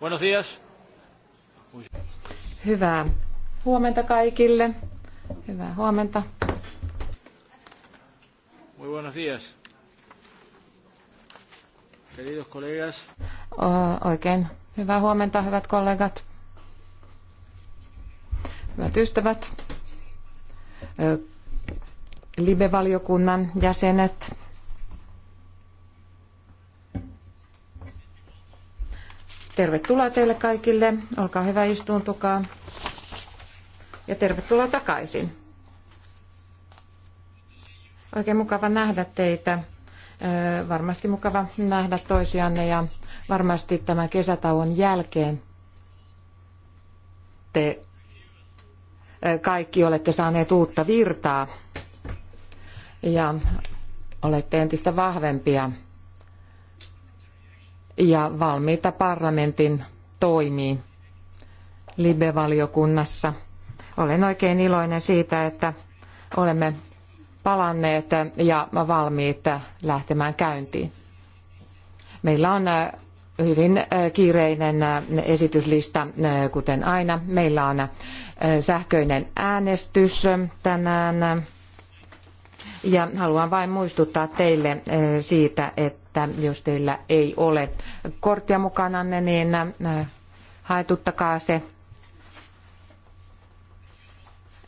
Buenos días. Hyvää huomenta kaikille. Hyvää huomenta. Muy buenos días. Queridos colegas. Oikein hyvää huomenta, hyvät kollegat. Hyvät ystävät. Libe-valiokunnan jäsenet, Tervetuloa teille kaikille. Olkaa hyvä, istuuntukaa. Ja tervetuloa takaisin. Oikein mukava nähdä teitä. Varmasti mukava nähdä toisianne ja varmasti tämän kesätauon jälkeen te kaikki olette saaneet uutta virtaa ja olette entistä vahvempia ja valmiita parlamentin toimiin Libe-valiokunnassa. Olen oikein iloinen siitä, että olemme palanneet ja valmiit lähtemään käyntiin. Meillä on äh, hyvin äh, kiireinen äh, esityslista, kuten aina. Meillä on sähköinen äänestys tänään ja haluan vain muistuttaa teille eh, siitä, että jos teillä ei ole korttia mukananne, niin eh, haetuttakaa se.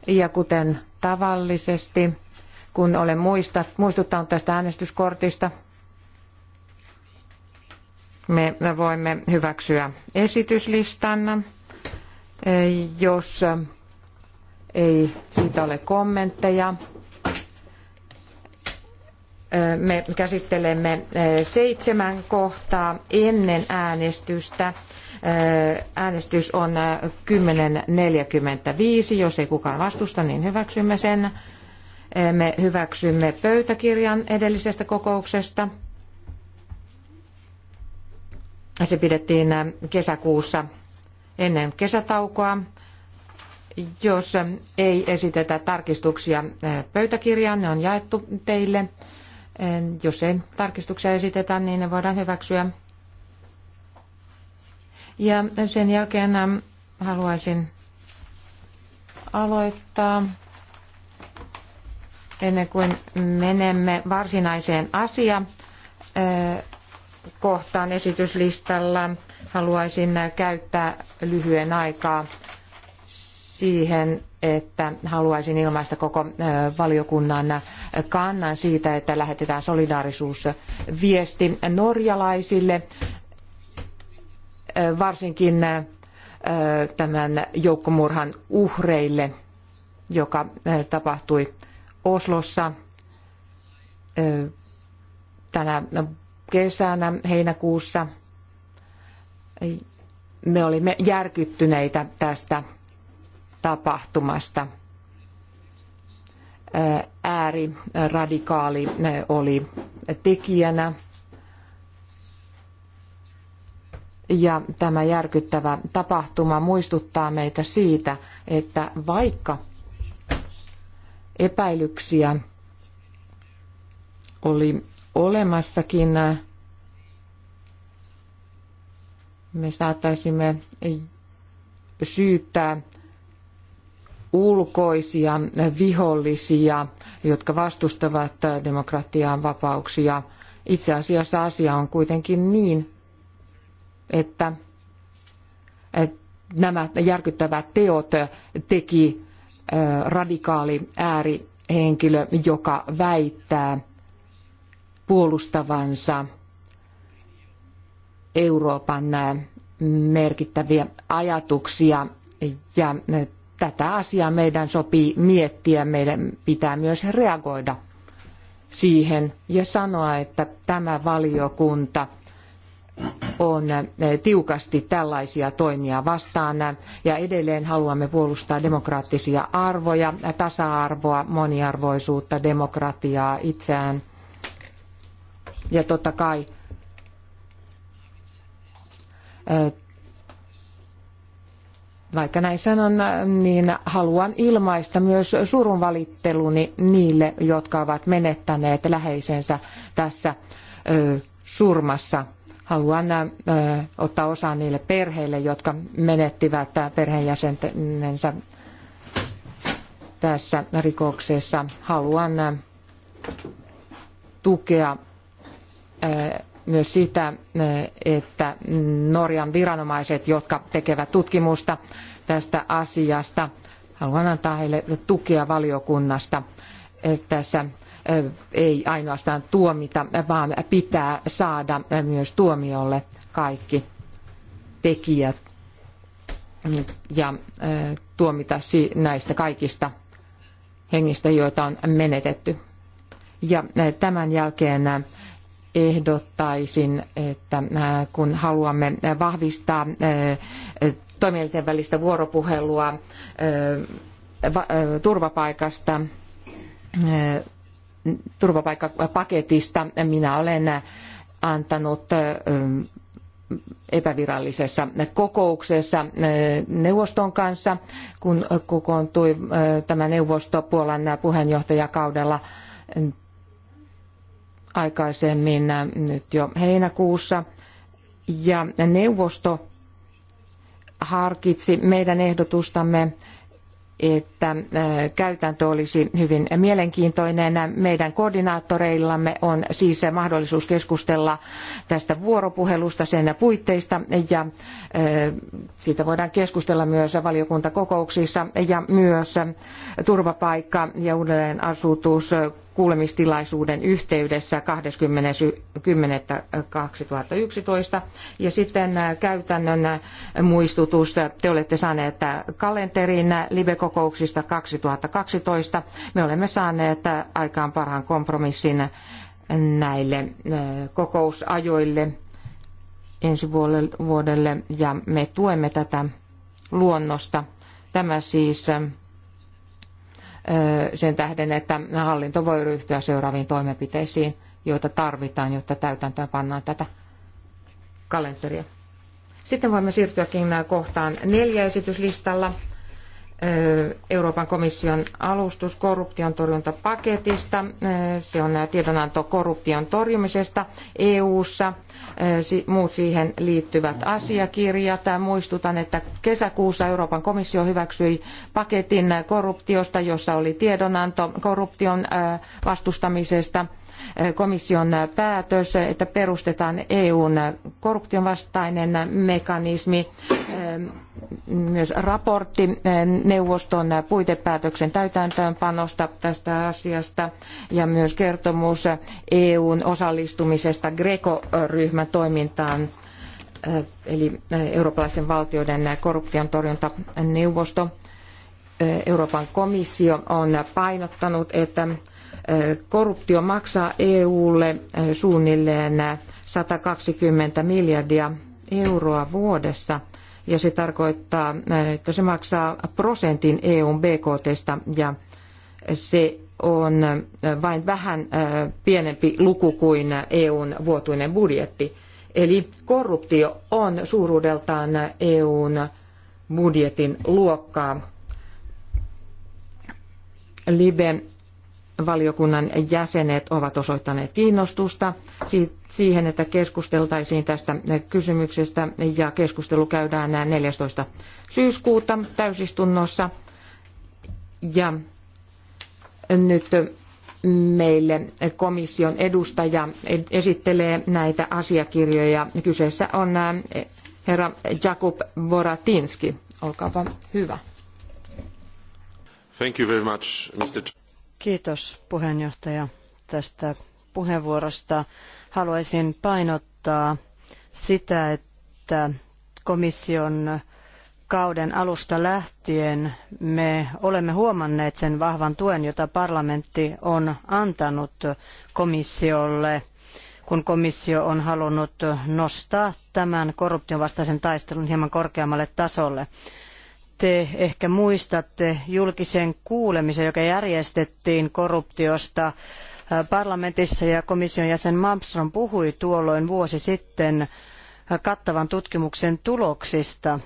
Ja kuten tavallisesti, kun olen muista, muistuttanut tästä äänestyskortista, me voimme hyväksyä esityslistan, eh, jos ei siitä ole kommentteja me käsittelemme seitsemän kohtaa ennen äänestystä. Äänestys on 10.45. Jos ei kukaan vastusta, niin hyväksymme sen. Me hyväksymme pöytäkirjan edellisestä kokouksesta. Se pidettiin kesäkuussa ennen kesätaukoa. Jos ei esitetä tarkistuksia pöytäkirjaan, ne on jaettu teille. Jos ei tarkistuksia esitetä, niin ne voidaan hyväksyä. Ja sen jälkeen ähm, haluaisin aloittaa ennen kuin menemme varsinaiseen asia äh, kohtaan esityslistalla. Haluaisin käyttää lyhyen aikaa siihen, että haluaisin ilmaista koko valiokunnan kannan siitä, että lähetetään solidaarisuusviesti norjalaisille, varsinkin tämän joukkomurhan uhreille, joka tapahtui Oslossa tänä kesänä, heinäkuussa. Me olimme järkyttyneitä tästä tapahtumasta. Ääriradikaali oli tekijänä Ja tämä järkyttävä tapahtuma muistuttaa meitä siitä, että vaikka epäilyksiä oli olemassakin, me saattaisimme syyttää ulkoisia vihollisia, jotka vastustavat demokratiaa, vapauksia. Itse asiassa asia on kuitenkin niin, että, että nämä järkyttävät teot teki radikaali äärihenkilö, joka väittää puolustavansa Euroopan merkittäviä ajatuksia ja tätä asiaa meidän sopii miettiä, meidän pitää myös reagoida siihen ja sanoa, että tämä valiokunta on eh, tiukasti tällaisia toimia vastaan eh, ja edelleen haluamme puolustaa demokraattisia arvoja, tasa-arvoa, moniarvoisuutta, demokratiaa itseään. Ja totta kai eh, vaikka näin sanon, niin haluan ilmaista myös surunvalitteluni niille, jotka ovat menettäneet läheisensä tässä surmassa. Haluan ottaa osaa niille perheille, jotka menettivät perheenjäsenensä tässä rikoksessa. Haluan tukea myös sitä, että Norjan viranomaiset, jotka tekevät tutkimusta tästä asiasta, haluan antaa heille tukea valiokunnasta. Tässä ei ainoastaan tuomita, vaan pitää saada myös tuomiolle kaikki tekijät ja tuomita näistä kaikista hengistä, joita on menetetty. Ja tämän jälkeen ehdottaisin, että kun haluamme vahvistaa toimielinten välistä vuoropuhelua turvapaikasta, turvapaikkapaketista, minä olen antanut epävirallisessa kokouksessa neuvoston kanssa, kun kokoontui tämä neuvosto Puolan puheenjohtajakaudella aikaisemmin äh, nyt jo heinäkuussa ja neuvosto harkitsi meidän ehdotustamme, että äh, käytäntö olisi hyvin mielenkiintoinen. Meidän koordinaattoreillamme on siis mahdollisuus keskustella tästä vuoropuhelusta, sen puitteista ja äh, siitä voidaan keskustella myös valiokuntakokouksissa ja myös turvapaikka- ja uudelleenasutus kuulemistilaisuuden yhteydessä 20.10.2011. Ja sitten äh, käytännön äh, muistutus. Te olette saaneet äh, kalenterin live-kokouksista 2012. Me olemme saaneet aikaan parhaan kompromissin näille kokousajoille ensi vuodelle ja me tuemme tätä luonnosta. Tämä siis sen tähden, että hallinto voi ryhtyä seuraaviin toimenpiteisiin, joita tarvitaan, jotta täytäntöön pannaan tätä kalenteria. Sitten voimme siirtyäkin kohtaan neljä esityslistalla. Euroopan komission alustus korruption torjuntapaketista. Se on tiedonanto korruption torjumisesta EU-ssa. Muut siihen liittyvät asiakirjat. Muistutan, että kesäkuussa Euroopan komissio hyväksyi paketin korruptiosta, jossa oli tiedonanto korruption vastustamisesta – komission päätös, että perustetaan EUn korruption vastainen mekanismi, myös raportti neuvoston puitepäätöksen täytäntöönpanosta tästä asiasta ja myös kertomus EUn osallistumisesta Greco-ryhmän toimintaan eli eurooppalaisten valtioiden korruption torjuntaneuvosto. Euroopan komissio on painottanut, että Korruptio maksaa EUlle suunnilleen 120 miljardia euroa vuodessa ja se tarkoittaa, että se maksaa prosentin EUn BKTstä ja se on vain vähän pienempi luku kuin EUn vuotuinen budjetti. Eli korruptio on suuruudeltaan EUn budjetin luokkaa. Libe valiokunnan jäsenet ovat osoittaneet kiinnostusta siihen, että keskusteltaisiin tästä kysymyksestä ja keskustelu käydään 14. syyskuuta täysistunnossa. Ja nyt meille komission edustaja esittelee näitä asiakirjoja. Kyseessä on herra Jakub Boratinski. Olkaapa hyvä. Thank you very much, Mr. Kiitos puheenjohtaja tästä puheenvuorosta. Haluaisin painottaa sitä, että komission kauden alusta lähtien me olemme huomanneet sen vahvan tuen, jota parlamentti on antanut komissiolle, kun komissio on halunnut nostaa tämän korruption vastaisen taistelun hieman korkeammalle tasolle te ehkä muistatte julkisen kuulemisen, joka järjestettiin korruptiosta äh, parlamentissa ja komission jäsen Malmström puhui tuolloin vuosi sitten äh, kattavan tutkimuksen tuloksista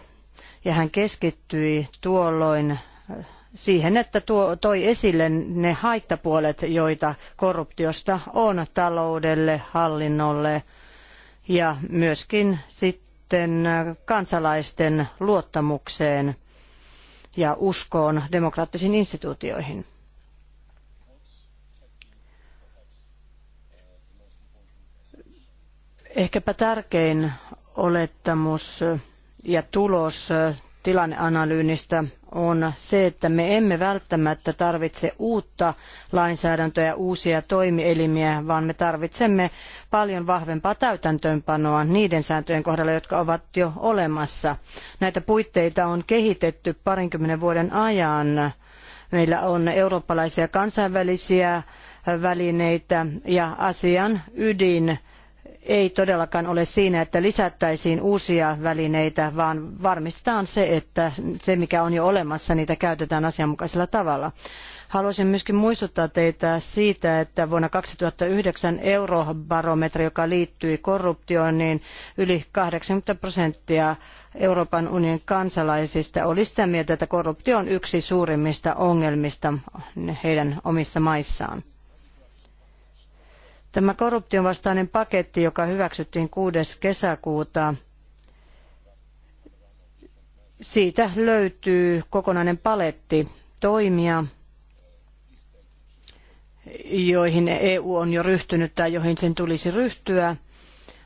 ja hän keskittyi tuolloin äh, siihen, että tuo, toi esille ne haittapuolet, joita korruptiosta on taloudelle, hallinnolle ja myöskin sitten kansalaisten luottamukseen – ja uskoon demokraattisiin instituutioihin. Ehkäpä tärkein olettamus ja tulos tilanneanalyynistä on se, että me emme välttämättä tarvitse uutta lainsäädäntöä ja uusia toimielimiä, vaan me tarvitsemme paljon vahvempaa täytäntöönpanoa niiden sääntöjen kohdalla, jotka ovat jo olemassa. Näitä puitteita on kehitetty parinkymmenen vuoden ajan. Meillä on eurooppalaisia kansainvälisiä välineitä ja asian ydin – ei todellakaan ole siinä, että lisättäisiin uusia välineitä, vaan varmistetaan se, että se mikä on jo olemassa, niitä käytetään asianmukaisella tavalla. Haluaisin myöskin muistuttaa teitä siitä, että vuonna 2009 eurobarometri, joka liittyi korruptioon, niin yli 80 prosenttia Euroopan unionin kansalaisista oli sitä mieltä, että korruptio on yksi suurimmista ongelmista heidän omissa maissaan. Tämä korruptionvastainen vastainen paketti, joka hyväksyttiin 6. kesäkuuta, siitä löytyy kokonainen paletti toimia, joihin EU on jo ryhtynyt tai joihin sen tulisi ryhtyä,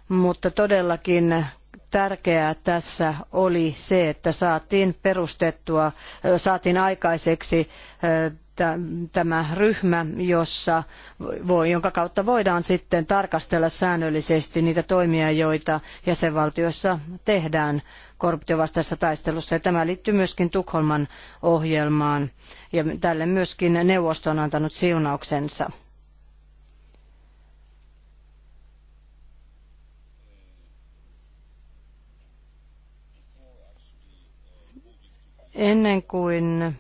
mutta todellakin tärkeää tässä oli se, että saatiin perustettua, saatiin aikaiseksi tämä ryhmä, jossa, jonka kautta voidaan sitten tarkastella säännöllisesti niitä toimia, joita jäsenvaltioissa tehdään korruptiovastaisessa taistelussa. Ja tämä liittyy myöskin Tukholman ohjelmaan ja tälle myöskin neuvosto on antanut siunauksensa. Ennen kuin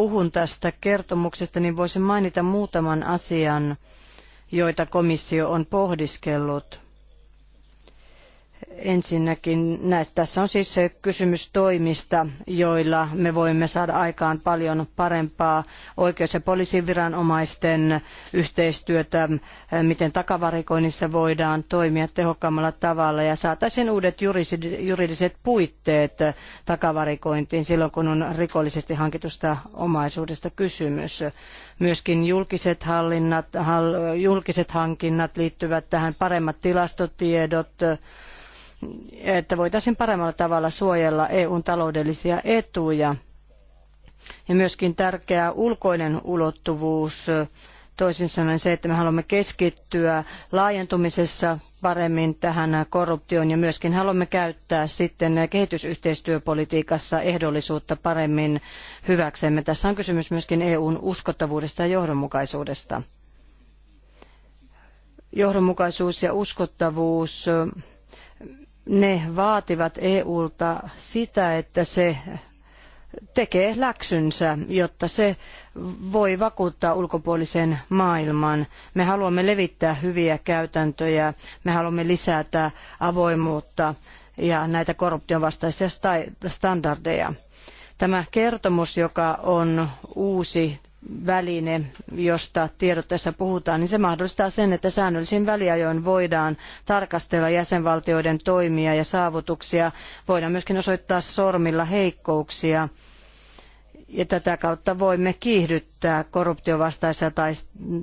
puhun tästä kertomuksesta, niin voisin mainita muutaman asian, joita komissio on pohdiskellut. Ensinnäkin näet, tässä on siis kysymys toimista, joilla me voimme saada aikaan paljon parempaa oikeus- ja poliisiviranomaisten yhteistyötä, miten takavarikoinnissa voidaan toimia tehokkaammalla tavalla ja saataisiin uudet juridiset puitteet takavarikointiin silloin, kun on rikollisesti hankitusta omaisuudesta kysymys. Myöskin julkiset, hallinnat, julkiset hankinnat liittyvät tähän paremmat tilastotiedot, että voitaisiin paremmalla tavalla suojella EUn taloudellisia etuja. Ja myöskin tärkeä ulkoinen ulottuvuus, toisin sanoen se, että me haluamme keskittyä laajentumisessa paremmin tähän korruptioon ja myöskin haluamme käyttää sitten kehitysyhteistyöpolitiikassa ehdollisuutta paremmin hyväksemme. Tässä on kysymys myöskin EUn uskottavuudesta ja johdonmukaisuudesta. Johdonmukaisuus ja uskottavuus ne vaativat EUlta sitä, että se tekee läksynsä, jotta se voi vakuuttaa ulkopuolisen maailman. Me haluamme levittää hyviä käytäntöjä, me haluamme lisätä avoimuutta ja näitä korruptionvastaisia standardeja. Tämä kertomus, joka on uusi väline, josta tiedot tässä puhutaan, niin se mahdollistaa sen, että säännöllisin väliajoin voidaan tarkastella jäsenvaltioiden toimia ja saavutuksia. Voidaan myöskin osoittaa sormilla heikkouksia ja tätä kautta voimme kiihdyttää korruptiovastaisia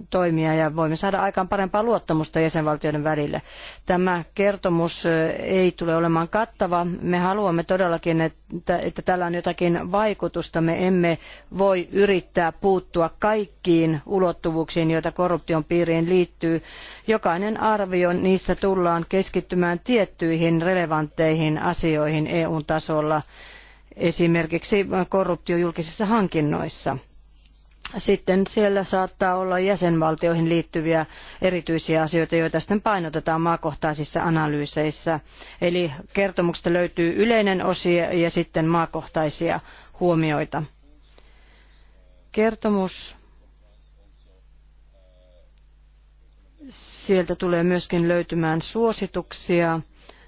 toimia ja voimme saada aikaan parempaa luottamusta jäsenvaltioiden välillä. Tämä kertomus ei tule olemaan kattava. Me haluamme todellakin, että, että tällä on jotakin vaikutusta. Me emme voi yrittää puuttua kaikkiin ulottuvuuksiin, joita korruption piiriin liittyy. Jokainen arvio niissä tullaan keskittymään tiettyihin relevantteihin asioihin EU-tasolla esimerkiksi korruptio julkisissa hankinnoissa. Sitten siellä saattaa olla jäsenvaltioihin liittyviä erityisiä asioita, joita sitten painotetaan maakohtaisissa analyyseissä. Eli kertomuksesta löytyy yleinen osio ja sitten maakohtaisia huomioita. Kertomus. Sieltä tulee myöskin löytymään suosituksia,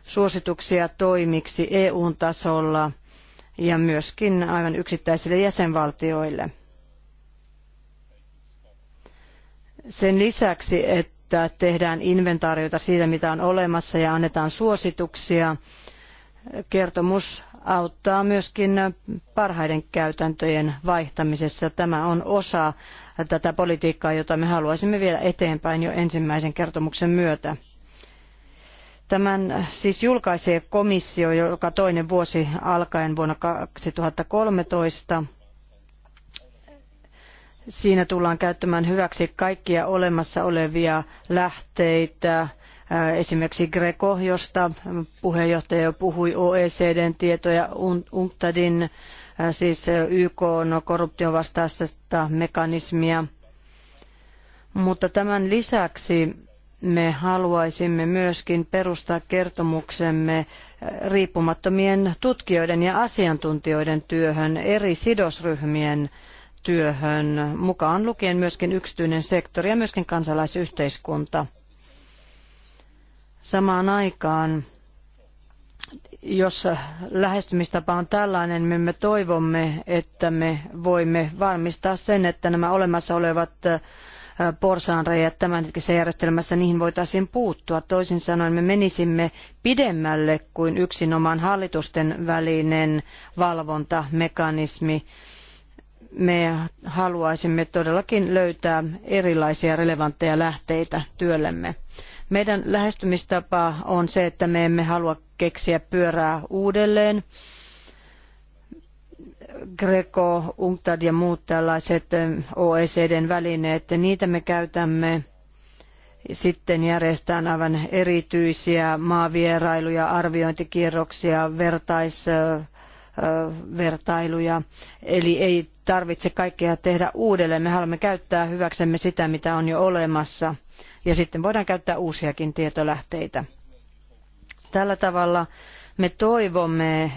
suosituksia toimiksi EU-tasolla ja myöskin aivan yksittäisille jäsenvaltioille. Sen lisäksi, että tehdään inventaariota siitä, mitä on olemassa ja annetaan suosituksia, kertomus auttaa myöskin parhaiden käytäntöjen vaihtamisessa. Tämä on osa tätä politiikkaa, jota me haluaisimme viedä eteenpäin jo ensimmäisen kertomuksen myötä. Tämän äh, siis julkaisee komissio joka toinen vuosi alkaen vuonna 2013. Siinä tullaan käyttämään hyväksi kaikkia olemassa olevia lähteitä, äh, esimerkiksi Greco, josta puheenjohtaja jo puhui OECDn tietoja, UNCTADin, äh, siis YK on korruption vastaista mekanismia. Mutta tämän lisäksi me haluaisimme myöskin perustaa kertomuksemme riippumattomien tutkijoiden ja asiantuntijoiden työhön, eri sidosryhmien työhön, mukaan lukien myöskin yksityinen sektori ja myöskin kansalaisyhteiskunta. Samaan aikaan, jos lähestymistapa on tällainen, me, niin me toivomme, että me voimme varmistaa sen, että nämä olemassa olevat porsaanreijät tämänhetkisessä järjestelmässä, niihin voitaisiin puuttua. Toisin sanoen me menisimme pidemmälle kuin yksinomaan hallitusten välinen valvontamekanismi. Me haluaisimme todellakin löytää erilaisia relevantteja lähteitä työllemme. Meidän lähestymistapa on se, että me emme halua keksiä pyörää uudelleen Greco, UNCTAD ja muut tällaiset OECDn välineet, niitä me käytämme sitten järjestetään aivan erityisiä maavierailuja, arviointikierroksia, vertais, vertailuja. Eli ei tarvitse kaikkea tehdä uudelleen. Me haluamme käyttää hyväksemme sitä, mitä on jo olemassa. Ja sitten voidaan käyttää uusiakin tietolähteitä. Tällä tavalla me toivomme,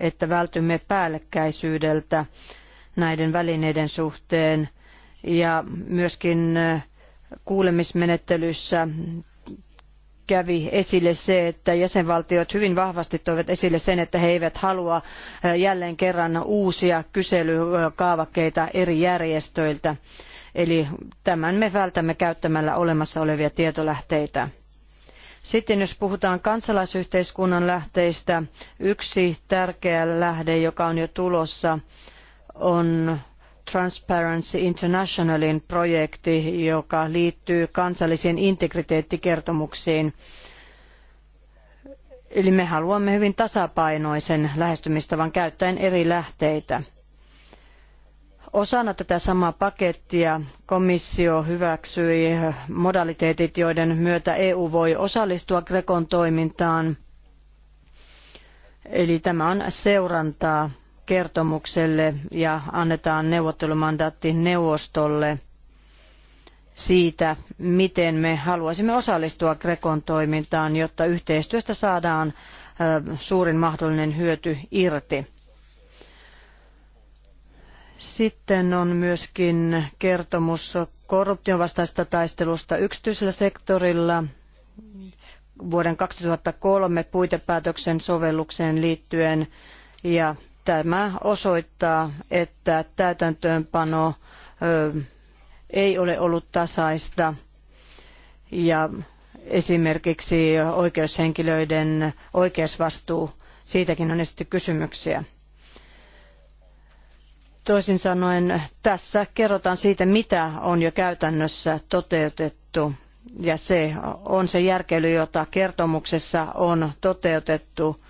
että vältymme päällekkäisyydeltä näiden välineiden suhteen ja myöskin kuulemismenettelyssä kävi esille se, että jäsenvaltiot hyvin vahvasti toivat esille sen, että he eivät halua jälleen kerran uusia kyselykaavakkeita eri järjestöiltä. Eli tämän me vältämme käyttämällä olemassa olevia tietolähteitä. Sitten jos puhutaan kansalaisyhteiskunnan lähteistä, yksi tärkeä lähde, joka on jo tulossa, on Transparency Internationalin projekti, joka liittyy kansallisiin integriteettikertomuksiin. Eli me haluamme hyvin tasapainoisen lähestymistavan käyttäen eri lähteitä. Osana tätä samaa pakettia komissio hyväksyi modaliteetit, joiden myötä EU voi osallistua Grekon toimintaan. Eli tämä on seurantaa kertomukselle ja annetaan neuvottelumandaatti neuvostolle siitä, miten me haluaisimme osallistua Grekon toimintaan, jotta yhteistyöstä saadaan suurin mahdollinen hyöty irti. Sitten on myöskin kertomus korruption vastaista taistelusta yksityisellä sektorilla vuoden 2003 puitepäätöksen sovellukseen liittyen ja tämä osoittaa, että täytäntöönpano ei ole ollut tasaista ja esimerkiksi oikeushenkilöiden oikeusvastuu, siitäkin on esitetty kysymyksiä. Toisin sanoen tässä kerrotaan siitä, mitä on jo käytännössä toteutettu ja se on se järkeily, jota kertomuksessa on toteutettu.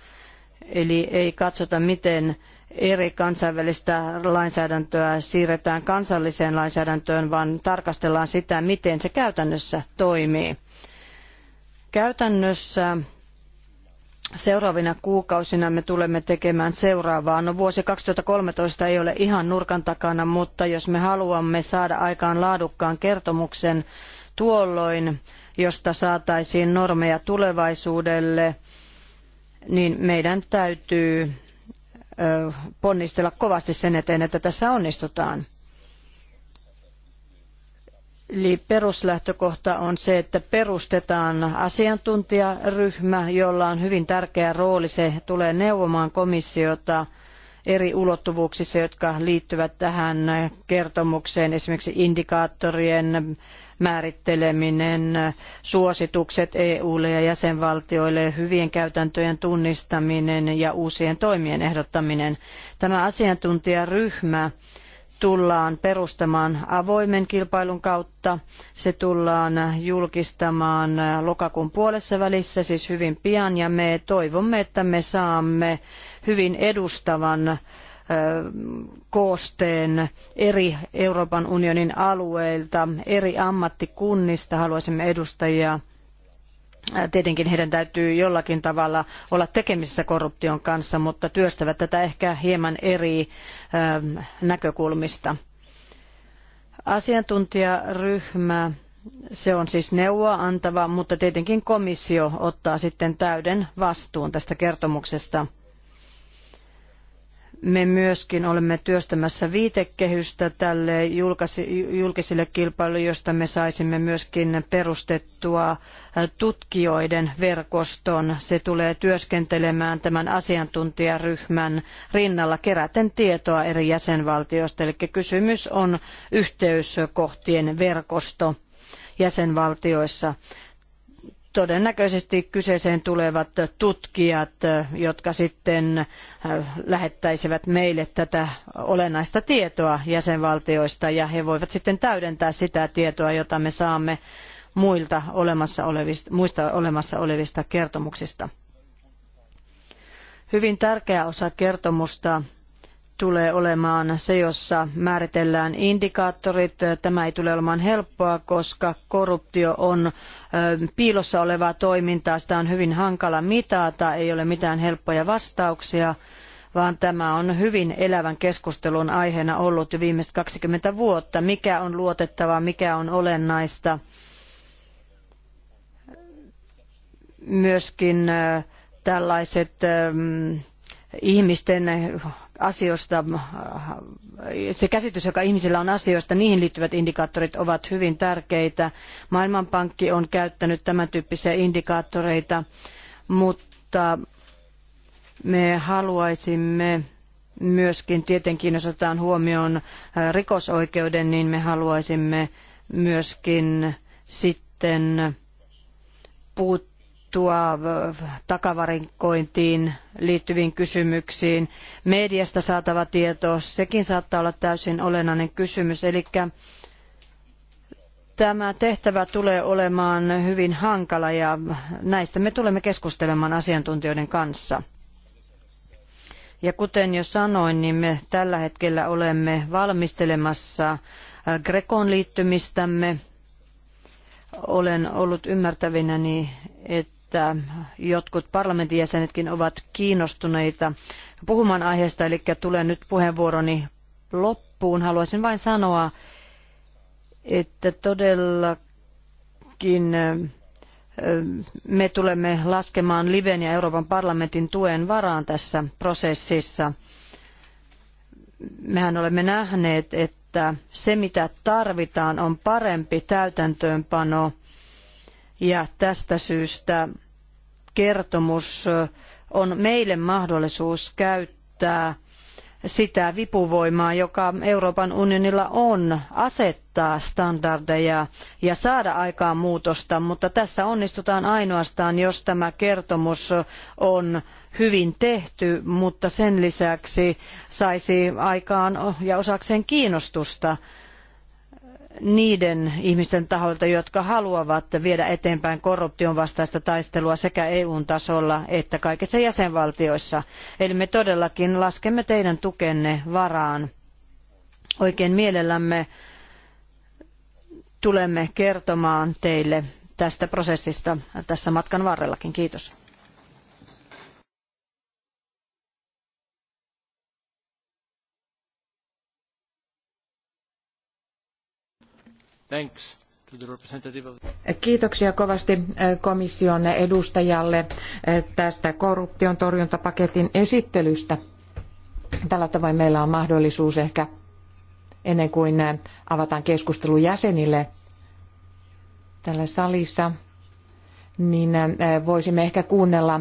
Eli ei katsota, miten eri kansainvälistä lainsäädäntöä siirretään kansalliseen lainsäädäntöön, vaan tarkastellaan sitä, miten se käytännössä toimii. Käytännössä Seuraavina kuukausina me tulemme tekemään seuraavaa. No vuosi 2013 ei ole ihan nurkan takana, mutta jos me haluamme saada aikaan laadukkaan kertomuksen tuolloin, josta saataisiin normeja tulevaisuudelle, niin meidän täytyy ponnistella kovasti sen eteen, että tässä onnistutaan. Eli peruslähtökohta on se, että perustetaan asiantuntijaryhmä, jolla on hyvin tärkeä rooli. Se tulee neuvomaan komissiota eri ulottuvuuksissa, jotka liittyvät tähän kertomukseen, esimerkiksi indikaattorien määritteleminen, suositukset EUlle ja jäsenvaltioille, hyvien käytäntöjen tunnistaminen ja uusien toimien ehdottaminen. Tämä asiantuntijaryhmä tullaan perustamaan avoimen kilpailun kautta. Se tullaan julkistamaan lokakuun puolessa välissä, siis hyvin pian, ja me toivomme, että me saamme hyvin edustavan koosteen eri Euroopan unionin alueilta, eri ammattikunnista haluaisimme edustajia Tietenkin heidän täytyy jollakin tavalla olla tekemisissä korruption kanssa, mutta työstävät tätä ehkä hieman eri näkökulmista. Asiantuntijaryhmä se on siis neuvoa antava, mutta tietenkin komissio ottaa sitten täyden vastuun tästä kertomuksesta. Me myöskin olemme työstämässä viitekehystä tälle julkisille kilpailuille, josta me saisimme myöskin perustettua tutkijoiden verkoston. Se tulee työskentelemään tämän asiantuntijaryhmän rinnalla keräten tietoa eri jäsenvaltioista. Eli kysymys on yhteyskohtien verkosto jäsenvaltioissa todennäköisesti kyseeseen tulevat tutkijat, jotka sitten äh, lähettäisivät meille tätä olennaista tietoa jäsenvaltioista ja he voivat sitten täydentää sitä tietoa, jota me saamme muilta olemassa olevista, muista olemassa olevista kertomuksista. Hyvin tärkeä osa kertomusta tulee olemaan se, jossa määritellään indikaattorit. Tämä ei tule olemaan helppoa, koska korruptio on piilossa olevaa toimintaa. Sitä on hyvin hankala mitata, ei ole mitään helppoja vastauksia, vaan tämä on hyvin elävän keskustelun aiheena ollut jo viimeiset 20 vuotta. Mikä on luotettavaa, mikä on olennaista. Myöskin tällaiset ihmisten asioista, se käsitys, joka ihmisillä on asioista, niihin liittyvät indikaattorit ovat hyvin tärkeitä. Maailmanpankki on käyttänyt tämän tyyppisiä indikaattoreita, mutta me haluaisimme myöskin, tietenkin jos otetaan huomioon äh, rikosoikeuden, niin me haluaisimme myöskin sitten puuttua puuttua takavarinkointiin liittyviin kysymyksiin. Mediasta saatava tieto, sekin saattaa olla täysin olennainen kysymys. Eli tämä tehtävä tulee olemaan hyvin hankala ja näistä me tulemme keskustelemaan asiantuntijoiden kanssa. Ja kuten jo sanoin, niin me tällä hetkellä olemme valmistelemassa äh, Grekon liittymistämme. Olen ollut ymmärtävinäni, että että jotkut parlamentin jäsenetkin ovat kiinnostuneita puhumaan aiheesta, eli tulen nyt puheenvuoroni loppuun. Haluaisin vain sanoa, että todellakin me tulemme laskemaan Liven ja Euroopan parlamentin tuen varaan tässä prosessissa. Mehän olemme nähneet, että se mitä tarvitaan on parempi täytäntöönpano – ja tästä syystä kertomus on meille mahdollisuus käyttää sitä vipuvoimaa, joka Euroopan unionilla on asettaa standardeja ja saada aikaan muutosta, mutta tässä onnistutaan ainoastaan, jos tämä kertomus on hyvin tehty, mutta sen lisäksi saisi aikaan ja osakseen kiinnostusta niiden ihmisten taholta, jotka haluavat viedä eteenpäin korruption vastaista taistelua sekä eu tasolla että kaikissa jäsenvaltioissa. Eli me todellakin laskemme teidän tukenne varaan. Oikein mielellämme tulemme kertomaan teille tästä prosessista tässä matkan varrellakin. Kiitos. Kiitoksia kovasti eh, komission edustajalle eh, tästä korruption torjuntapaketin esittelystä. Tällä tavoin meillä on mahdollisuus ehkä ennen kuin eh, avataan keskustelu jäsenille täällä salissa, niin voisimme ehkä kuunnella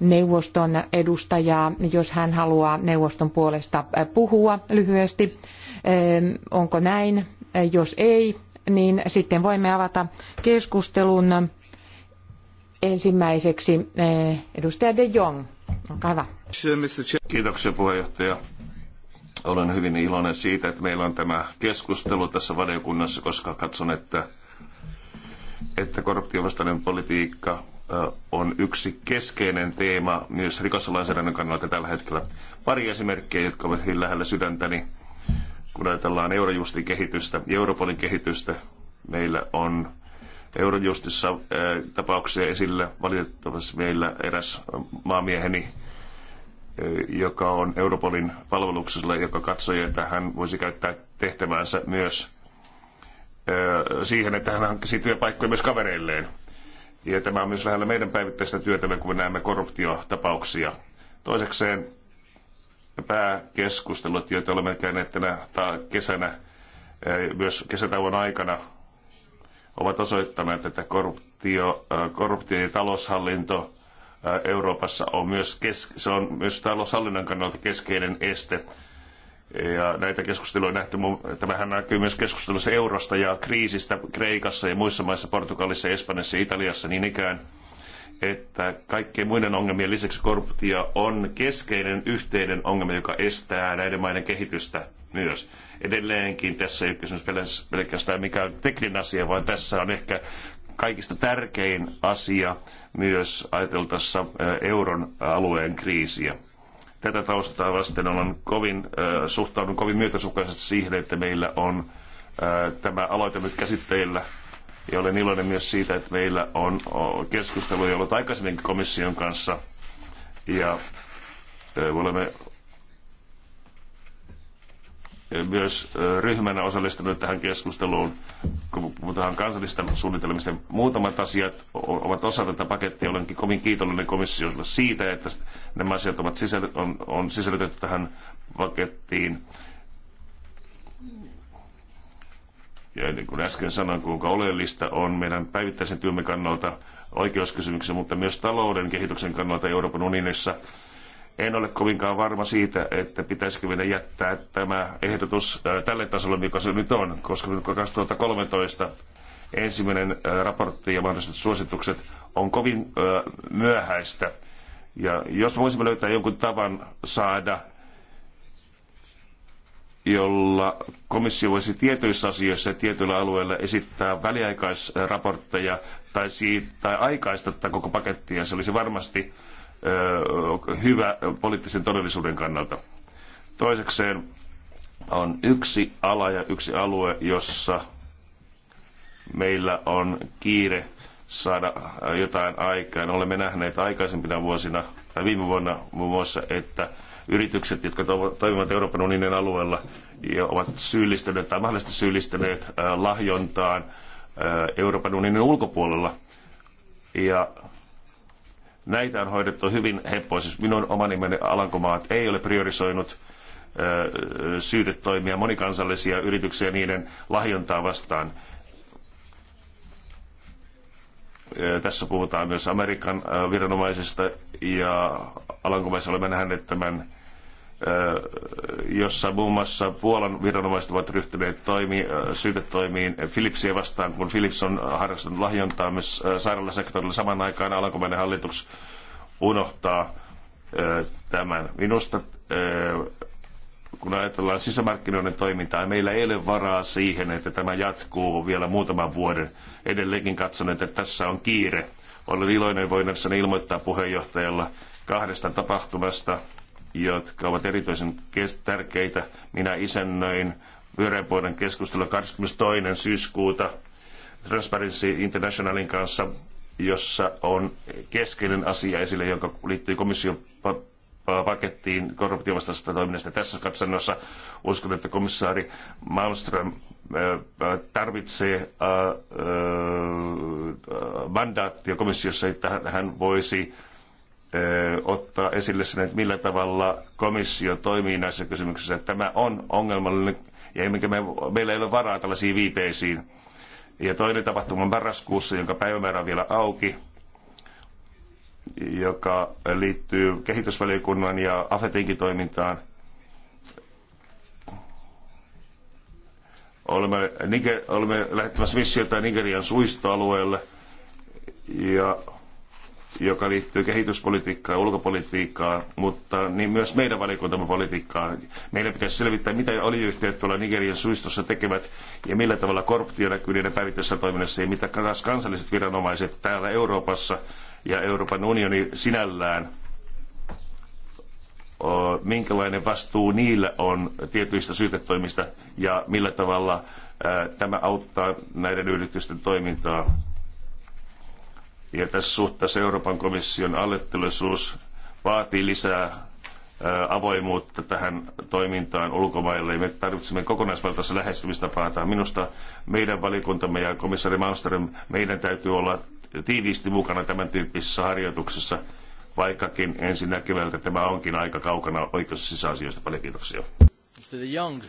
neuvoston edustajaa, jos hän haluaa neuvoston puolesta puhua lyhyesti. Onko näin? Jos ei, niin sitten voimme avata keskustelun ensimmäiseksi eh, edustaja De Jong. Olkaa hyvä. Kiitoksia puheenjohtaja. Olen hyvin iloinen siitä, että meillä on tämä keskustelu tässä valiokunnassa, koska katson, että, että korruptiovastainen politiikka eh, on yksi keskeinen teema myös rikoslainsäädännön kannalta tällä hetkellä. Pari esimerkkiä, jotka ovat hyvin lähellä sydäntäni kun ajatellaan Eurojustin kehitystä Europolin kehitystä, meillä on Eurojustissa äh, tapauksia esillä. Valitettavasti meillä eräs äh, maamieheni, äh, joka on Europolin palveluksella, joka katsoi, että hän voisi käyttää tehtävänsä myös siihen, että hän hankkisi työpaikkoja myös kavereilleen. Ja tämä on myös lähellä meidän päivittäistä työtä, kun me näemme korruptiotapauksia. Toisekseen pääkeskustelut, joita olemme käyneet tänä kesänä, myös kesätauon aikana, ovat osoittaneet, että korruptio, korruptio ja taloushallinto Euroopassa on myös, kes, se on myös taloushallinnon kannalta keskeinen este. Ja näitä keskusteluja on nähty, tämähän näkyy myös keskustelussa eurosta ja kriisistä Kreikassa ja muissa maissa, Portugalissa, Espanjassa ja Italiassa niin ikään – että kaikkien muiden ongelmien lisäksi korruptio on keskeinen yhteinen ongelma, joka estää näiden maiden kehitystä myös. Edelleenkin tässä ei ole kysymys pelkästään mikä on tekninen asia, vaan tässä on ehkä kaikista tärkein asia myös ajateltaessa euron alueen kriisiä. Tätä taustaa vasten olen kovin, suhtaudun kovin myötäsukaisesti siihen, että meillä on tämä aloite nyt käsitteillä – ja olen iloinen myös siitä, että meillä on keskusteluja ollut aikaisemminkin komission kanssa. Ja olemme myös ryhmänä osallistunut tähän keskusteluun, kun puhutaan kansallista suunnitelmista. Muutamat asiat ovat osa tätä pakettia. Olenkin kovin kiitollinen komissiolle siitä, että nämä asiat ovat sisällyt, on, on sisällytetty tähän pakettiin. ja niin kuin äsken sanoin, kuinka oleellista on meidän päivittäisen työmme kannalta oikeuskysymyksen, mutta myös talouden kehityksen kannalta Euroopan unionissa. En ole kovinkaan varma siitä, että pitäisikö meidän jättää tämä ehdotus äh, tälle tasolle, mikä se nyt on, koska 2013 ensimmäinen äh, raportti ja mahdolliset suositukset on kovin äh, myöhäistä. Ja jos voisimme löytää jonkun tavan saada jolla komissio voisi tietyissä asioissa ja tietyillä alueilla esittää väliaikaisraportteja tai, siitä, tai aikaista tätä koko pakettia. Se olisi varmasti ö, hyvä poliittisen todellisuuden kannalta. Toisekseen on yksi ala ja yksi alue, jossa meillä on kiire saada jotain aikaan. Olemme nähneet aikaisempina vuosina tai viime vuonna muun muassa, että yritykset, jotka toimivat Euroopan unionin alueella ja ovat syyllistyneet tai mahdollisesti syyllistyneet äh, lahjontaan äh, Euroopan unionin ulkopuolella. Ja näitä on hoidettu hyvin heppoisesti. Minun oma nimeni Alankomaat ei ole priorisoinut äh, syytetoimia monikansallisia yrityksiä niiden lahjontaa vastaan. Tässä puhutaan myös Amerikan viranomaisista ja Alankomaissa olemme nähneet tämän jossa muun muassa Puolan viranomaiset ovat ryhtyneet toimi, syytetoimiin Philipsia vastaan, kun Philips on harrastanut lahjontaa myös sairaalasektorilla. Saman aikaan Alankomainen hallitus unohtaa tämän. Minusta kun ajatellaan sisämarkkinoiden toimintaa, meillä ei ole varaa siihen, että tämä jatkuu vielä muutaman vuoden. Edelleenkin katson, että tässä on kiire. Olen iloinen voinnassani ilmoittaa puheenjohtajalla kahdesta tapahtumasta, jotka ovat erityisen tärkeitä. Minä isännöin pyöreänpuolen keskustelua 22. syyskuuta Transparency Internationalin kanssa, jossa on keskeinen asia esille, joka liittyy komission pakettiin korruptiovastaisesta toiminnasta. Tässä katsannossa uskon, että komissaari Malmström tarvitsee mandaattia komissiossa, että hän voisi ottaa esille sen, että millä tavalla komissio toimii näissä kysymyksissä. Tämä on ongelmallinen ja me, meillä ei ole varaa tällaisiin viipeisiin. Ja toinen tapahtuma on marraskuussa, jonka päivämäärä on vielä auki, joka liittyy kehitysvaliokunnan ja AFETinkin toimintaan. Olemme, Niger, olemme lähettämässä missiota Nigerian suistoalueelle ja joka liittyy kehityspolitiikkaan ja ulkopolitiikkaan, mutta niin myös meidän valiokuntamme politiikkaan. Meidän pitäisi selvittää, mitä oliyhtiöt tuolla Nigerian suistossa tekevät ja millä tavalla korruptio näkyy niiden päivittäisessä toiminnassa ja mitä taas kansalliset viranomaiset täällä Euroopassa ja Euroopan unioni sinällään minkälainen vastuu niillä on tietyistä syytetoimista ja millä tavalla tämä auttaa näiden yritysten toimintaa. Ja tässä suhteessa Euroopan komission aletteluisuus vaatii lisää avoimuutta tähän toimintaan ulkomaille. Me tarvitsemme kokonaisvaltaista lähestymistapaa. Tämä minusta meidän valikuntamme ja komissari Malmström, meidän täytyy olla tiiviisti mukana tämän tyyppisissä harjoituksissa, vaikkakin ensin näkyvältä tämä onkin aika kaukana oikeus- ja sisäasioista. Paljon kiitoksia. Young.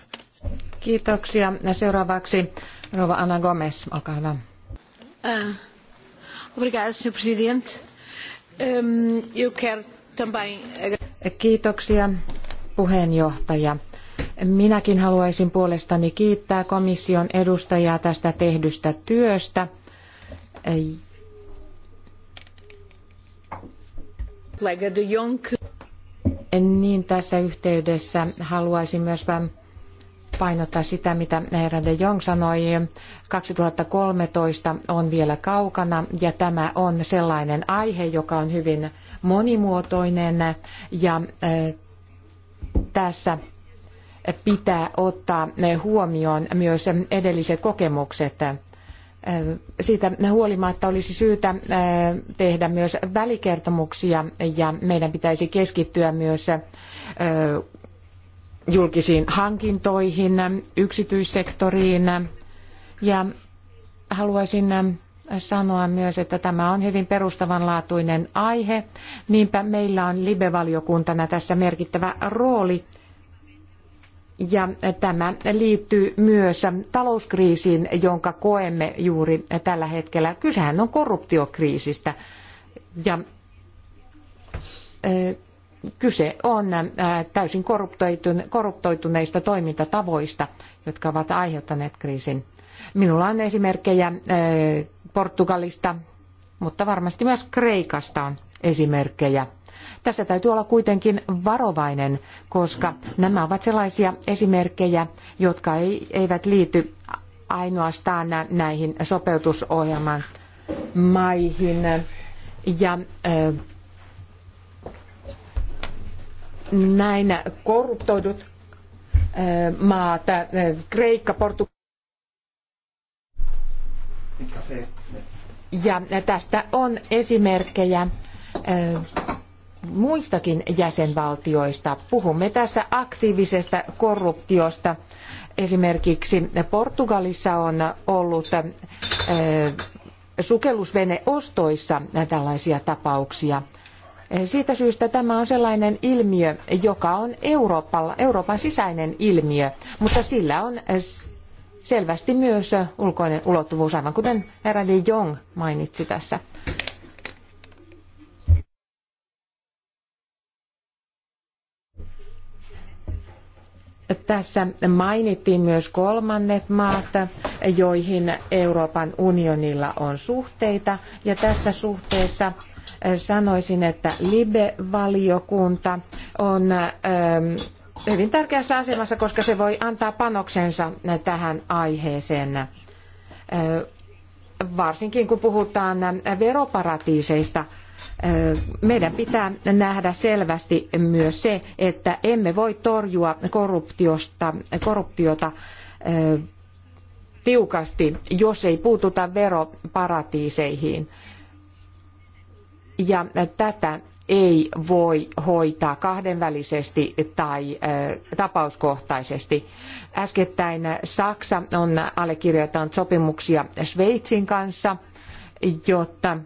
Kiitoksia. Seuraavaksi Rova Anna Gomez, olkaa hyvä. Uh, Obrigada, Sr. Presidente. Eu quero também... Kiitoksia, puheenjohtaja. Minäkin haluaisin puolestani kiittää komission edustajaa tästä tehdystä työstä. Niin tässä yhteydessä haluaisin myös vähän painottaa sitä, mitä herra de Jong sanoi. 2013 on vielä kaukana ja tämä on sellainen aihe, joka on hyvin monimuotoinen ja eh, tässä pitää ottaa eh, huomioon myös edelliset kokemukset. Eh, siitä huolimatta olisi syytä tehdä myös välikertomuksia ja meidän pitäisi keskittyä myös julkisiin hankintoihin, yksityissektoriin. Ja haluaisin sanoa myös, että tämä on hyvin perustavanlaatuinen aihe. Niinpä meillä on libe valiokuntana tässä merkittävä rooli. Ja tämä liittyy myös talouskriisiin, jonka koemme juuri tällä hetkellä. Kysehän on korruptiokriisistä. Ja Kyse on äh, täysin korruptoituneista toimintatavoista, jotka ovat aiheuttaneet kriisin. Minulla on esimerkkejä äh, Portugalista, mutta varmasti myös Kreikasta on esimerkkejä. Tässä täytyy olla kuitenkin varovainen, koska nämä ovat sellaisia esimerkkejä, jotka eivät liity ainoastaan näihin sopeutusohjelman maihin. Ja näin korruptoidut maat, Kreikka, Portugalia Ja tästä on esimerkkejä muistakin jäsenvaltioista. Puhumme tässä aktiivisesta korruptiosta. Esimerkiksi Portugalissa on ollut sukellusveneostoissa tällaisia tapauksia. Siitä syystä tämä on sellainen ilmiö, joka on Euroopalla, Euroopan sisäinen ilmiö, mutta sillä on selvästi myös ulkoinen ulottuvuus, aivan kuten herra de Jong mainitsi tässä. Tässä mainittiin myös kolmannet maat, joihin Euroopan unionilla on suhteita, ja tässä suhteessa sanoisin, että LIBE-valiokunta on ähm, hyvin tärkeässä asemassa, koska se voi antaa panoksensa tähän aiheeseen. Äh, varsinkin kun puhutaan veroparatiiseista, äh, meidän pitää nähdä selvästi myös se, että emme voi torjua korruptiosta, korruptiota äh, tiukasti, jos ei puututa veroparatiiseihin. Ja tätä ei voi hoitaa kahdenvälisesti tai tapauskohtaisesti. Äskettäin Saksa on allekirjoittanut sopimuksia Sveitsin kanssa, jotta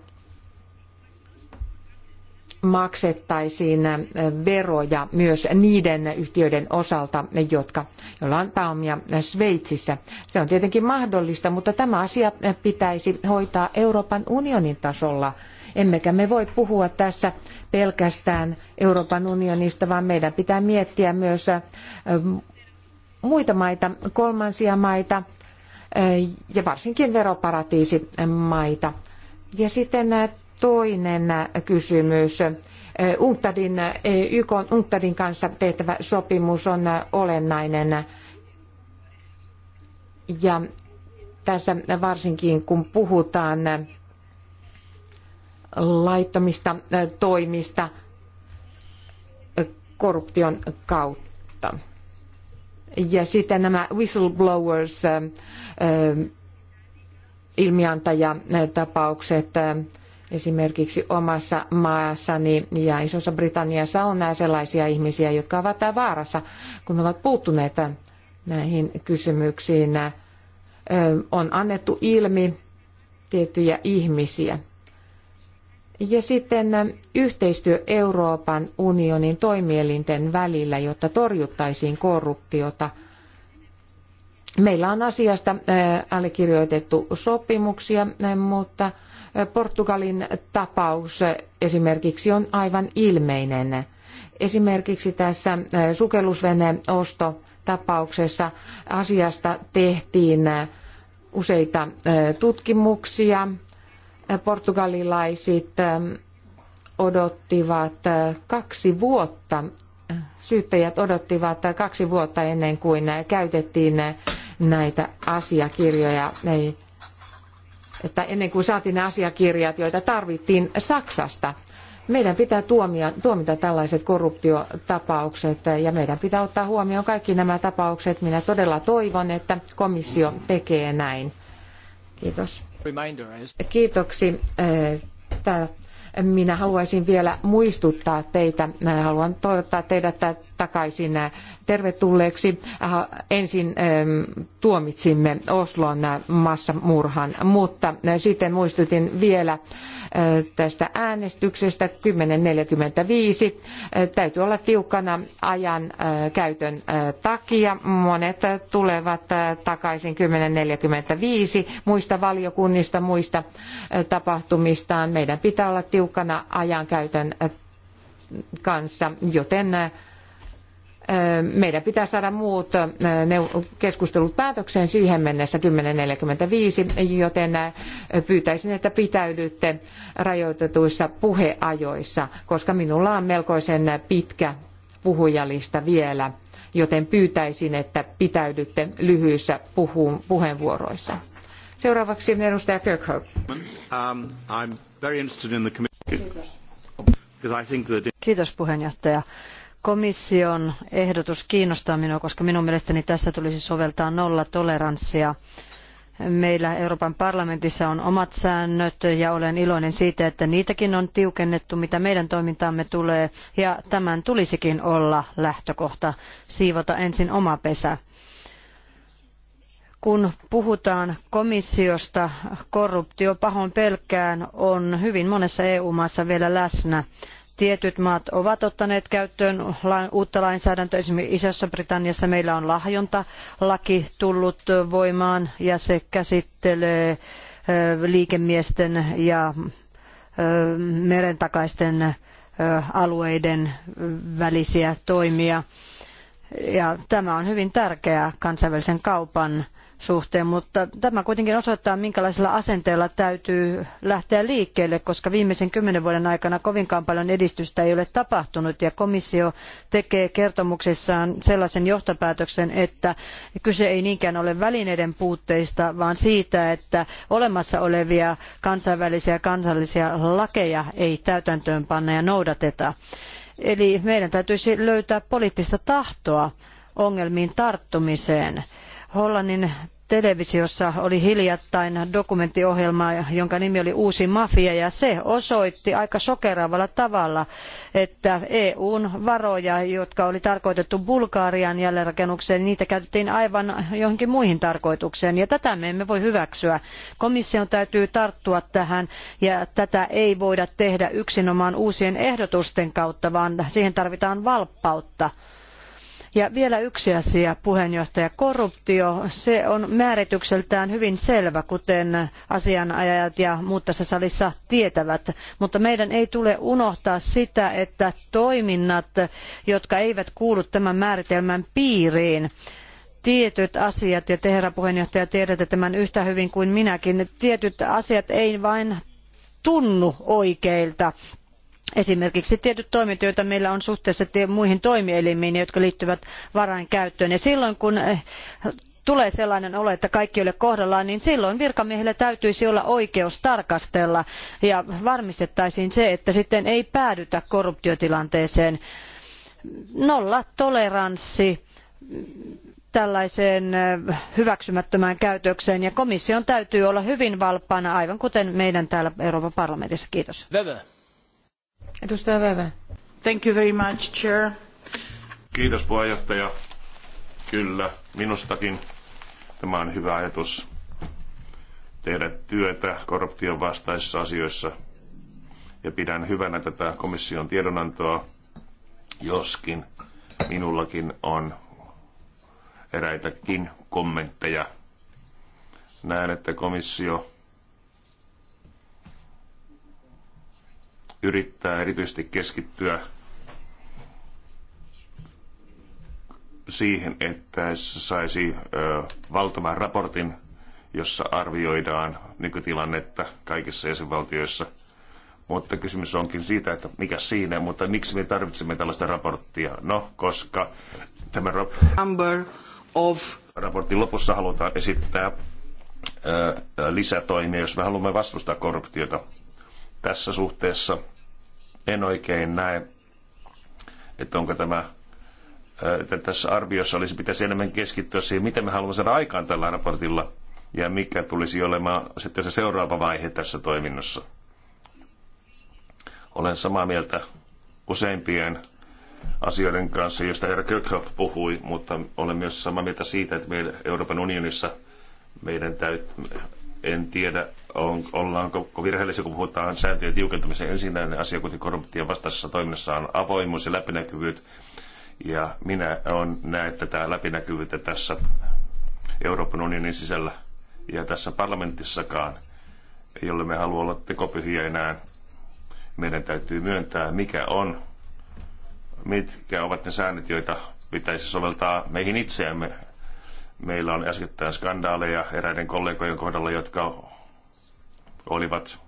maksettaisiin veroja myös niiden yhtiöiden osalta, jotka, joilla on pääomia Sveitsissä. Se on tietenkin mahdollista, mutta tämä asia pitäisi hoitaa Euroopan unionin tasolla Emmekä me voi puhua tässä pelkästään Euroopan unionista, vaan meidän pitää miettiä myös muita maita, kolmansia maita ja varsinkin veroparatiisimaita. Ja sitten toinen kysymys. UNCTADin, YK UNCTADin kanssa tehtävä sopimus on olennainen. Ja tässä varsinkin kun puhutaan laittomista toimista korruption kautta. Ja sitten nämä whistleblowers ilmiantajatapaukset esimerkiksi omassa maassani ja Isossa Britanniassa on nämä sellaisia ihmisiä, jotka ovat vaarassa, kun ovat puuttuneet näihin kysymyksiin. On annettu ilmi tiettyjä ihmisiä ja sitten äh, yhteistyö Euroopan unionin toimielinten välillä, jotta torjuttaisiin korruptiota. Meillä on asiasta äh, allekirjoitettu sopimuksia, äh, mutta Portugalin tapaus esimerkiksi on aivan ilmeinen. Esimerkiksi tässä sukellusveneosto tapauksessa asiasta tehtiin useita tutkimuksia portugalilaiset ähm, odottivat äh, kaksi vuotta, syyttäjät odottivat äh, kaksi vuotta ennen kuin käytettiin äh, näitä asiakirjoja, että ennen kuin saatiin ne asiakirjat, joita tarvittiin Saksasta. Meidän pitää tuomia, tuomita tällaiset korruptiotapaukset ja meidän pitää ottaa huomioon kaikki nämä tapaukset. Minä todella toivon, että komissio tekee näin. Kiitos. Kiitoksi. Äh, minä haluaisin vielä muistuttaa teitä, äh, haluan toivottaa teidät takaisin tervetulleeksi. Ensin tuomitsimme Oslon massamurhan, mutta sitten muistutin vielä tästä äänestyksestä 10.45. Täytyy olla tiukkana ajan käytön takia. Monet tulevat takaisin 10.45 muista valiokunnista, muista tapahtumistaan. Meidän pitää olla tiukkana ajan käytön kanssa, joten meidän pitää saada muut keskustelut päätökseen siihen mennessä 10.45, joten pyytäisin, että pitäydytte rajoitetuissa puheajoissa, koska minulla on melkoisen pitkä puhujalista vielä, joten pyytäisin, että pitäydytte lyhyissä puhu- puheenvuoroissa. Seuraavaksi edustaja Kirkhope. Um, Kiitos. Kiitos puheenjohtaja. Komission ehdotus kiinnostaa minua, koska minun mielestäni tässä tulisi soveltaa nollatoleranssia. Meillä Euroopan parlamentissa on omat säännöt ja olen iloinen siitä, että niitäkin on tiukennettu, mitä meidän toimintaamme tulee. Ja tämän tulisikin olla lähtökohta, siivota ensin oma pesä kun puhutaan komissiosta, korruptio pahoin pelkään on hyvin monessa EU-maassa vielä läsnä tietyt maat ovat ottaneet käyttöön uutta lainsäädäntöä. Esimerkiksi Isossa Britanniassa meillä on lahjontalaki tullut voimaan ja se käsittelee liikemiesten ja merentakaisten alueiden välisiä toimia. Ja tämä on hyvin tärkeää kansainvälisen kaupan suhteen, mutta tämä kuitenkin osoittaa, minkälaisella asenteella täytyy lähteä liikkeelle, koska viimeisen kymmenen vuoden aikana kovinkaan paljon edistystä ei ole tapahtunut ja komissio tekee kertomuksessaan sellaisen johtopäätöksen, että kyse ei niinkään ole välineiden puutteista, vaan siitä, että olemassa olevia kansainvälisiä ja kansallisia lakeja ei täytäntöönpanna ja noudateta. Eli meidän täytyisi löytää poliittista tahtoa ongelmiin tarttumiseen Hollannin televisiossa oli hiljattain dokumenttiohjelma, jonka nimi oli Uusi mafia, ja se osoitti aika sokeraavalla tavalla, että EUn varoja, jotka oli tarkoitettu Bulgarian jälleenrakennukseen, niitä käytettiin aivan johonkin muihin tarkoitukseen, ja tätä me emme voi hyväksyä. Komission täytyy tarttua tähän, ja tätä ei voida tehdä yksinomaan uusien ehdotusten kautta, vaan siihen tarvitaan valppautta. Ja vielä yksi asia, puheenjohtaja. Korruptio, se on määritykseltään hyvin selvä, kuten asianajajat ja muut tässä salissa tietävät. Mutta meidän ei tule unohtaa sitä, että toiminnat, jotka eivät kuulu tämän määritelmän piiriin, tietyt asiat, ja te herra puheenjohtaja tiedätte tämän yhtä hyvin kuin minäkin, tietyt asiat ei vain tunnu oikeilta esimerkiksi tietyt toimet, joita meillä on suhteessa muihin toimielimiin, jotka liittyvät varainkäyttöön. Ja silloin kun eh, tulee sellainen olo, että kaikki ei ole kohdallaan, niin silloin virkamiehillä täytyisi olla oikeus tarkastella ja varmistettaisiin se, että sitten ei päädytä korruptiotilanteeseen. Nolla toleranssi tällaiseen eh, hyväksymättömään käytökseen ja komission täytyy olla hyvin valppaana, aivan kuten meidän täällä Euroopan parlamentissa. Kiitos. Edustaja Väyvänen. Thank you very much, Chair. Kiitos puheenjohtaja. Kyllä, minustakin tämä on hyvä ajatus tehdä työtä korruption vastaisissa asioissa. Ja pidän hyvänä tätä komission tiedonantoa, joskin minullakin on eräitäkin kommentteja. Näen, että komissio yrittää erityisesti keskittyä siihen, että se saisi valtavan raportin, jossa arvioidaan nykytilannetta kaikissa jäsenvaltioissa. Mutta kysymys onkin siitä, että mikä siinä, mutta miksi me tarvitsemme tällaista raporttia? No, koska tämä Number of... raportin lopussa halutaan esittää lisätoimia, jos me haluamme vastustaa korruptiota. Tässä suhteessa en oikein näe, että onko tämä että tässä arviossa olisi, pitäisi enemmän keskittyä siihen, mitä me haluamme saada aikaan tällä raportilla ja mikä tulisi olemaan sitten se seuraava vaihe tässä toiminnassa. Olen samaa mieltä useimpien asioiden kanssa, joista herra Kirchhoff puhui, mutta olen myös samaa mieltä siitä, että meidän Euroopan unionissa meidän täytyy en tiedä, on, ollaanko virheellisiä, kun puhutaan sääntöjen tiukentamisen ensimmäinen asia, kuten korruption vastaisessa toiminnassa on avoimuus ja läpinäkyvyys. Ja minä on, näen tätä läpinäkyvyyttä tässä Euroopan unionin sisällä ja tässä parlamentissakaan, jolle me haluamme olla tekopyhiä enää. Meidän täytyy myöntää, mikä on, mitkä ovat ne säännöt, joita pitäisi soveltaa meihin itseämme Meillä on äskettäin skandaaleja eräiden kollegojen kohdalla, jotka olivat,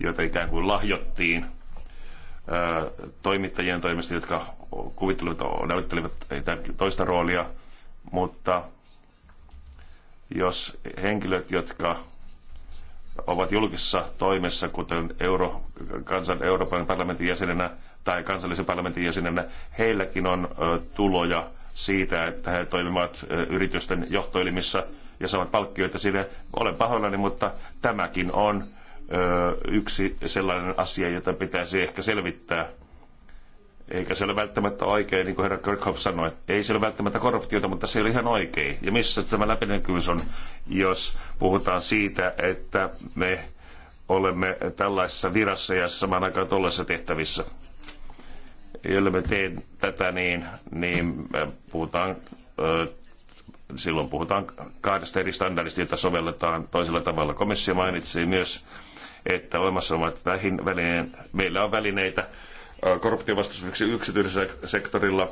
joita ikään kuin lahjottiin toimittajien toimesta, jotka kuvittelivat, näyttelivät toista roolia, mutta jos henkilöt, jotka ovat julkisessa toimessa, kuten Euro, kansan, Euroopan parlamentin jäsenenä tai kansallisen parlamentin jäsenenä, heilläkin on tuloja siitä, että he toimivat yritysten johtoelimissä ja saavat palkkioita siitä. Olen pahoillani, mutta tämäkin on yksi sellainen asia, jota pitäisi ehkä selvittää. Eikä se ole välttämättä oikein, niin kuin herra Kirchhoff sanoi. Ei se ole välttämättä korruptiota, mutta se oli ihan oikein. Ja missä tämä läpinäkyvyys on, jos puhutaan siitä, että me olemme tällaisessa virassa ja samaan aikaan tuollaisissa tehtävissä jolle me teen tätä, niin, niin äh, puhutaan, äh, silloin puhutaan kahdesta eri standardista, jota sovelletaan toisella tavalla. Komissio mainitsi myös, että olemassa ovat vähin välineet. Meillä on välineitä äh, korruptiovastaisuudeksi yksityisellä sektorilla,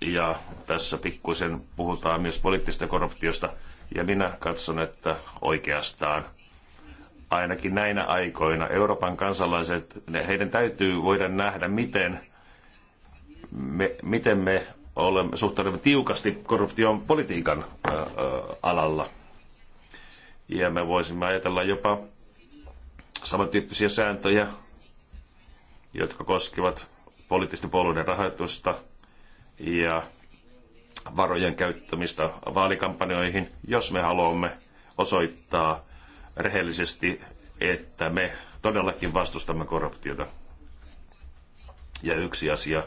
ja tässä pikkuisen puhutaan myös poliittisesta korruptiosta, ja minä katson, että oikeastaan – ainakin näinä aikoina Euroopan kansalaiset, heidän täytyy voida nähdä, miten me, miten me olemme, suhtaudumme tiukasti korruption politiikan alalla. Ja me voisimme ajatella jopa samantyyppisiä sääntöjä, jotka koskevat poliittisten puolueiden rahoitusta ja varojen käyttämistä vaalikampanjoihin, jos me haluamme osoittaa rehellisesti, että me todellakin vastustamme korruptiota. Ja yksi asia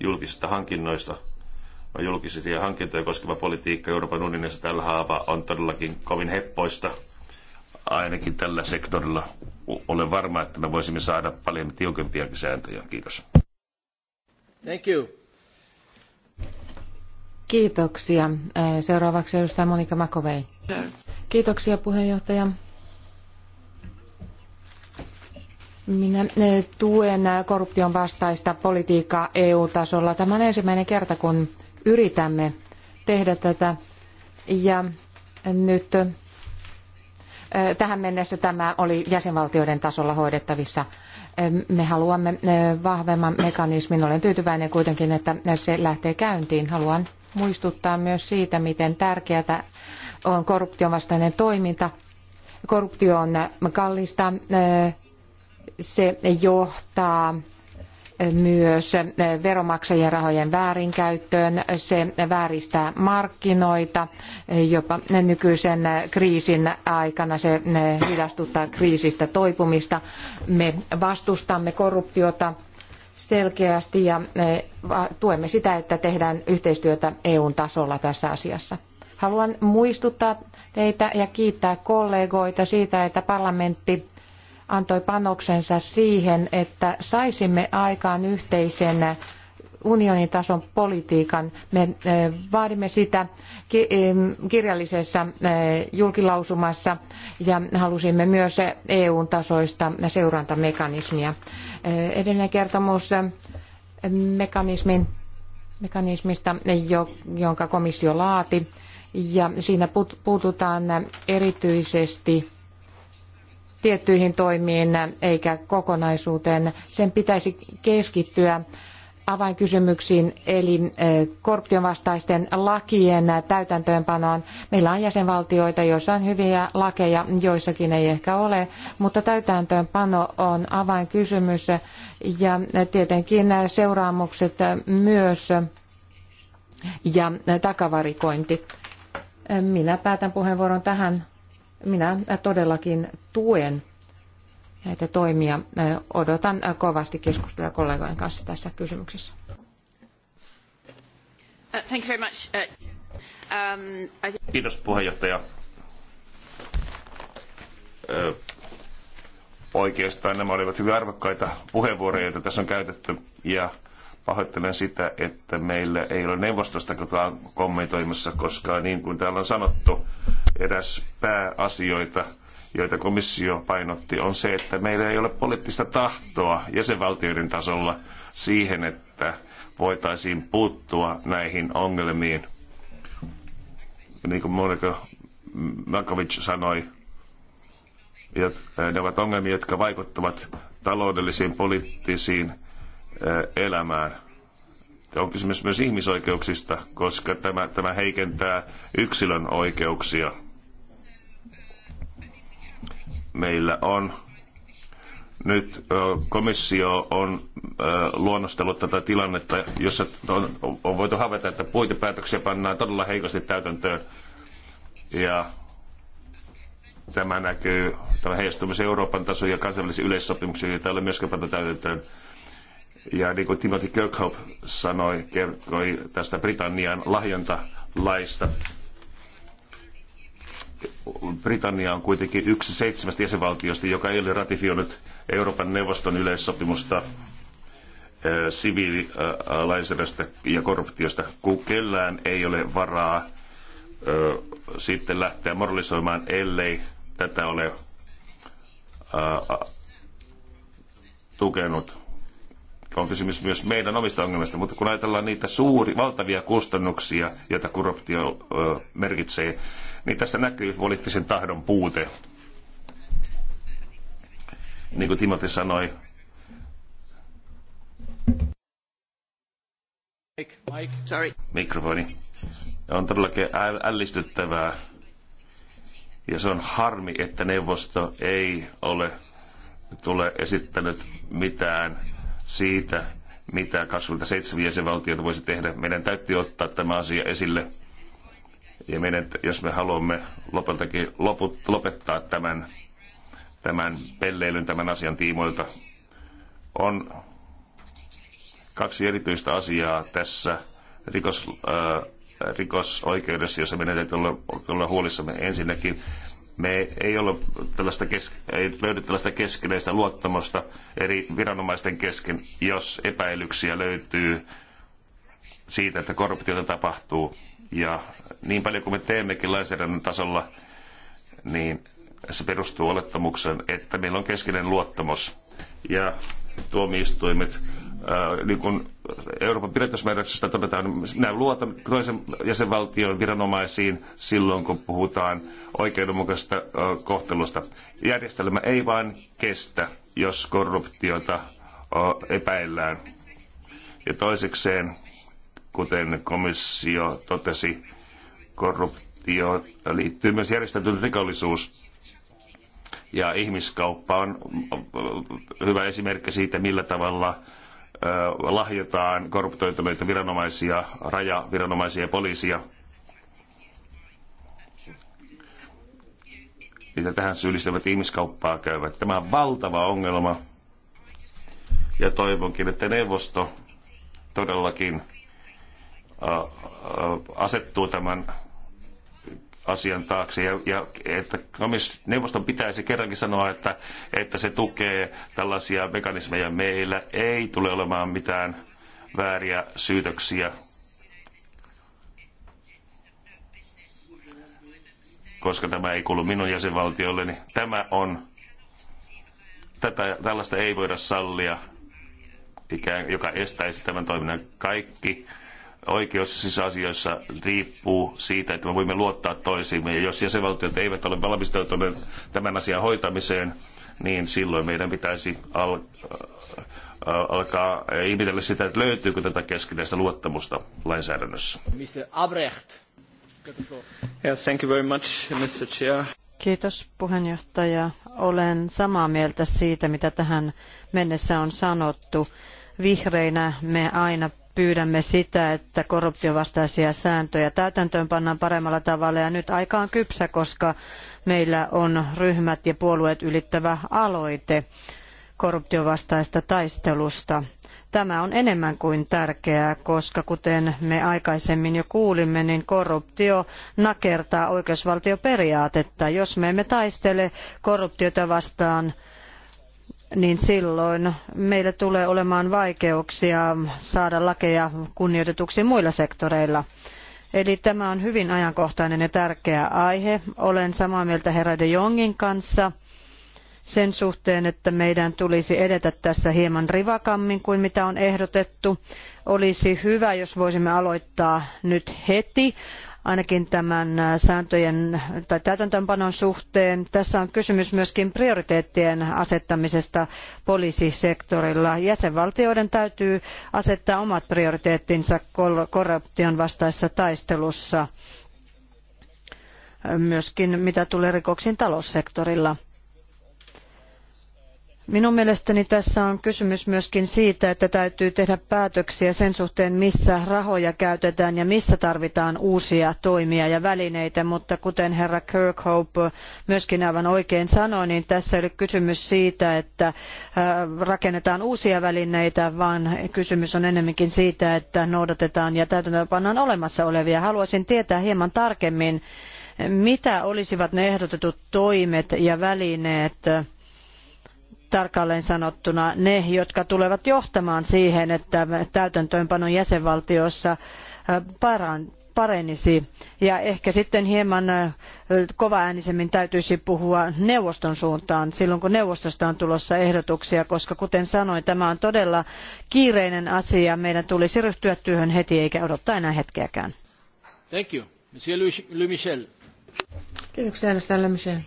julkisista hankinnoista, no julkisia hankintoja koskeva politiikka Euroopan unionissa tällä haava on todellakin kovin heppoista. Ainakin tällä sektorilla olen varma, että me voisimme saada paljon tiukempiakin sääntöjä. Kiitos. Thank you. Kiitoksia. Seuraavaksi edustaja Monika Makovei. Kiitoksia puheenjohtaja. Minä eh, tuen korruption vastaista politiikkaa EU-tasolla. Tämä on ensimmäinen kerta, kun yritämme tehdä tätä. Ja nyt eh, tähän mennessä tämä oli jäsenvaltioiden tasolla hoidettavissa. Eh, me haluamme vahvemman mekanismin. Olen tyytyväinen kuitenkin, että se lähtee käyntiin. Haluan muistuttaa myös siitä, miten tärkeää on korruption vastainen toiminta. Korruptio on kallista se johtaa myös veromaksajien rahojen väärinkäyttöön. Se vääristää markkinoita jopa nykyisen kriisin aikana. Se hidastuttaa kriisistä toipumista. Me vastustamme korruptiota selkeästi ja tuemme sitä, että tehdään yhteistyötä EUn tasolla tässä asiassa. Haluan muistuttaa teitä ja kiittää kollegoita siitä, että parlamentti antoi panoksensa siihen, että saisimme aikaan yhteisen unionin tason politiikan. Me eh, vaadimme sitä eh, kirjallisessa eh, julkilausumassa ja halusimme myös eu tasoista seurantamekanismia. Edellinen kertomus mekanismin, mekanismista, jonka komissio laati, ja siinä puututaan erityisesti tiettyihin toimiin eikä kokonaisuuteen. Sen pitäisi keskittyä avainkysymyksiin eli e, korruptionvastaisten lakien täytäntöönpanoon. Meillä on jäsenvaltioita, joissa on hyviä lakeja, joissakin ei ehkä ole, mutta täytäntöönpano on avainkysymys ja tietenkin seuraamukset myös ja takavarikointi. Minä päätän puheenvuoron tähän. Minä todellakin tuen näitä toimia. Odotan kovasti keskustelua kollegojen kanssa tässä kysymyksessä. Uh, thank you very much. Uh, um, Kiitos puheenjohtaja. Uh, oikeastaan nämä olivat hyvin arvokkaita puheenvuoroja, joita tässä on käytetty. Ja pahoittelen sitä, että meillä ei ole neuvostosta kukaan kommentoimassa, koska niin kuin täällä on sanottu, eräs pääasioita, joita komissio painotti, on se, että meillä ei ole poliittista tahtoa jäsenvaltioiden tasolla siihen, että voitaisiin puuttua näihin ongelmiin. Niin kuin Monika Makovic sanoi, ne ovat ongelmia, jotka vaikuttavat taloudellisiin, poliittisiin elämään. On kysymys myös ihmisoikeuksista, koska tämä, tämä heikentää yksilön oikeuksia – meillä on nyt komissio on luonnostellut tätä tilannetta, jossa on, on voitu havaita, että puitepäätöksiä pannaan todella heikosti täytäntöön. Ja tämä näkyy, tämä heijastuu myös Euroopan tasoon ja kansainvälisiin yleissopimuksiin, joita ei ole myöskään pantu täytäntöön. Ja niin kuin Timothy Kirkhope sanoi, kertoi tästä Britannian lahjontalaista, Britannia on kuitenkin yksi seitsemästä jäsenvaltiosta, joka ei ole ratifioinut Euroopan neuvoston yleissopimusta siviililainsäädännöstä ja korruptiosta, kun kellään ei ole varaa sitten lähteä moralisoimaan, ellei tätä ole tukenut. On kysymys myös meidän omista ongelmista, mutta kun ajatellaan niitä suuri, valtavia kustannuksia, joita korruptio merkitsee, niin tässä näkyy poliittisen tahdon puute. Niin kuin Timothy sanoi. Mike, Mike. Sorry. Mikrofoni. On todellakin ällistyttävää. Ja se on harmi, että neuvosto ei ole tule esittänyt mitään siitä, mitä 27 jäsenvaltiota voisi tehdä. Meidän täytyy ottaa tämä asia esille ja meidän, jos me haluamme lopultakin loput, lopettaa tämän, tämän pelleilyn tämän asian tiimoilta, on kaksi erityistä asiaa tässä rikos, äh, rikosoikeudessa, jossa meidän täytyy olla, olla huolissamme. Ensinnäkin me ei, ole tällaista kes, ei löydy tällaista keskeneistä luottamusta eri viranomaisten kesken, jos epäilyksiä löytyy siitä, että korruptiota tapahtuu ja niin paljon kuin me teemmekin lainsäädännön tasolla, niin se perustuu olettamukseen, että meillä on keskeinen luottamus. Ja tuomioistuimet, ää, äh, niin kuin Euroopan pidätysmääräyksestä todetaan, nämä luotamme toisen jäsenvaltion viranomaisiin silloin, kun puhutaan oikeudenmukaisesta ää, äh, kohtelusta. Järjestelmä ei vain kestä, jos korruptiota ää, äh, epäillään. Ja toisekseen kuten komissio totesi, korruptio liittyy myös järjestäytynyt rikollisuus. Ja ihmiskauppa on hyvä esimerkki siitä, millä tavalla lahjotaan korruptoituneita viranomaisia, rajaviranomaisia ja poliisia. Niitä tähän syyllistävät ihmiskauppaa käyvät. Tämä on valtava ongelma. Ja toivonkin, että neuvosto todellakin Äh, asettuu tämän asian taakse ja, ja että neuvoston pitäisi kerrankin sanoa, että, että se tukee tällaisia mekanismeja. Meillä ei tule olemaan mitään vääriä syytöksiä, koska tämä ei kuulu minun jäsenvaltiolleni. Niin tämä on, tätä, tällaista ei voida sallia, ikään, joka estäisi tämän toiminnan. Kaikki oikeus sisäasioissa riippuu siitä, että me voimme luottaa toisiimme. Ja jos jäsenvaltiot eivät ole valmistautuneet tämän asian hoitamiseen, niin silloin meidän pitäisi al- äh, alkaa ihmetellä sitä, että löytyykö tätä keskinäistä luottamusta lainsäädännössä. Mr. Abrecht. Yes, thank you very much, Mr. Chair. Kiitos puheenjohtaja. Olen samaa mieltä siitä, mitä tähän mennessä on sanottu. Vihreinä me aina pyydämme sitä, että korruptiovastaisia sääntöjä täytäntöön pannaan paremmalla tavalla ja nyt aika on kypsä, koska meillä on ryhmät ja puolueet ylittävä aloite korruptiovastaista taistelusta. Tämä on enemmän kuin tärkeää, koska kuten me aikaisemmin jo kuulimme, niin korruptio nakertaa oikeusvaltioperiaatetta. Jos me emme taistele korruptiota vastaan, niin silloin meillä tulee olemaan vaikeuksia saada lakeja kunnioitetuksi muilla sektoreilla. Eli tämä on hyvin ajankohtainen ja tärkeä aihe. Olen samaa mieltä herra de Jongin kanssa sen suhteen, että meidän tulisi edetä tässä hieman rivakammin kuin mitä on ehdotettu. Olisi hyvä, jos voisimme aloittaa nyt heti ainakin tämän äh, sääntöjen tai täytäntöönpanon suhteen. Tässä on kysymys myöskin prioriteettien asettamisesta poliisisektorilla. Jäsenvaltioiden täytyy asettaa omat prioriteettinsa korruption vastaisessa taistelussa, äh, myöskin mitä tulee rikoksiin taloussektorilla. Minun mielestäni tässä on kysymys myöskin siitä, että täytyy tehdä päätöksiä sen suhteen, missä rahoja käytetään ja missä tarvitaan uusia toimia ja välineitä, mutta kuten herra Kirkhope myöskin aivan oikein sanoi, niin tässä ei ole kysymys siitä, että rakennetaan uusia välineitä, vaan kysymys on enemmänkin siitä, että noudatetaan ja täytäntöönpannaan olemassa olevia. Haluaisin tietää hieman tarkemmin, mitä olisivat ne ehdotetut toimet ja välineet, tarkalleen sanottuna ne, jotka tulevat johtamaan siihen, että täytäntöönpanon jäsenvaltioissa paranisi. Ja ehkä sitten hieman kovaäänisemmin täytyisi puhua neuvoston suuntaan silloin, kun neuvostosta on tulossa ehdotuksia, koska kuten sanoin, tämä on todella kiireinen asia. Meidän tulisi ryhtyä työhön heti eikä odottaa enää hetkeäkään. Thank you. Monsieur Le Michel. Kiitoksia, Le Michel.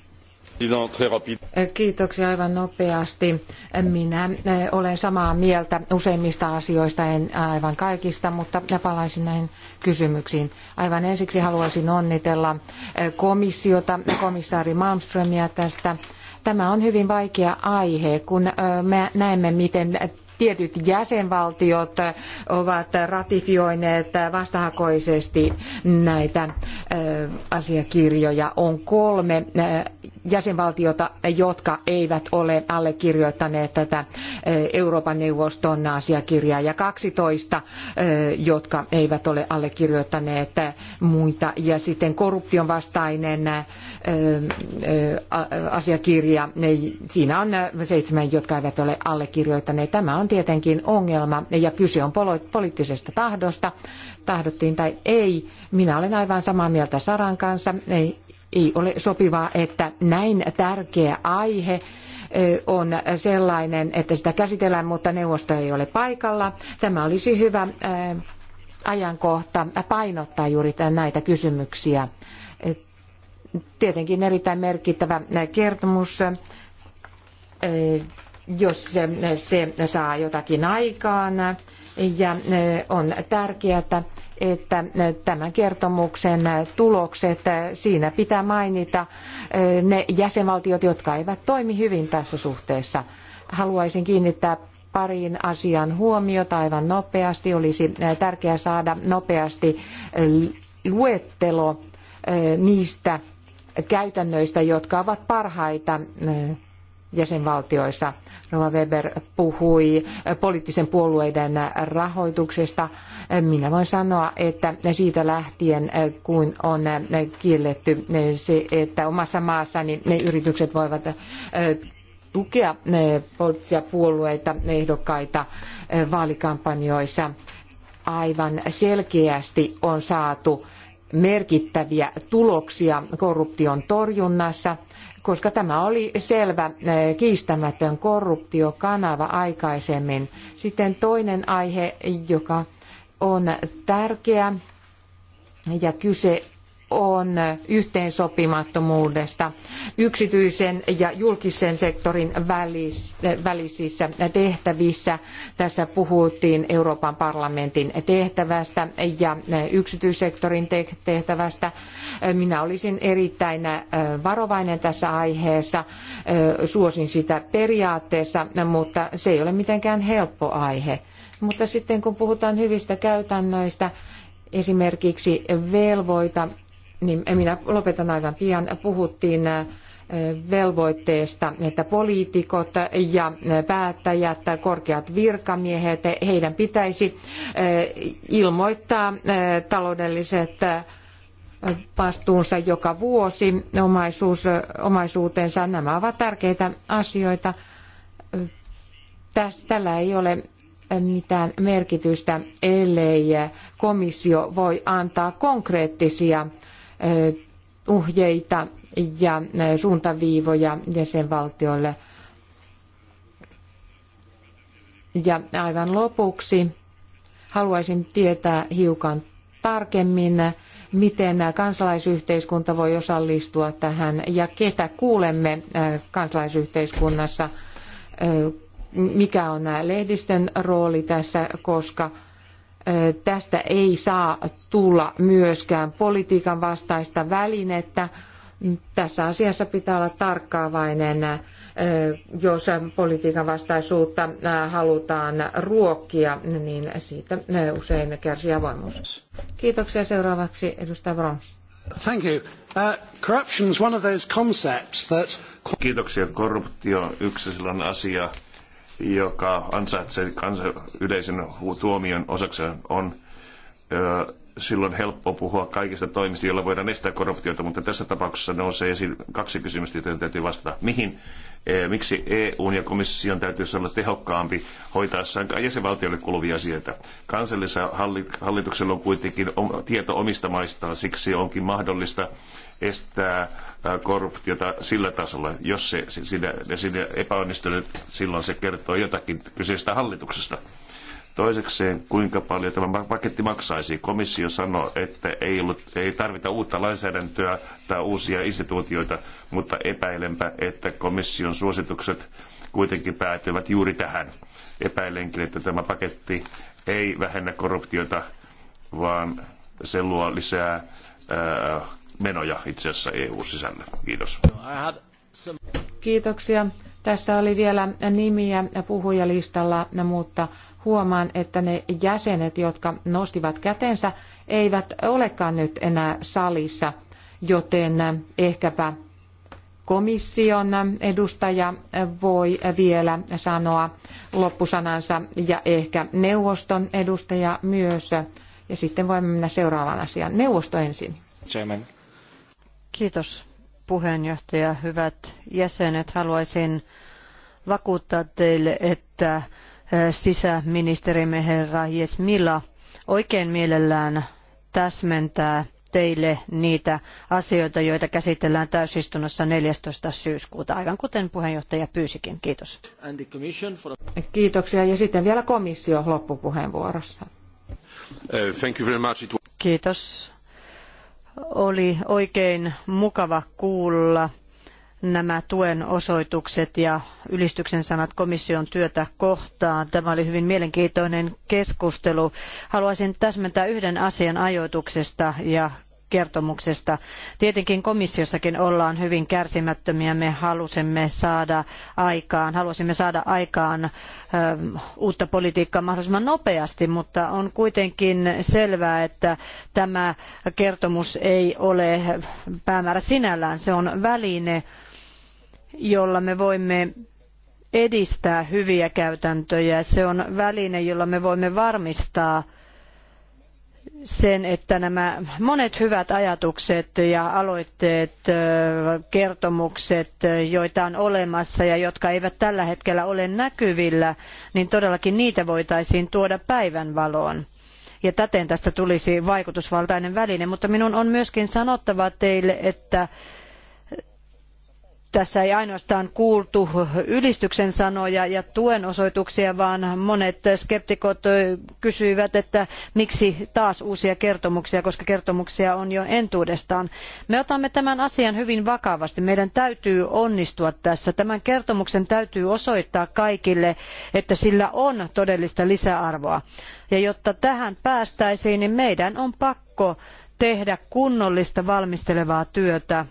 Kiitoksia aivan nopeasti. Minä eh, olen samaa mieltä useimmista asioista, en aivan kaikista, mutta palaisin näihin kysymyksiin. Aivan ensiksi haluaisin onnitella eh, komissiota, komissaari Malmströmiä tästä. Tämä on hyvin vaikea aihe, kun eh, me näemme, miten tietyt jäsenvaltiot ovat ratifioineet vastahakoisesti näitä äh, asiakirjoja. On kolme äh, jäsenvaltiota, jotka eivät ole allekirjoittaneet tätä äh, Euroopan neuvoston asiakirjaa ja 12, jotka eivät ole allekirjoittaneet muita. Ja sitten korruption vastainen asiakirja, siinä on seitsemän, jotka eivät ole allekirjoittaneet. Tämä on on tietenkin ongelma ja kyse on poliittisesta tahdosta, tahdottiin tai ei. Minä olen aivan samaa mieltä Saran kanssa. Ei, ei ole sopivaa, että näin tärkeä aihe on sellainen, että sitä käsitellään, mutta neuvosto ei ole paikalla. Tämä olisi hyvä ajankohta painottaa juuri näitä kysymyksiä. Tietenkin erittäin merkittävä kertomus jos se saa jotakin aikaan. Ja e, on tärkeää, että tämän kertomuksen tulokset, e, siinä pitää mainita e, ne jäsenvaltiot, jotka eivät toimi hyvin tässä suhteessa. Haluaisin kiinnittää pariin asian huomiota aivan nopeasti. Olisi tärkeää saada nopeasti luettelo niistä käytännöistä, jotka ovat parhaita jäsenvaltioissa. Rova Weber puhui poliittisen puolueiden rahoituksesta. Minä voin sanoa, että siitä lähtien, kun on kielletty se, että omassa maassani ne yritykset voivat äh, tukea äh, poliittisia puolueita, ehdokkaita äh, vaalikampanjoissa, aivan selkeästi on saatu merkittäviä tuloksia korruption torjunnassa koska tämä oli selvä eh, kiistämätön korruptiokanava aikaisemmin. Sitten toinen aihe, joka on tärkeä ja kyse on yhteensopimattomuudesta yksityisen ja julkisen sektorin välisissä tehtävissä. Tässä puhuttiin Euroopan parlamentin tehtävästä ja yksityissektorin tehtävästä. Minä olisin erittäin äh, varovainen tässä aiheessa. Äh, suosin sitä periaatteessa, mutta se ei ole mitenkään helppo aihe. Mutta sitten kun puhutaan hyvistä käytännöistä, esimerkiksi velvoita niin eh, minä lopetan aivan pian, puhuttiin eh, velvoitteesta, että poliitikot ja eh, päättäjät, korkeat virkamiehet, heidän pitäisi ilmoittaa taloudelliset vastuunsa joka vuosi, omaisuus, omaisuutensa. Nämä ovat tärkeitä asioita. Tällä ei ole mitään merkitystä, ellei komissio voi antaa konkreettisia ohjeita ja suuntaviivoja jäsenvaltioille. Ja aivan lopuksi haluaisin tietää hiukan tarkemmin, miten kansalaisyhteiskunta voi osallistua tähän ja ketä kuulemme kansalaisyhteiskunnassa, mikä on lehdistön rooli tässä, koska Tästä ei saa tulla myöskään politiikan vastaista välinettä. Tässä asiassa pitää olla tarkkaavainen, jos politiikan vastaisuutta halutaan ruokkia, niin siitä usein kärsii avoimuus. Kiitoksia. Seuraavaksi edustaja Brons. Thank you. Uh, corruption is one of those concepts that... Kiitoksia. Korruptio on yksi sellainen asia, joka ansaitsee kansa- yleisen tuomion osakseen, on ö, silloin helppo puhua kaikista toimista, joilla voidaan estää korruptiota, mutta tässä tapauksessa nousee esiin kaksi kysymystä, joita täytyy vastata. Mihin, e, miksi EU ja komission täytyisi olla tehokkaampi hoitaessaan jäsenvaltioille kuluvia asioita? Kansallisella hallituksella on kuitenkin tieto omista maistaan, siksi onkin mahdollista estää korruptiota sillä tasolla. Jos se sinä, sinä epäonnistunut, silloin se kertoo jotakin kyseistä hallituksesta. Toisekseen, kuinka paljon tämä paketti maksaisi? Komissio sanoi, että ei, ollut, ei tarvita uutta lainsäädäntöä tai uusia instituutioita, mutta epäilenpä, että komission suositukset kuitenkin päätyvät juuri tähän. Epäilenkin, että tämä paketti ei vähennä korruptiota, vaan se luo lisää ää, menoja itse asiassa EU-sisällä. Kiitos. Kiitoksia. Tässä oli vielä nimiä puhujalistalla, mutta huomaan, että ne jäsenet, jotka nostivat kätensä, eivät olekaan nyt enää salissa, joten ehkäpä komission edustaja voi vielä sanoa loppusanansa ja ehkä neuvoston edustaja myös. Ja sitten voimme mennä seuraavaan asiaan. Neuvosto ensin. Chairman. Kiitos puheenjohtaja. Hyvät jäsenet, haluaisin vakuuttaa teille, että eh, sisäministerimme herra Jesmila oikein mielellään täsmentää teille niitä asioita, joita käsitellään täysistunnossa 14. syyskuuta, aivan kuten puheenjohtaja pyysikin. Kiitos. Kiitoksia. Ja sitten vielä komissio loppupuheenvuorossa. Eh, Kiitos. Oli oikein mukava kuulla nämä tuen osoitukset ja ylistyksen sanat komission työtä kohtaan. Tämä oli hyvin mielenkiintoinen keskustelu. Haluaisin täsmentää yhden asian ajoituksesta ja kertomuksesta. Tietenkin komissiossakin ollaan hyvin kärsimättömiä. Me halusimme saada aikaan, halusimme saada aikaan uutta politiikkaa mahdollisimman nopeasti, mutta on kuitenkin selvää, että tämä kertomus ei ole päämäärä sinällään. Se on väline, jolla me voimme edistää hyviä käytäntöjä. Se on väline, jolla me voimme varmistaa, sen, että nämä monet hyvät ajatukset ja aloitteet, kertomukset, joita on olemassa ja jotka eivät tällä hetkellä ole näkyvillä, niin todellakin niitä voitaisiin tuoda päivänvaloon. Ja täten tästä tulisi vaikutusvaltainen väline, mutta minun on myöskin sanottava teille, että tässä ei ainoastaan kuultu ylistyksen sanoja ja tuen osoituksia, vaan monet skeptikot kysyivät, että miksi taas uusia kertomuksia, koska kertomuksia on jo entuudestaan. Me otamme tämän asian hyvin vakavasti. Meidän täytyy onnistua tässä. Tämän kertomuksen täytyy osoittaa kaikille, että sillä on todellista lisäarvoa. Ja jotta tähän päästäisiin, niin meidän on pakko tehdä kunnollista valmistelevaa työtä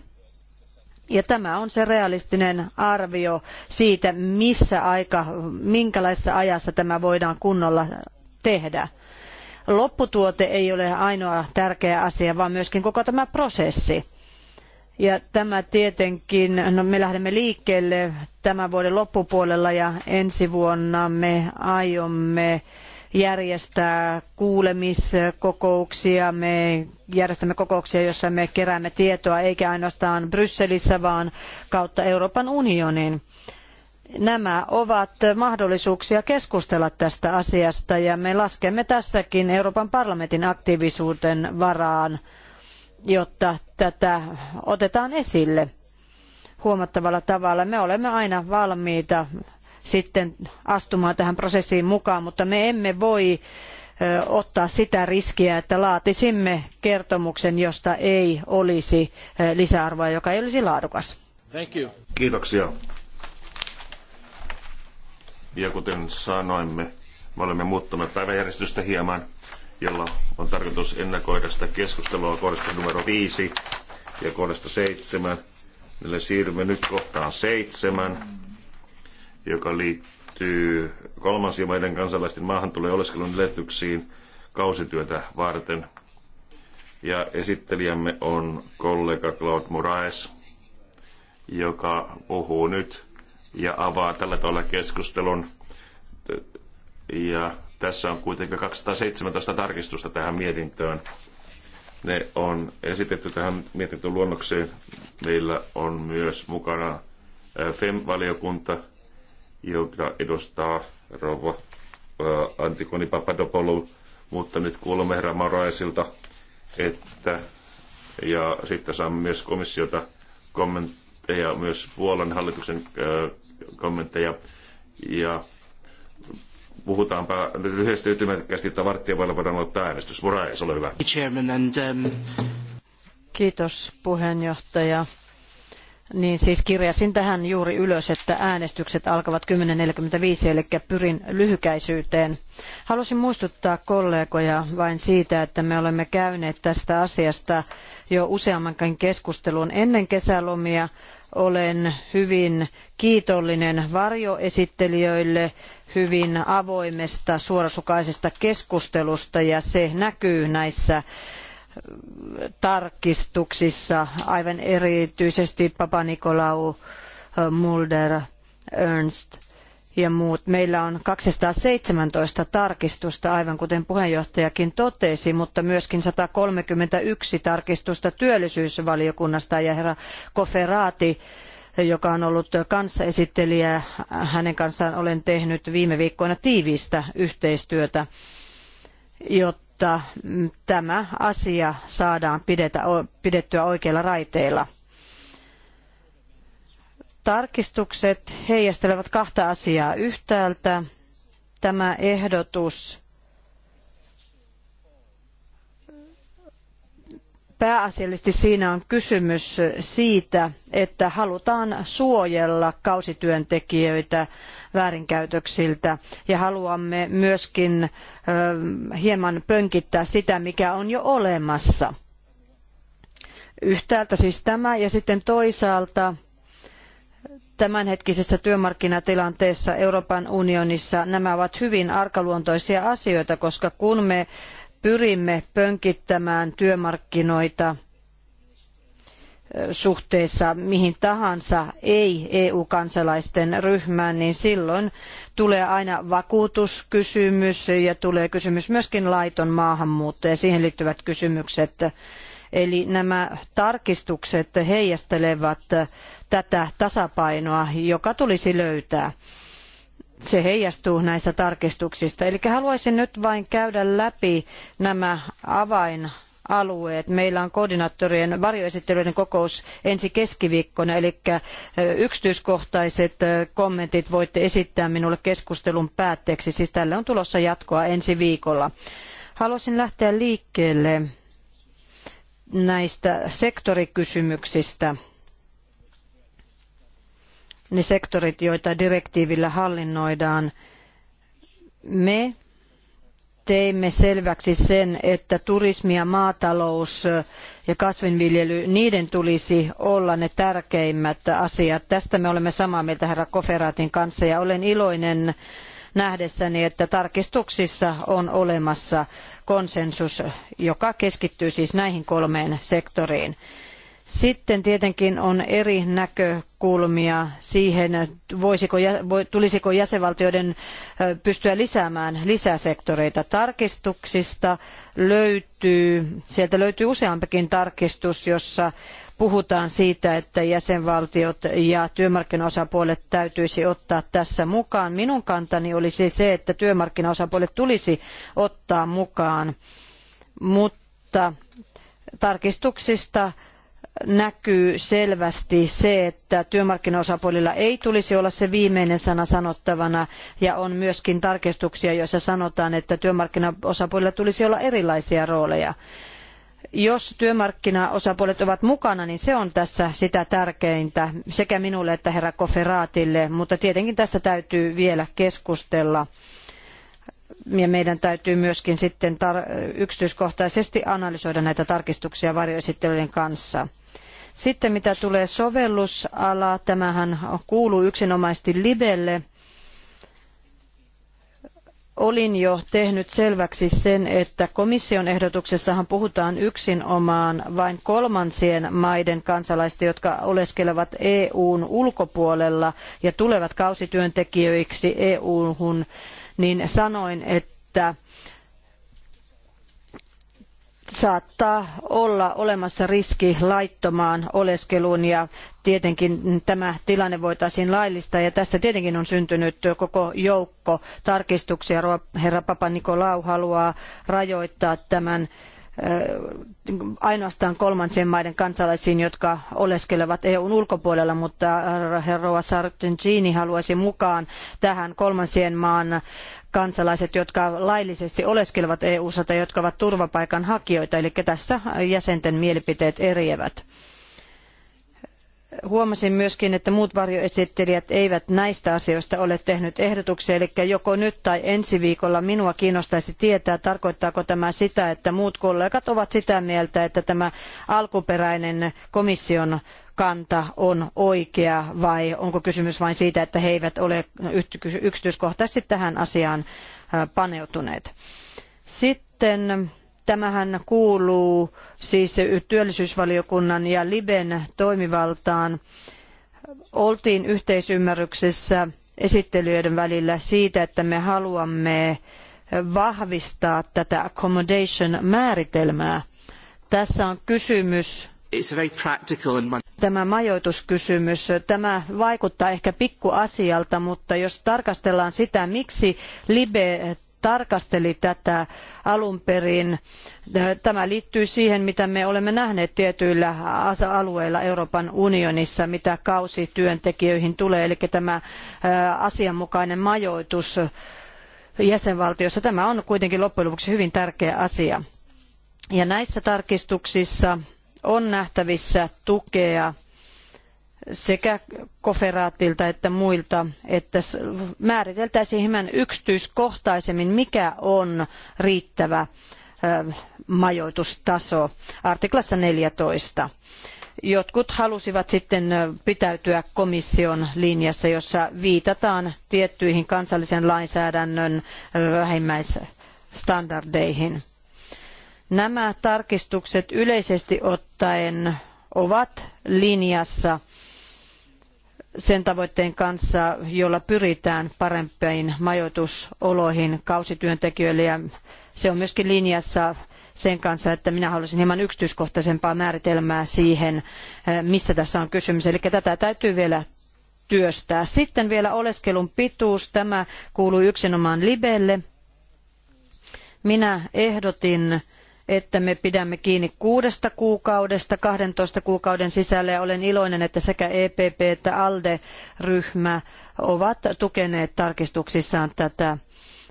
ja tämä on se realistinen arvio siitä, missä aika, minkälaisessa ajassa tämä voidaan kunnolla tehdä. Lopputuote ei ole ainoa tärkeä asia, vaan myöskin koko tämä prosessi. Ja tämä tietenkin, no me lähdemme liikkeelle tämän vuoden loppupuolella ja ensi vuonna me aiomme äh, järjestää kuulemiskokouksia, me järjestämme kokouksia, joissa me keräämme tietoa, eikä ainoastaan Brysselissä, vaan kautta Euroopan unionin. Nämä ovat mahdollisuuksia keskustella tästä asiasta ja me laskemme tässäkin Euroopan parlamentin aktiivisuuden varaan, jotta tätä otetaan esille huomattavalla tavalla. Me olemme aina valmiita sitten astumaan tähän prosessiin mukaan, mutta me emme voi ottaa sitä riskiä, että laatisimme kertomuksen, josta ei olisi lisäarvoa, joka ei olisi laadukas. Thank you. Kiitoksia. Ja kuten sanoimme, me olemme muuttaneet päiväjärjestystä hieman, jolla on tarkoitus ennakoida sitä keskustelua kohdasta numero 5 ja kohdasta 7. Meille siirrymme nyt kohtaan 7 joka liittyy kolmansien maiden kansalaisten maahantulo- ja oleskelun edellytyksiin kausityötä varten. Ja esittelijämme on kollega Claude Moraes, joka puhuu nyt ja avaa tällä tavalla keskustelun. Ja tässä on kuitenkin 217 tarkistusta tähän mietintöön. Ne on esitetty tähän mietintöluonnokseen. Meillä on myös mukana FEM-valiokunta, jota edustaa rouva Antikoni Papadopoulou, mutta nyt kuulemme herra Moraisilta, että ja sitten saamme myös komissiota kommentteja, myös Puolan hallituksen kommentteja ja puhutaanpa lyhyesti ytimekkäästi, että varttia vailla voidaan ottaa äänestys. Morais, ole hyvä. Um, Kiitos puheenjohtaja. Niin siis kirjasin tähän juuri ylös, että äänestykset alkavat 10.45, eli pyrin lyhykäisyyteen. Halusin muistuttaa kollegoja vain siitä, että me olemme käyneet tästä asiasta jo useammankin keskustelun ennen kesälomia. Olen hyvin kiitollinen varjoesittelijöille hyvin avoimesta, suorasukaisesta keskustelusta ja se näkyy näissä tarkistuksissa, aivan erityisesti Papa Nikolau, eh, Mulder, Ernst ja muut. Meillä on 217 tarkistusta, aivan kuten puheenjohtajakin totesi, mutta myöskin 131 tarkistusta työllisyysvaliokunnasta ja herra Koferaati joka on ollut kanssaesittelijä. Hänen kanssaan olen tehnyt viime viikkoina tiiviistä yhteistyötä, jotta jotta tämä asia saadaan pidetä, pidettyä oikeilla raiteilla. Tarkistukset heijastelevat kahta asiaa yhtäältä. Tämä ehdotus pääasiallisesti siinä on kysymys siitä, että halutaan suojella kausityöntekijöitä väärinkäytöksiltä ja haluamme myöskin hieman pönkittää sitä, mikä on jo olemassa. Yhtäältä siis tämä ja sitten toisaalta tämänhetkisessä työmarkkinatilanteessa Euroopan unionissa nämä ovat hyvin arkaluontoisia asioita, koska kun me pyrimme pönkittämään työmarkkinoita – suhteessa mihin tahansa ei-EU-kansalaisten ryhmään, niin silloin tulee aina vakuutuskysymys ja tulee kysymys myöskin laiton maahanmuutto ja siihen liittyvät kysymykset. Eli nämä tarkistukset heijastelevat tätä tasapainoa, joka tulisi löytää se heijastuu näistä tarkistuksista. Eli haluaisin nyt vain käydä läpi nämä avainasiat alueet. Meillä on koordinaattorien varjoesittelyiden kokous ensi keskiviikkona, eli yksityiskohtaiset kommentit voitte esittää minulle keskustelun päätteeksi. Siis tälle on tulossa jatkoa ensi viikolla. Haluaisin lähteä liikkeelle näistä sektorikysymyksistä ne sektorit, joita direktiivillä hallinnoidaan, me teimme selväksi sen, että turismi ja maatalous ja kasvinviljely, niiden tulisi olla ne tärkeimmät asiat. Tästä me olemme samaa mieltä herra Koferaatin kanssa ja olen iloinen nähdessäni, että tarkistuksissa on olemassa konsensus, joka keskittyy siis näihin kolmeen sektoriin. Sitten tietenkin on eri näkökulmia siihen, voisiko, tulisiko jäsenvaltioiden pystyä lisäämään lisäsektoreita tarkistuksista. Löytyy, sieltä löytyy useampikin tarkistus, jossa puhutaan siitä, että jäsenvaltiot ja työmarkkinaosapuolet täytyisi ottaa tässä mukaan. Minun kantani olisi se, että työmarkkinaosapuolet tulisi ottaa mukaan, mutta tarkistuksista näkyy selvästi se, että työmarkkinaosapuolilla ei tulisi olla se viimeinen sana sanottavana ja on myöskin tarkistuksia, joissa sanotaan, että työmarkkinaosapuolilla tulisi olla erilaisia rooleja. Jos työmarkkinaosapuolet ovat mukana, niin se on tässä sitä tärkeintä sekä minulle että herra Koferaatille, mutta tietenkin tästä täytyy vielä keskustella ja meidän täytyy myöskin sitten yksityiskohtaisesti analysoida näitä tarkistuksia varjoesittelyiden kanssa. Sitten mitä tulee sovellusala, tämähän kuuluu yksinomaisesti Libelle. Olin jo tehnyt selväksi sen, että komission ehdotuksessahan puhutaan yksinomaan vain kolmansien maiden kansalaisista, jotka oleskelevat EUn ulkopuolella ja tulevat kausityöntekijöiksi EUhun, niin sanoin, että saattaa olla olemassa riski laittomaan oleskeluun ja tietenkin tämä tilanne voitaisiin laillistaa ja tästä tietenkin on syntynyt koko joukko tarkistuksia. Herra Papa Nikolau haluaa rajoittaa tämän Äh, ainoastaan kolmansien maiden kansalaisiin, jotka oleskelevat EUn ulkopuolella, mutta herroa Sargentini haluaisi mukaan tähän kolmansien maan kansalaiset, jotka laillisesti oleskelevat EU-ssa tai jotka ovat turvapaikanhakijoita, eli tässä jäsenten mielipiteet eriävät. Huomasin myöskin, että muut varjoesittelijät eivät näistä asioista ole tehnyt ehdotuksia, eli joko nyt tai ensi viikolla minua kiinnostaisi tietää, tarkoittaako tämä sitä, että muut kollegat ovat sitä mieltä, että tämä alkuperäinen komission kanta on oikea vai onko kysymys vain siitä, että he eivät ole yksityiskohtaisesti tähän asiaan äh, paneutuneet. Sitten Tämähän kuuluu siis työllisyysvaliokunnan ja Liben toimivaltaan. Oltiin yhteisymmärryksessä esittelyiden välillä siitä, että me haluamme vahvistaa tätä accommodation-määritelmää. Tässä on kysymys Tämä majoituskysymys, tämä vaikuttaa ehkä pikkuasialta, mutta jos tarkastellaan sitä, miksi Libe tarkasteli tätä alun perin. Tämä liittyy siihen, mitä me olemme nähneet tietyillä alueilla Euroopan unionissa, mitä kausityöntekijöihin tulee, eli tämä asianmukainen majoitus jäsenvaltiossa. Tämä on kuitenkin loppujen lopuksi hyvin tärkeä asia. Ja näissä tarkistuksissa on nähtävissä tukea sekä koferaatilta että muilta, että määriteltäisiin hieman yksityiskohtaisemmin, mikä on riittävä majoitustaso artiklassa 14. Jotkut halusivat sitten pitäytyä komission linjassa, jossa viitataan tiettyihin kansallisen lainsäädännön vähimmäisstandardeihin. Nämä tarkistukset yleisesti ottaen ovat linjassa – sen tavoitteen kanssa, jolla pyritään parempiin majoitusoloihin kausityöntekijöille ja se on myöskin linjassa sen kanssa, että minä haluaisin hieman yksityiskohtaisempaa määritelmää siihen, eh, mistä tässä on kysymys. Eli tätä täytyy vielä työstää. Sitten vielä oleskelun pituus. Tämä kuuluu yksinomaan Libelle. Minä ehdotin että me pidämme kiinni kuudesta kuukaudesta 12 kuukauden sisällä ja olen iloinen, että sekä EPP että ALDE-ryhmä ovat tukeneet tarkistuksissaan tätä.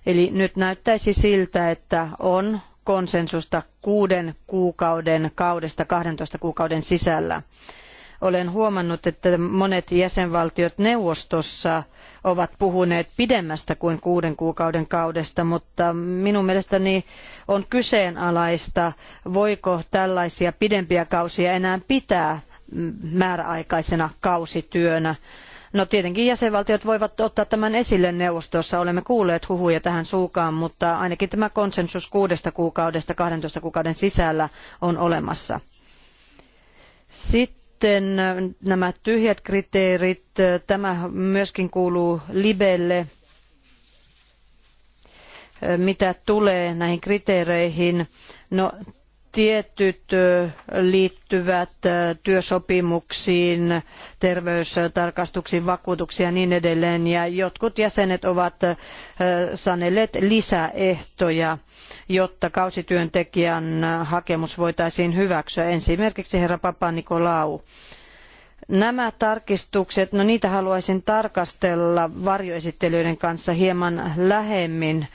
Eli nyt näyttäisi siltä, että on konsensusta kuuden kuukauden kaudesta 12 kuukauden sisällä. Olen huomannut, että monet jäsenvaltiot neuvostossa ovat puhuneet pidemmästä kuin kuuden kuukauden kaudesta, mutta minun mielestäni on kyseenalaista, voiko tällaisia pidempiä kausia enää pitää määräaikaisena kausityönä. No tietenkin jäsenvaltiot voivat ottaa tämän esille neuvostossa. Olemme kuulleet huhuja tähän suukaan, mutta ainakin tämä konsensus kuudesta kuukaudesta 12 kuukauden sisällä on olemassa. Sitten sitten nämä tyhjät kriteerit, tämä myöskin kuuluu Libelle, mitä tulee näihin kriteereihin. No, Tietyt liittyvät työsopimuksiin, terveystarkastuksiin, vakuutuksiin ja niin edelleen. Ja jotkut jäsenet ovat sanelleet lisäehtoja, jotta kausityöntekijän hakemus voitaisiin hyväksyä. Esimerkiksi herra Papa Nikolaou nämä tarkistukset, no niitä haluaisin tarkastella varjoesittelyiden kanssa hieman lähemmin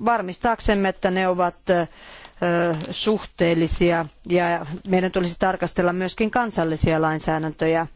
varmistaaksemme, että ne ovat suhteellisia ja meidän tulisi tarkastella myöskin kansallisia lainsäädäntöjä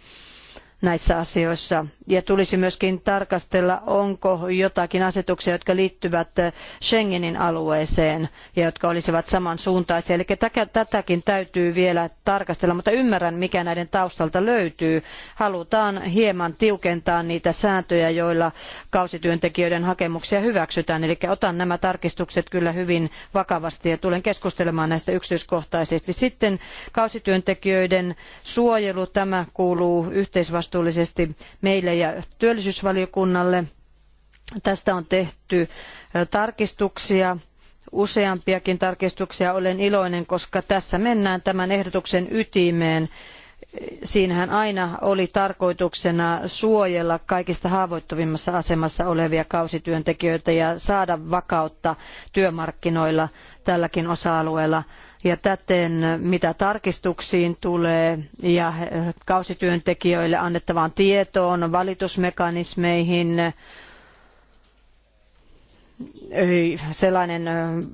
näissä asioissa. Ja tulisi myöskin tarkastella, onko jotakin asetuksia, jotka liittyvät eh, Schengenin alueeseen ja jotka olisivat samansuuntaisia. Eli tätäkin täytyy vielä tarkastella, mutta ymmärrän, mikä näiden taustalta löytyy. Halutaan hieman tiukentaa niitä sääntöjä, joilla kausityöntekijöiden hakemuksia hyväksytään. Eli otan nämä tarkistukset kyllä hyvin vakavasti ja tulen keskustelemaan näistä yksityiskohtaisesti. Sitten kausityöntekijöiden suojelu, tämä kuuluu yhteisvastuun vastuullisesti meille ja työllisyysvaliokunnalle. Tästä on tehty tarkistuksia, useampiakin tarkistuksia. Olen iloinen, koska tässä mennään tämän ehdotuksen ytimeen. Siinähän aina oli tarkoituksena suojella kaikista haavoittuvimmassa asemassa olevia kausityöntekijöitä ja saada vakautta työmarkkinoilla tälläkin osa-alueella ja täten mitä tarkistuksiin tulee ja kausityöntekijöille annettavaan tietoon, valitusmekanismeihin, sellainen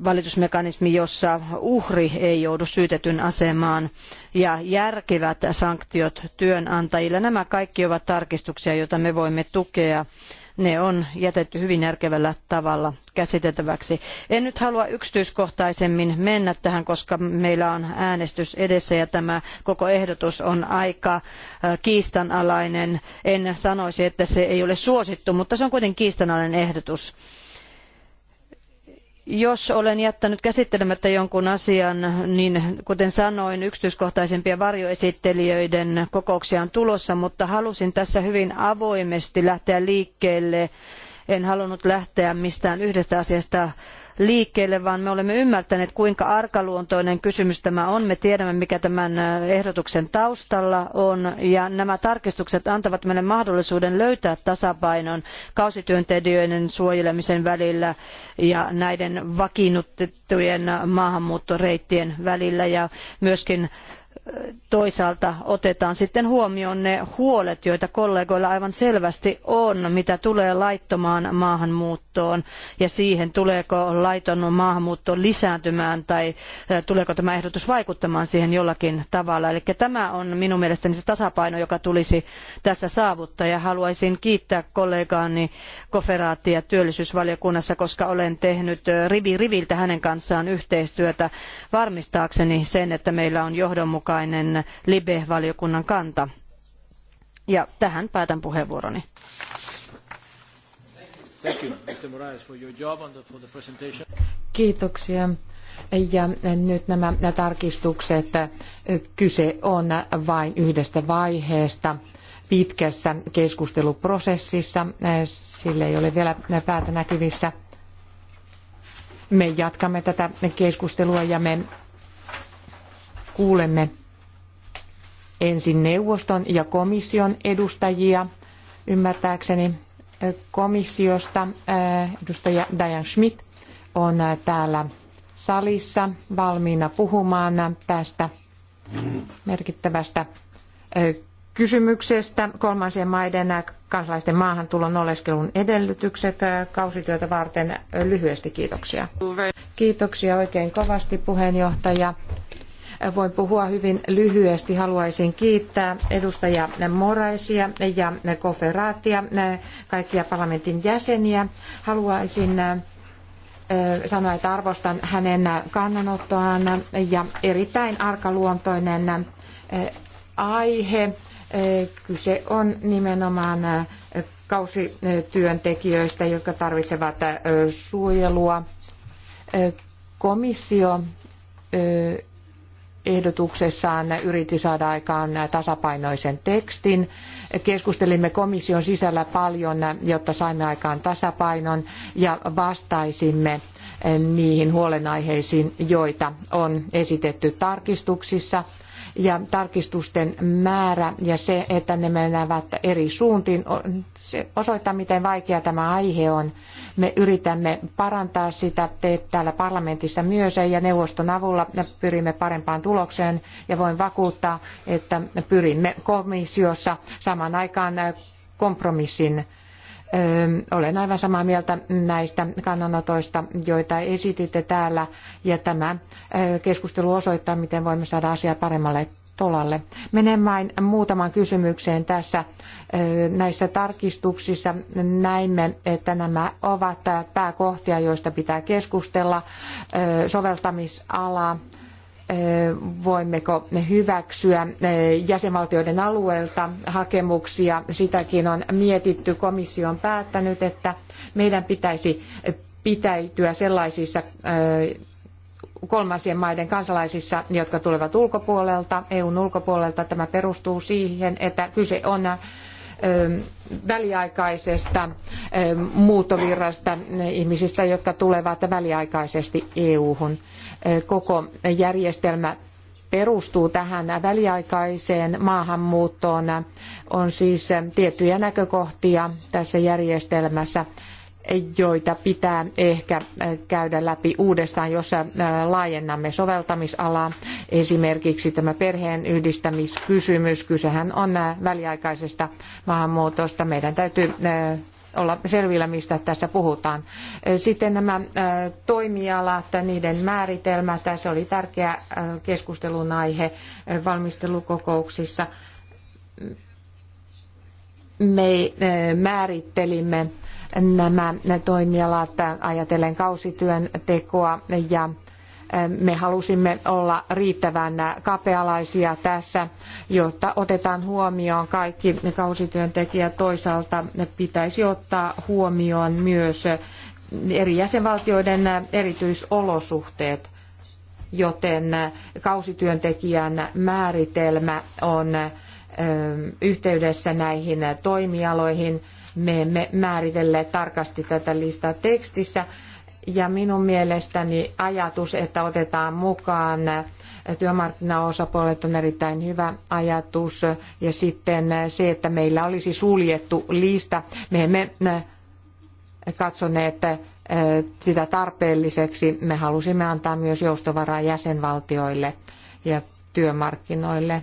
valitusmekanismi, jossa uhri ei joudu syytetyn asemaan ja järkevät sanktiot työnantajille. Nämä kaikki ovat tarkistuksia, joita me voimme tukea ne on jätetty hyvin järkevällä tavalla käsiteltäväksi. En nyt halua yksityiskohtaisemmin mennä tähän, koska meillä on äänestys edessä ja tämä koko ehdotus on aika äh, kiistanalainen. En sanoisi, että se ei ole suosittu, mutta se on kuitenkin kiistanalainen ehdotus. Jos olen jättänyt käsittelemättä jonkun asian, niin kuten sanoin, yksityiskohtaisempia varjoesittelijöiden kokouksia on tulossa, mutta halusin tässä hyvin avoimesti lähteä liikkeelle. En halunnut lähteä mistään yhdestä asiasta liikkeelle, vaan me olemme ymmärtäneet, kuinka arkaluontoinen kysymys tämä on. Me tiedämme, mikä tämän ehdotuksen taustalla on, ja nämä tarkistukset antavat meille mahdollisuuden löytää tasapainon kausityöntekijöiden suojelemisen välillä ja näiden vakiinnutettujen maahanmuuttoreittien välillä ja myöskin toisaalta otetaan sitten huomioon ne huolet, joita kollegoilla aivan selvästi on, mitä tulee laittomaan maahanmuuttoon ja siihen, tuleeko laiton maahanmuutto lisääntymään tai eh, tuleeko tämä ehdotus vaikuttamaan siihen jollakin tavalla. Eli tämä on minun mielestäni se tasapaino, joka tulisi tässä saavuttaa ja haluaisin kiittää kollegaani Koferaattia työllisyysvaliokunnassa, koska olen tehnyt eh, rivi riviltä hänen kanssaan yhteistyötä varmistaakseni sen, että meillä on johdonmukainen mukainen Libe-valiokunnan kanta. Ja tähän päätän puheenvuoroni. Kiitoksia. Ja nyt nämä tarkistukset, kyse on vain yhdestä vaiheesta pitkässä keskusteluprosessissa. Sille ei ole vielä päätä näkyvissä. Me jatkamme tätä keskustelua ja me kuulemme ensin neuvoston ja komission edustajia ymmärtääkseni komissiosta. Edustaja Diane Schmidt on täällä salissa valmiina puhumaan tästä merkittävästä kysymyksestä kolmansien maiden kansalaisten maahantulon oleskelun edellytykset kausityötä varten. Lyhyesti kiitoksia. Kiitoksia oikein kovasti puheenjohtaja. Voin puhua hyvin lyhyesti. Haluaisin kiittää edustaja Moraisia ja Koferaatia, kaikkia parlamentin jäseniä. Haluaisin äh, äh, sanoa että arvostan hänen kannanottoaan ja erittäin arkaluontoinen äh, aihe. Kyse on nimenomaan kausityöntekijöistä, jotka tarvitsevat suojelua. Komissio ehdotuksessaan yritti saada aikaan tasapainoisen tekstin. Keskustelimme komission sisällä paljon, jotta saimme aikaan tasapainon ja vastaisimme niihin huolenaiheisiin, joita on esitetty tarkistuksissa ja tarkistusten määrä ja se, että ne menevät eri suuntiin, se osoittaa, miten vaikea tämä aihe on. Me yritämme parantaa sitä te täällä parlamentissa myös ja neuvoston avulla pyrimme parempaan tulokseen ja voin vakuuttaa, että pyrimme komissiossa saman aikaan kompromissin olen aivan samaa mieltä näistä kannanotoista, joita esititte täällä, ja tämä keskustelu osoittaa, miten voimme saada asiaa paremmalle tolalle. Menen vain muutaman kysymykseen tässä. Näissä tarkistuksissa näimme, että nämä ovat pääkohtia, joista pitää keskustella. Soveltamisala, voimmeko hyväksyä jäsenvaltioiden alueelta hakemuksia. Sitäkin on mietitty. Komissio on päättänyt, että meidän pitäisi pitäytyä sellaisissa kolmansien maiden kansalaisissa, jotka tulevat ulkopuolelta, EUn ulkopuolelta. Tämä perustuu siihen, että kyse on väliaikaisesta muuttovirrasta ihmisistä, jotka tulevat väliaikaisesti EU-hun koko järjestelmä perustuu tähän väliaikaiseen maahanmuuttoon. On siis tiettyjä näkökohtia tässä järjestelmässä, joita pitää ehkä käydä läpi uudestaan, jos laajennamme soveltamisalaa. Esimerkiksi tämä perheen yhdistämiskysymys, kysehän on väliaikaisesta maahanmuutosta. Meidän täytyy olla selvillä, mistä tässä puhutaan. Sitten nämä toimialat, niiden määritelmä, tässä oli tärkeä keskustelun aihe valmistelukokouksissa. Me määrittelimme nämä toimialat ajatellen kausityön tekoa ja me halusimme olla riittävän kapealaisia tässä, jotta otetaan huomioon kaikki kausityöntekijät. Toisaalta pitäisi ottaa huomioon myös eri jäsenvaltioiden erityisolosuhteet, joten kausityöntekijän määritelmä on yhteydessä näihin toimialoihin. Me emme määritelleet tarkasti tätä listaa tekstissä, ja minun mielestäni ajatus, että otetaan mukaan työmarkkinaosapuolet on erittäin hyvä ajatus. Ja sitten se, että meillä olisi suljettu lista. Me emme katsoneet sitä tarpeelliseksi. Me halusimme antaa myös joustovaraa jäsenvaltioille ja työmarkkinoille.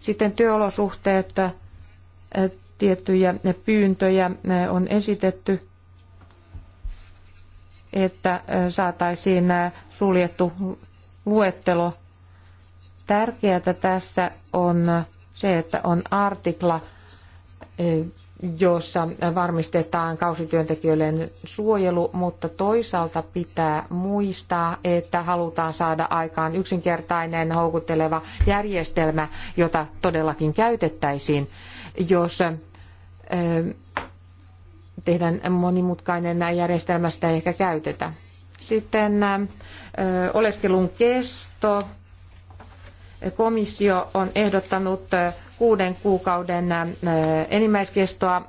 Sitten työolosuhteet, tiettyjä pyyntöjä on esitetty että saataisiin suljettu luettelo. Tärkeää tässä on se, että on artikla, jossa varmistetaan kausityöntekijöiden suojelu, mutta toisaalta pitää muistaa, että halutaan saada aikaan yksinkertainen, houkutteleva järjestelmä, jota todellakin käytettäisiin, jos tehdään monimutkainen järjestelmä, sitä ei ehkä käytetä. Sitten oleskelun kesto. Komissio on ehdottanut kuuden kuukauden enimmäiskestoa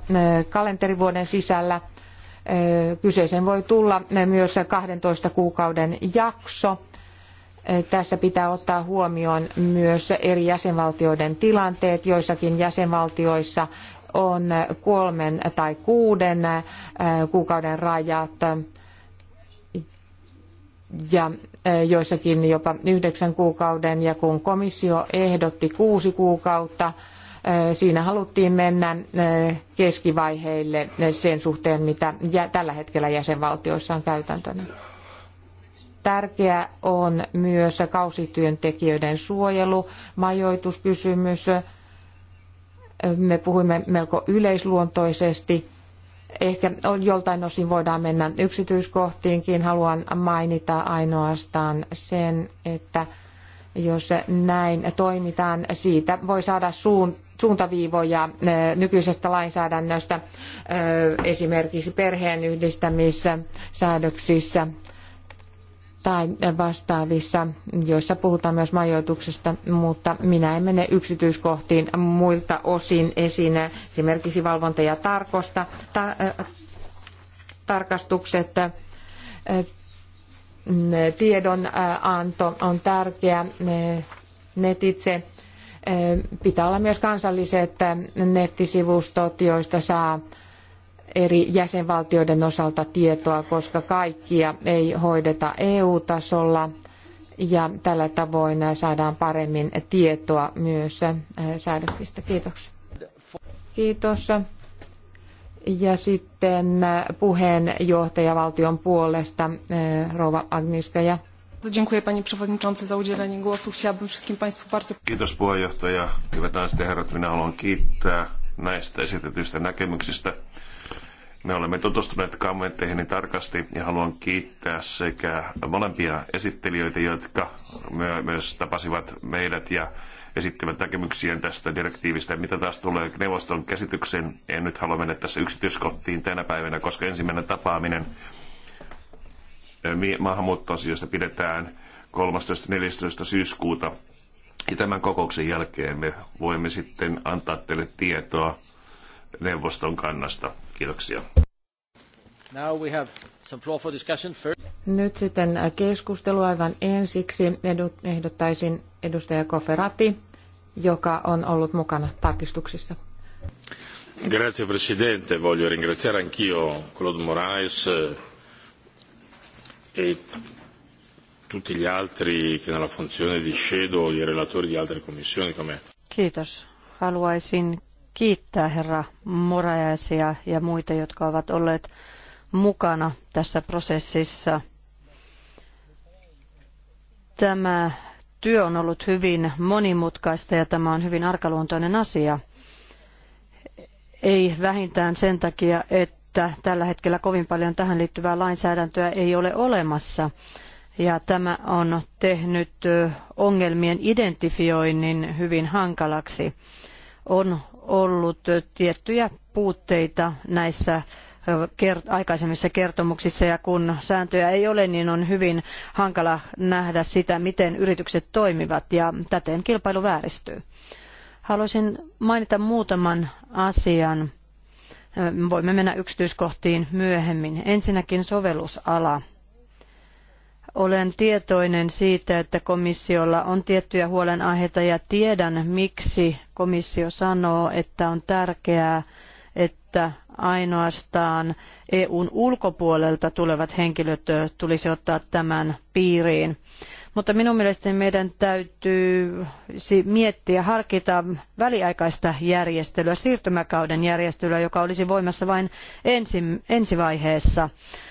kalenterivuoden sisällä. Kyseisen voi tulla myös 12 kuukauden jakso. Tässä pitää ottaa huomioon myös eri jäsenvaltioiden tilanteet. Joissakin jäsenvaltioissa on kolmen tai kuuden kuukauden rajat ja joissakin jopa yhdeksän kuukauden ja kun komissio ehdotti kuusi kuukautta, siinä haluttiin mennä keskivaiheille sen suhteen, mitä tällä hetkellä jäsenvaltioissa on käytäntönä. Tärkeä on myös kausityöntekijöiden suojelu, majoituskysymys, me puhuimme melko yleisluontoisesti. Ehkä joltain osin voidaan mennä yksityiskohtiinkin. Haluan mainita ainoastaan sen, että jos näin toimitaan, siitä voi saada suuntaviivoja eh, nykyisestä lainsäädännöstä eh, esimerkiksi perheenyhdistämissäädöksissä. säädöksissä tai vastaavissa, joissa puhutaan myös majoituksesta, mutta minä en mene yksityiskohtiin muilta osin esiin, esimerkiksi valvonta ja tarkosta, ta, äh, tarkastukset, äh, tiedonanto on tärkeä, äh, netitse, pitää olla myös kansalliset äh, nettisivustot, joista saa äh, eri jäsenvaltioiden osalta tietoa, koska kaikkia ei hoideta EU-tasolla ja tällä tavoin saadaan paremmin tietoa myös äh, säädöksistä. Kiitoksia. Kiitos. Ja sitten äh, puheenjohtaja valtion puolesta, äh, rouva Agniskaja. Dziękuję panie przewodniczący za udzielenie głosu. wszystkim państwu bardzo... Kiitos puheenjohtaja. Hyvät naiset ja herrat, minä haluan kiittää näistä esitetyistä näkemyksistä. Me olemme tutustuneet kommentteihin niin tarkasti ja haluan kiittää sekä molempia esittelijöitä, jotka myös tapasivat meidät ja esittivät näkemyksiä tästä direktiivistä. Mitä taas tulee neuvoston käsityksen, en nyt halua mennä tässä yksityiskohtiin tänä päivänä, koska ensimmäinen tapaaminen maahanmuuttoasioista pidetään 13.14. syyskuuta. Ja tämän kokouksen jälkeen me voimme sitten antaa teille tietoa neuvoston kannasta. Kiitoksia. Now we have some floor for discussion first. Nyt sitten äh, keskustelu aivan ensiksi. Ehdottaisin edustaja Koferati, joka on ollut mukana tarkistuksissa. Grazie Presidente, voglio ringraziare anch'io Claude Moraes eh, e tutti gli altri che nella funzione di Shadow, i relatori di altre commissioni come... Kiitos. Haluaisin kiittää herra Morajaisia ja muita, jotka ovat olleet mukana tässä prosessissa. Tämä työ on ollut hyvin monimutkaista ja tämä on hyvin arkaluontoinen asia. Ei vähintään sen takia, että tällä hetkellä kovin paljon tähän liittyvää lainsäädäntöä ei ole olemassa. Ja tämä on tehnyt ongelmien identifioinnin hyvin hankalaksi. On ollut tiettyjä puutteita näissä aikaisemmissa kertomuksissa ja kun sääntöjä ei ole, niin on hyvin hankala nähdä sitä, miten yritykset toimivat ja täten kilpailu vääristyy. Haluaisin mainita muutaman asian. Voimme mennä yksityiskohtiin myöhemmin. Ensinnäkin sovellusala. Olen tietoinen siitä, että komissiolla on tiettyjä huolenaiheita ja tiedän, miksi komissio sanoo, että on tärkeää, että ainoastaan EUn ulkopuolelta tulevat henkilöt tulisi ottaa tämän piiriin. Mutta minun mielestäni meidän täytyy miettiä, harkita väliaikaista järjestelyä, siirtymäkauden järjestelyä, joka olisi voimassa vain ensi, ensivaiheessa. vaiheessa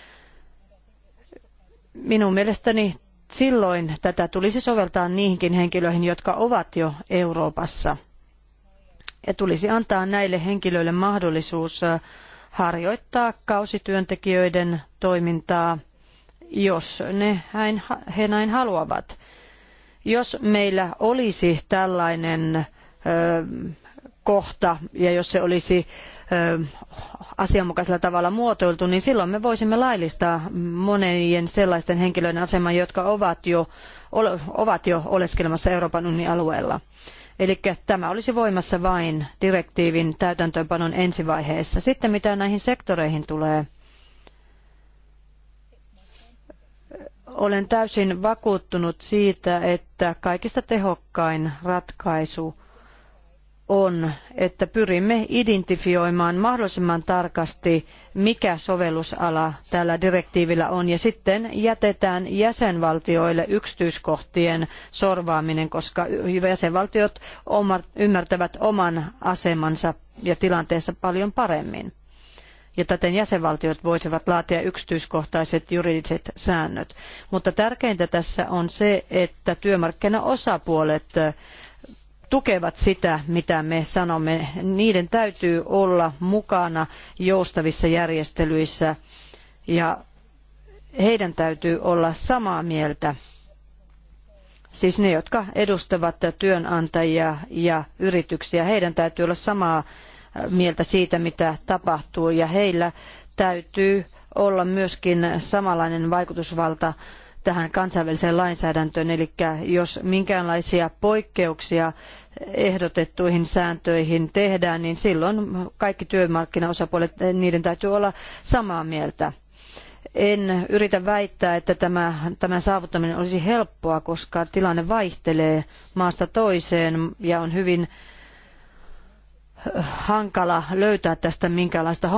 minun mielestäni silloin tätä tulisi soveltaa niihinkin henkilöihin, jotka ovat jo Euroopassa. Ja tulisi antaa näille henkilöille mahdollisuus äh, harjoittaa kausityöntekijöiden toimintaa, jos ne he näin haluavat. Jos meillä olisi tällainen äh, kohta ja jos se olisi asianmukaisella tavalla muotoiltu, niin silloin me voisimme laillistaa monien sellaisten henkilöiden aseman, jotka ovat jo, ovat jo oleskelemassa Euroopan unionin alueella. Eli tämä olisi voimassa vain direktiivin täytäntöönpanon ensivaiheessa. Sitten mitä näihin sektoreihin tulee, olen täysin vakuuttunut siitä, että kaikista tehokkain ratkaisu on, että pyrimme identifioimaan mahdollisimman tarkasti, mikä sovellusala tällä direktiivillä on, ja sitten jätetään jäsenvaltioille yksityiskohtien sorvaaminen, koska jäsenvaltiot ymmärtävät oman asemansa ja tilanteensa paljon paremmin. Ja täten jäsenvaltiot voisivat laatia yksityiskohtaiset juridiset säännöt. Mutta tärkeintä tässä on se, että työmarkkinaosapuolet tukevat sitä, mitä me sanomme, niiden täytyy olla mukana joustavissa järjestelyissä ja heidän täytyy olla samaa mieltä. Siis ne, jotka edustavat työnantajia ja yrityksiä, heidän täytyy olla samaa mieltä siitä, mitä tapahtuu ja heillä täytyy olla myöskin samanlainen vaikutusvalta tähän kansainväliseen lainsäädäntöön. Eli jos minkäänlaisia poikkeuksia ehdotettuihin sääntöihin tehdään, niin silloin kaikki työmarkkinaosapuolet, eh, niiden täytyy olla samaa mieltä. En yritä väittää, että tämä, tämän saavuttaminen olisi helppoa, koska tilanne vaihtelee maasta toiseen ja on hyvin eh, hankala löytää tästä minkäänlaista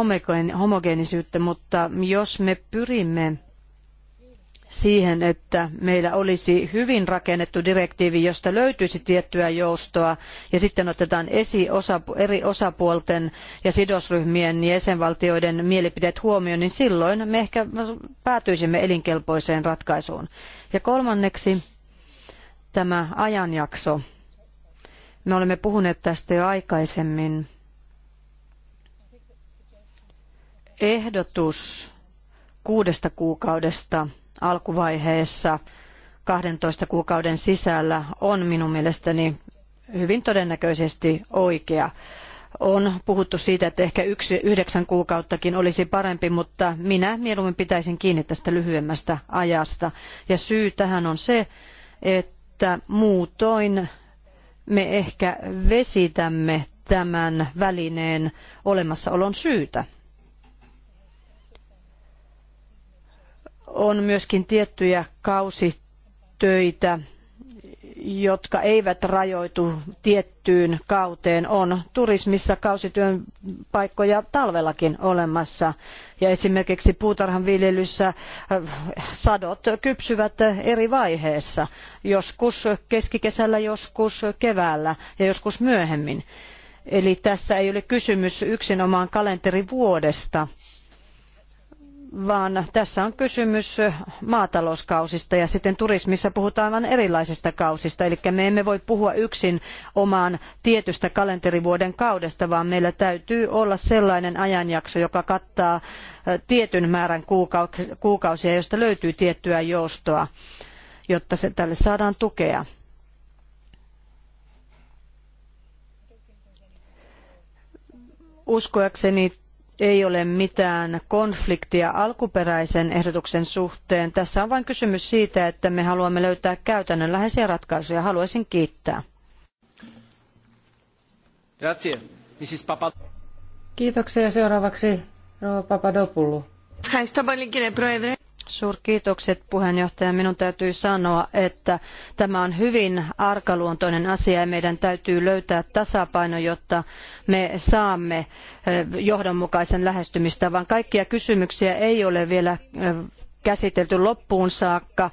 homogeenisyyttä, mutta jos me pyrimme siihen, että meillä olisi hyvin rakennettu direktiivi, josta löytyisi tiettyä joustoa ja sitten otetaan esi osa, eri osapuolten ja sidosryhmien ja jäsenvaltioiden mielipiteet huomioon, niin silloin me ehkä päätyisimme elinkelpoiseen ratkaisuun. Ja kolmanneksi tämä ajanjakso. Me olemme puhuneet tästä jo aikaisemmin. Ehdotus kuudesta kuukaudesta alkuvaiheessa 12 kuukauden sisällä on minun mielestäni hyvin todennäköisesti oikea. On puhuttu siitä, että ehkä yksi, yhdeksän kuukauttakin olisi parempi, mutta minä mieluummin pitäisin kiinni tästä lyhyemmästä ajasta. Ja syy tähän on se, että muutoin me ehkä vesitämme tämän välineen olemassaolon syytä. On myöskin tiettyjä kausitöitä, jotka eivät rajoitu tiettyyn kauteen. On turismissa kausityön paikkoja talvellakin olemassa. Ja esimerkiksi puutarhan viljelyssä äh, sadot kypsyvät eri vaiheessa. Joskus keskikesällä, joskus keväällä ja joskus myöhemmin. Eli tässä ei ole kysymys yksinomaan kalenterivuodesta vaan tässä on kysymys maatalouskausista ja sitten turismissa puhutaan aivan erilaisista kausista. Eli me emme voi puhua yksin omaan tietystä kalenterivuoden kaudesta, vaan meillä täytyy olla sellainen ajanjakso, joka kattaa tietyn määrän kuukausia, josta löytyy tiettyä joustoa, jotta se tälle saadaan tukea. Uskoakseni ei ole mitään konfliktia alkuperäisen ehdotuksen suhteen. Tässä on vain kysymys siitä, että me haluamme löytää käytännönläheisiä ratkaisuja. Haluaisin kiittää. Grazie. Mrs. Papa... Kiitoksia. Seuraavaksi Rova Papadopoulou. Ευχαριστώ πολύ Suurkiitokset puheenjohtaja. Minun täytyy sanoa, että tämä on hyvin arkaluontoinen asia ja meidän täytyy löytää tasapaino, jotta me saamme eh, johdonmukaisen lähestymistavan. Kaikkia kysymyksiä ei ole vielä eh, käsitelty loppuun saakka.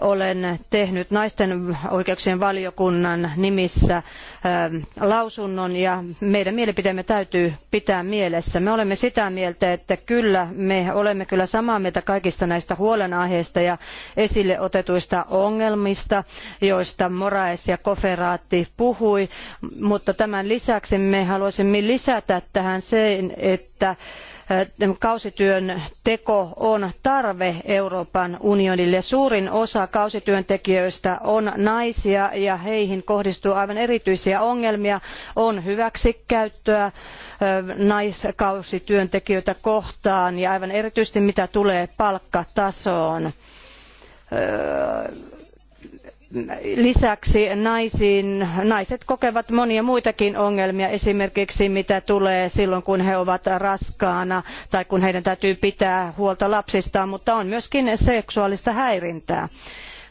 Olen tehnyt naisten oikeuksien valiokunnan nimissä ähm, lausunnon ja meidän mielipiteemme täytyy pitää mielessä. Me olemme sitä mieltä, että kyllä me olemme kyllä samaa mieltä kaikista näistä huolenaiheista ja esille otetuista ongelmista, joista Moraes ja Koferaatti puhui, mutta tämän lisäksi me haluaisimme lisätä tähän sen, että kausityön teko on tarve Euroopan unionille. Suurin osa kausityöntekijöistä on naisia ja heihin kohdistuu aivan erityisiä ongelmia. On hyväksikäyttöä naiskausityöntekijöitä kohtaan ja aivan erityisesti mitä tulee palkkatasoon lisäksi naiset kokevat monia muitakin ongelmia, esimerkiksi mitä tulee silloin, kun he ovat raskaana tai kun heidän täytyy pitää huolta lapsistaan, mutta on myöskin seksuaalista häirintää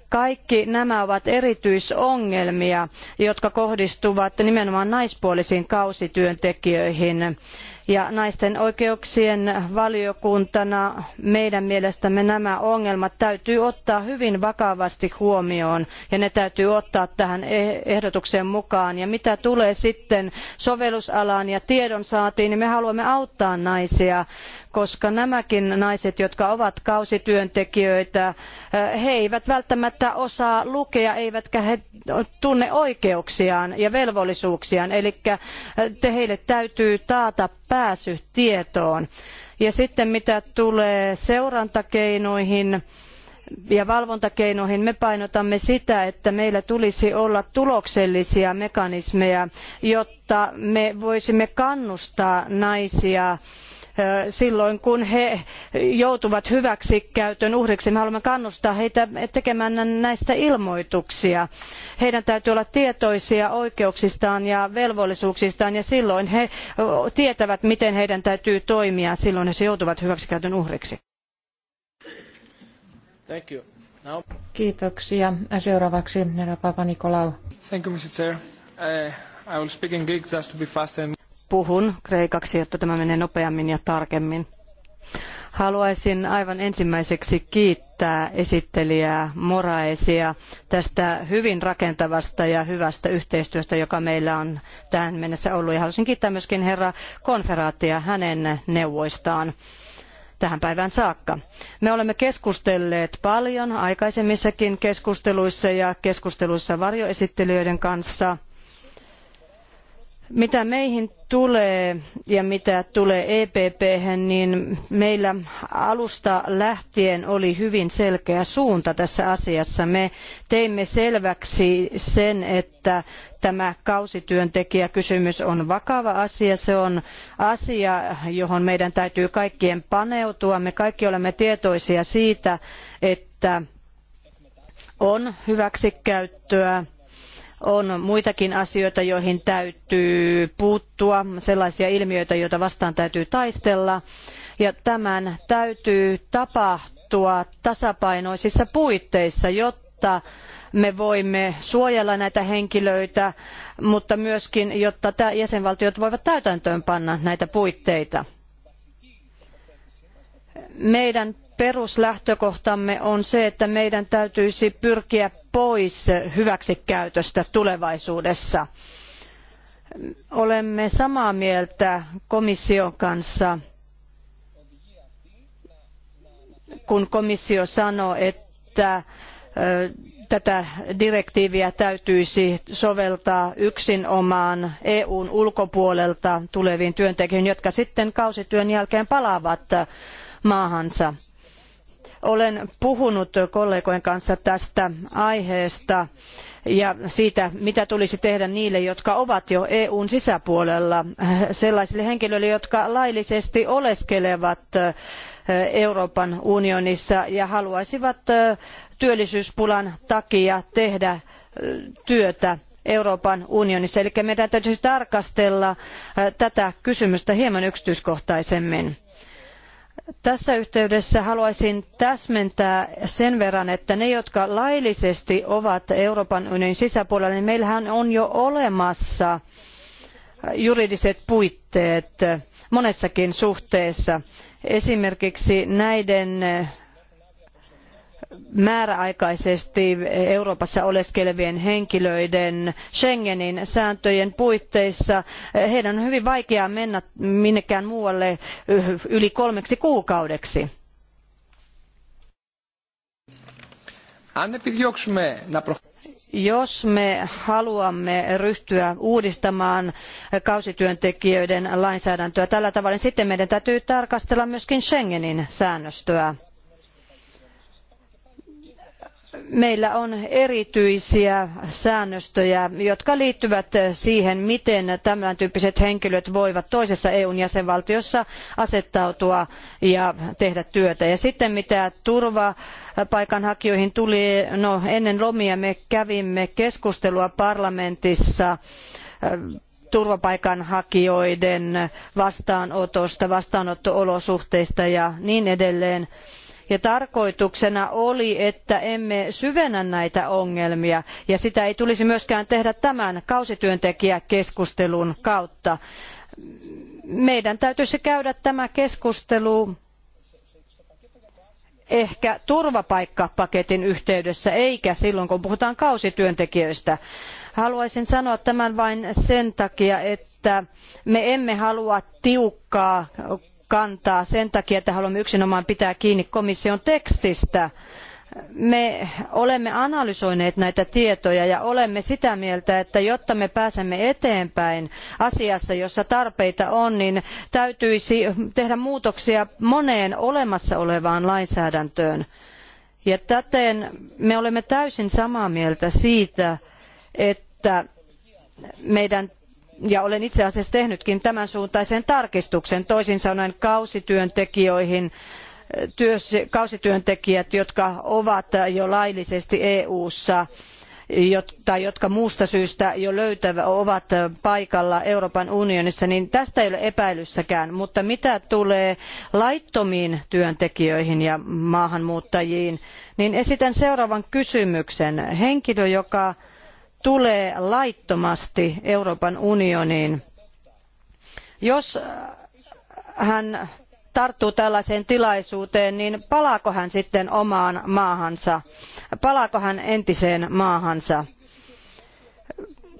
kaikki nämä ovat erityisongelmia, jotka kohdistuvat nimenomaan naispuolisiin kausityöntekijöihin. Ja naisten oikeuksien valiokuntana meidän mielestämme nämä ongelmat täytyy ottaa hyvin vakavasti huomioon ja ne täytyy ottaa tähän e- ehdotukseen mukaan. Ja mitä tulee sitten sovellusalaan ja tiedonsaantiin, niin me haluamme auttaa naisia koska nämäkin naiset, jotka ovat kausityöntekijöitä, eh, he eivät välttämättä osaa lukea, eivätkä he tunne oikeuksiaan ja velvollisuuksiaan. Eli eh, heille täytyy taata pääsy tietoon. Ja sitten mitä tulee seurantakeinoihin, ja valvontakeinoihin me painotamme sitä, että meillä tulisi olla tuloksellisia mekanismeja, jotta me voisimme kannustaa naisia silloin, kun he joutuvat hyväksikäytön uhriksi. Me haluamme kannustaa heitä tekemään näistä ilmoituksia. Heidän täytyy olla tietoisia oikeuksistaan ja velvollisuuksistaan ja silloin he tietävät, miten heidän täytyy toimia silloin, jos he joutuvat hyväksikäytön uhriksi. Thank you. No. Kiitoksia. Seuraavaksi herra Papa Nikolau. Thank you, Mr. Chair. Uh, I will speak in Greek just to be fast and puhun kreikaksi, jotta tämä menee nopeammin ja tarkemmin. Haluaisin aivan ensimmäiseksi kiittää esittelijää Moraesia tästä hyvin rakentavasta ja hyvästä yhteistyöstä, joka meillä on tähän mennessä ollut. Ja haluaisin kiittää myöskin herra Konferaatia hänen neuvoistaan tähän päivään saakka. Me olemme keskustelleet paljon aikaisemmissakin keskusteluissa ja keskusteluissa varjoesittelijöiden kanssa – mitä meihin tulee ja mitä tulee EPP, niin meillä alusta lähtien oli hyvin selkeä suunta tässä asiassa. Me teimme selväksi sen, että tämä kausityöntekijäkysymys on vakava asia. Se on asia, johon meidän täytyy kaikkien paneutua. Me kaikki olemme tietoisia siitä, että on hyväksikäyttöä on muitakin asioita, joihin täytyy puuttua, sellaisia ilmiöitä, joita vastaan täytyy taistella. Ja tämän täytyy tapahtua tasapainoisissa puitteissa, jotta me voimme suojella näitä henkilöitä, mutta myöskin, jotta jäsenvaltiot voivat panna näitä puitteita. Meidän peruslähtökohtamme on se, että meidän täytyisi pyrkiä pois hyväksikäytöstä tulevaisuudessa. Olemme samaa mieltä komission kanssa, kun komissio sanoo, että tätä direktiiviä täytyisi soveltaa yksinomaan EUn ulkopuolelta tuleviin työntekijöihin, jotka sitten kausityön jälkeen palaavat maahansa. Olen puhunut kollegojen kanssa tästä aiheesta ja siitä, mitä tulisi tehdä niille, jotka ovat jo EUn sisäpuolella, sellaisille henkilöille, jotka laillisesti oleskelevat eh, Euroopan unionissa ja haluaisivat eh, työllisyyspulan takia tehdä eh, työtä Euroopan unionissa. Eli meidän täytyisi tarkastella tätä kysymystä hieman yksityiskohtaisemmin tässä yhteydessä haluaisin täsmentää sen verran, että ne, jotka laillisesti ovat Euroopan unionin sisäpuolella, niin meillähän on jo olemassa juridiset puitteet monessakin suhteessa. Esimerkiksi näiden määräaikaisesti Euroopassa oleskelevien henkilöiden Schengenin sääntöjen puitteissa. Heidän on hyvin vaikeaa mennä minnekään muualle eh, yli kolmeksi kuukaudeksi. Jos me haluamme ryhtyä uudistamaan kausityöntekijöiden lainsäädäntöä tällä tavalla, niin sitten meidän täytyy tarkastella myöskin Schengenin säännöstöä meillä on erityisiä säännöstöjä, jotka liittyvät siihen, miten tämän tyyppiset henkilöt voivat toisessa EUn jäsenvaltiossa asettautua ja tehdä työtä. Ja sitten mitä turvapaikanhakijoihin tuli, no ennen lomia me kävimme keskustelua parlamentissa eh, turvapaikanhakijoiden vastaanotosta, vastaanottoolosuhteista ja niin edelleen. Ja tarkoituksena oli, että emme syvennä näitä ongelmia ja sitä ei tulisi myöskään tehdä tämän kausityöntekijäkeskustelun kautta. Meidän täytyisi käydä tämä keskustelu ehkä turvapaikkapaketin yhteydessä eikä silloin kun puhutaan kausityöntekijöistä. Haluaisin sanoa tämän vain sen takia, että me emme halua tiukkaa kantaa sen takia, että haluamme yksinomaan pitää kiinni komission tekstistä. Me olemme analysoineet näitä tietoja ja olemme sitä mieltä, että jotta me pääsemme eteenpäin asiassa, jossa tarpeita on, niin täytyisi tehdä muutoksia moneen olemassa olevaan lainsäädäntöön. Ja täten me olemme täysin samaa mieltä siitä, että meidän ja olen itse asiassa tehnytkin tämän suuntaisen tarkistuksen, toisin sanoen kausityöntekijöihin, työs, kausityöntekijät, jotka ovat jo laillisesti EU-ssa tai jotka muusta syystä jo löytävät, ovat paikalla Euroopan unionissa, niin tästä ei ole epäilystäkään. Mutta mitä tulee laittomiin työntekijöihin ja maahanmuuttajiin, niin esitän seuraavan kysymyksen. Henkilö, joka tulee laittomasti Euroopan unioniin, jos hän tarttuu tällaiseen tilaisuuteen, niin palaako hän sitten omaan maahansa? Palaako hän entiseen maahansa?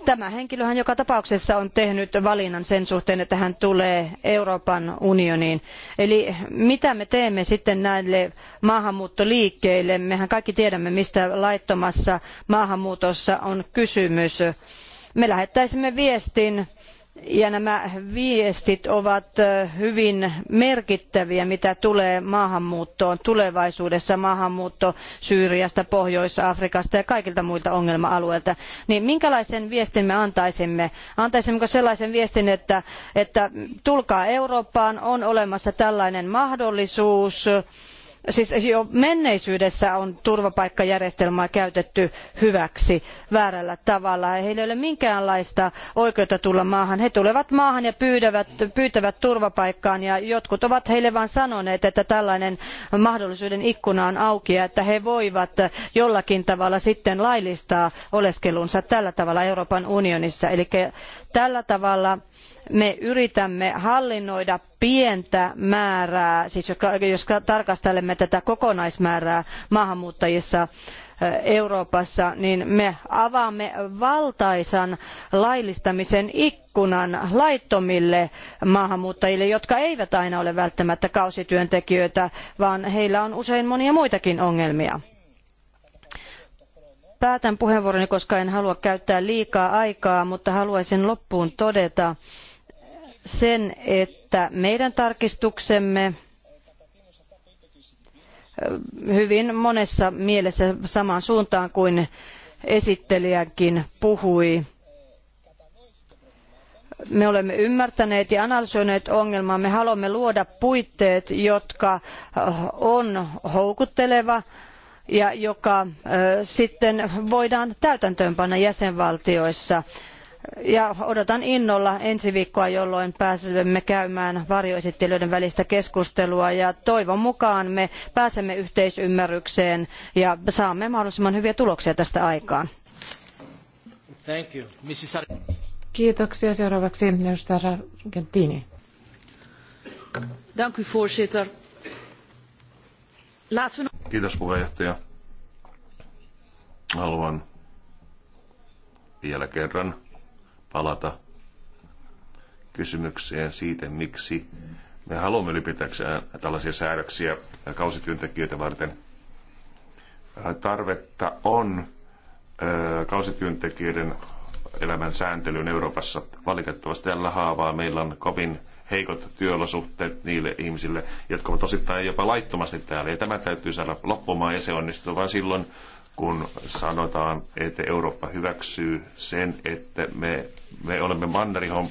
Tämä henkilöhän joka tapauksessa on tehnyt valinnan sen suhteen, että hän tulee Euroopan unioniin. Eli mitä me teemme sitten näille maahanmuuttoliikkeille? Mehän kaikki tiedämme, mistä laittomassa maahanmuutossa on kysymys. Me lähettäisimme viestin ja nämä viestit ovat hyvin merkittäviä, mitä tulee maahanmuuttoon tulevaisuudessa, maahanmuutto Syyriasta, Pohjois-Afrikasta ja kaikilta muilta ongelma-alueilta. Niin minkälaisen viestin me antaisimme? Antaisimmeko sellaisen viestin, että, että tulkaa Eurooppaan, on olemassa tällainen mahdollisuus, siis jo menneisyydessä on turvapaikkajärjestelmää käytetty hyväksi väärällä tavalla. Heillä ei ole minkäänlaista oikeutta tulla maahan. He tulevat maahan ja pyydävät, pyytävät turvapaikkaan ja jotkut ovat heille vain sanoneet, että tällainen mahdollisuuden ikkuna on auki ja että he voivat jollakin tavalla sitten laillistaa oleskelunsa tällä tavalla Euroopan unionissa. Eli tällä tavalla me yritämme hallinnoida pientä määrää, siis jos tarkastelemme tätä kokonaismäärää maahanmuuttajissa Euroopassa, niin me avaamme valtaisan laillistamisen ikkunan laittomille maahanmuuttajille, jotka eivät aina ole välttämättä kausityöntekijöitä, vaan heillä on usein monia muitakin ongelmia päätän puheenvuoroni, koska en halua käyttää liikaa aikaa, mutta haluaisin loppuun todeta, sen, että meidän tarkistuksemme hyvin monessa mielessä samaan suuntaan kuin esittelijäkin puhui. Me olemme ymmärtäneet ja analysoineet ongelmaa. Me haluamme luoda puitteet, jotka on houkutteleva ja joka sitten voidaan täytäntöönpanna jäsenvaltioissa ja odotan innolla ensi viikkoa, jolloin pääsemme käymään varjoesittelyiden välistä keskustelua ja toivon mukaan me pääsemme yhteisymmärrykseen ja saamme mahdollisimman hyviä tuloksia tästä aikaan. Thank you. Kiitoksia. Seuraavaksi edustaja Argentini. Dank u voorzitter. Laten Kiitos puheenjohtaja. Haluan vielä kerran palata kysymykseen siitä, miksi me haluamme ylipäätään tällaisia säädöksiä kausityöntekijöitä varten. Tarvetta on kausityöntekijöiden elämän sääntelyyn Euroopassa. Valitettavasti tällä haavaa meillä on kovin heikot työolosuhteet niille ihmisille, jotka ovat osittain jopa laittomasti täällä. Ja tämä täytyy saada loppumaan ja se onnistuu vain silloin, kun sanotaan, että Eurooppa hyväksyy sen, että me, me olemme mannerihon,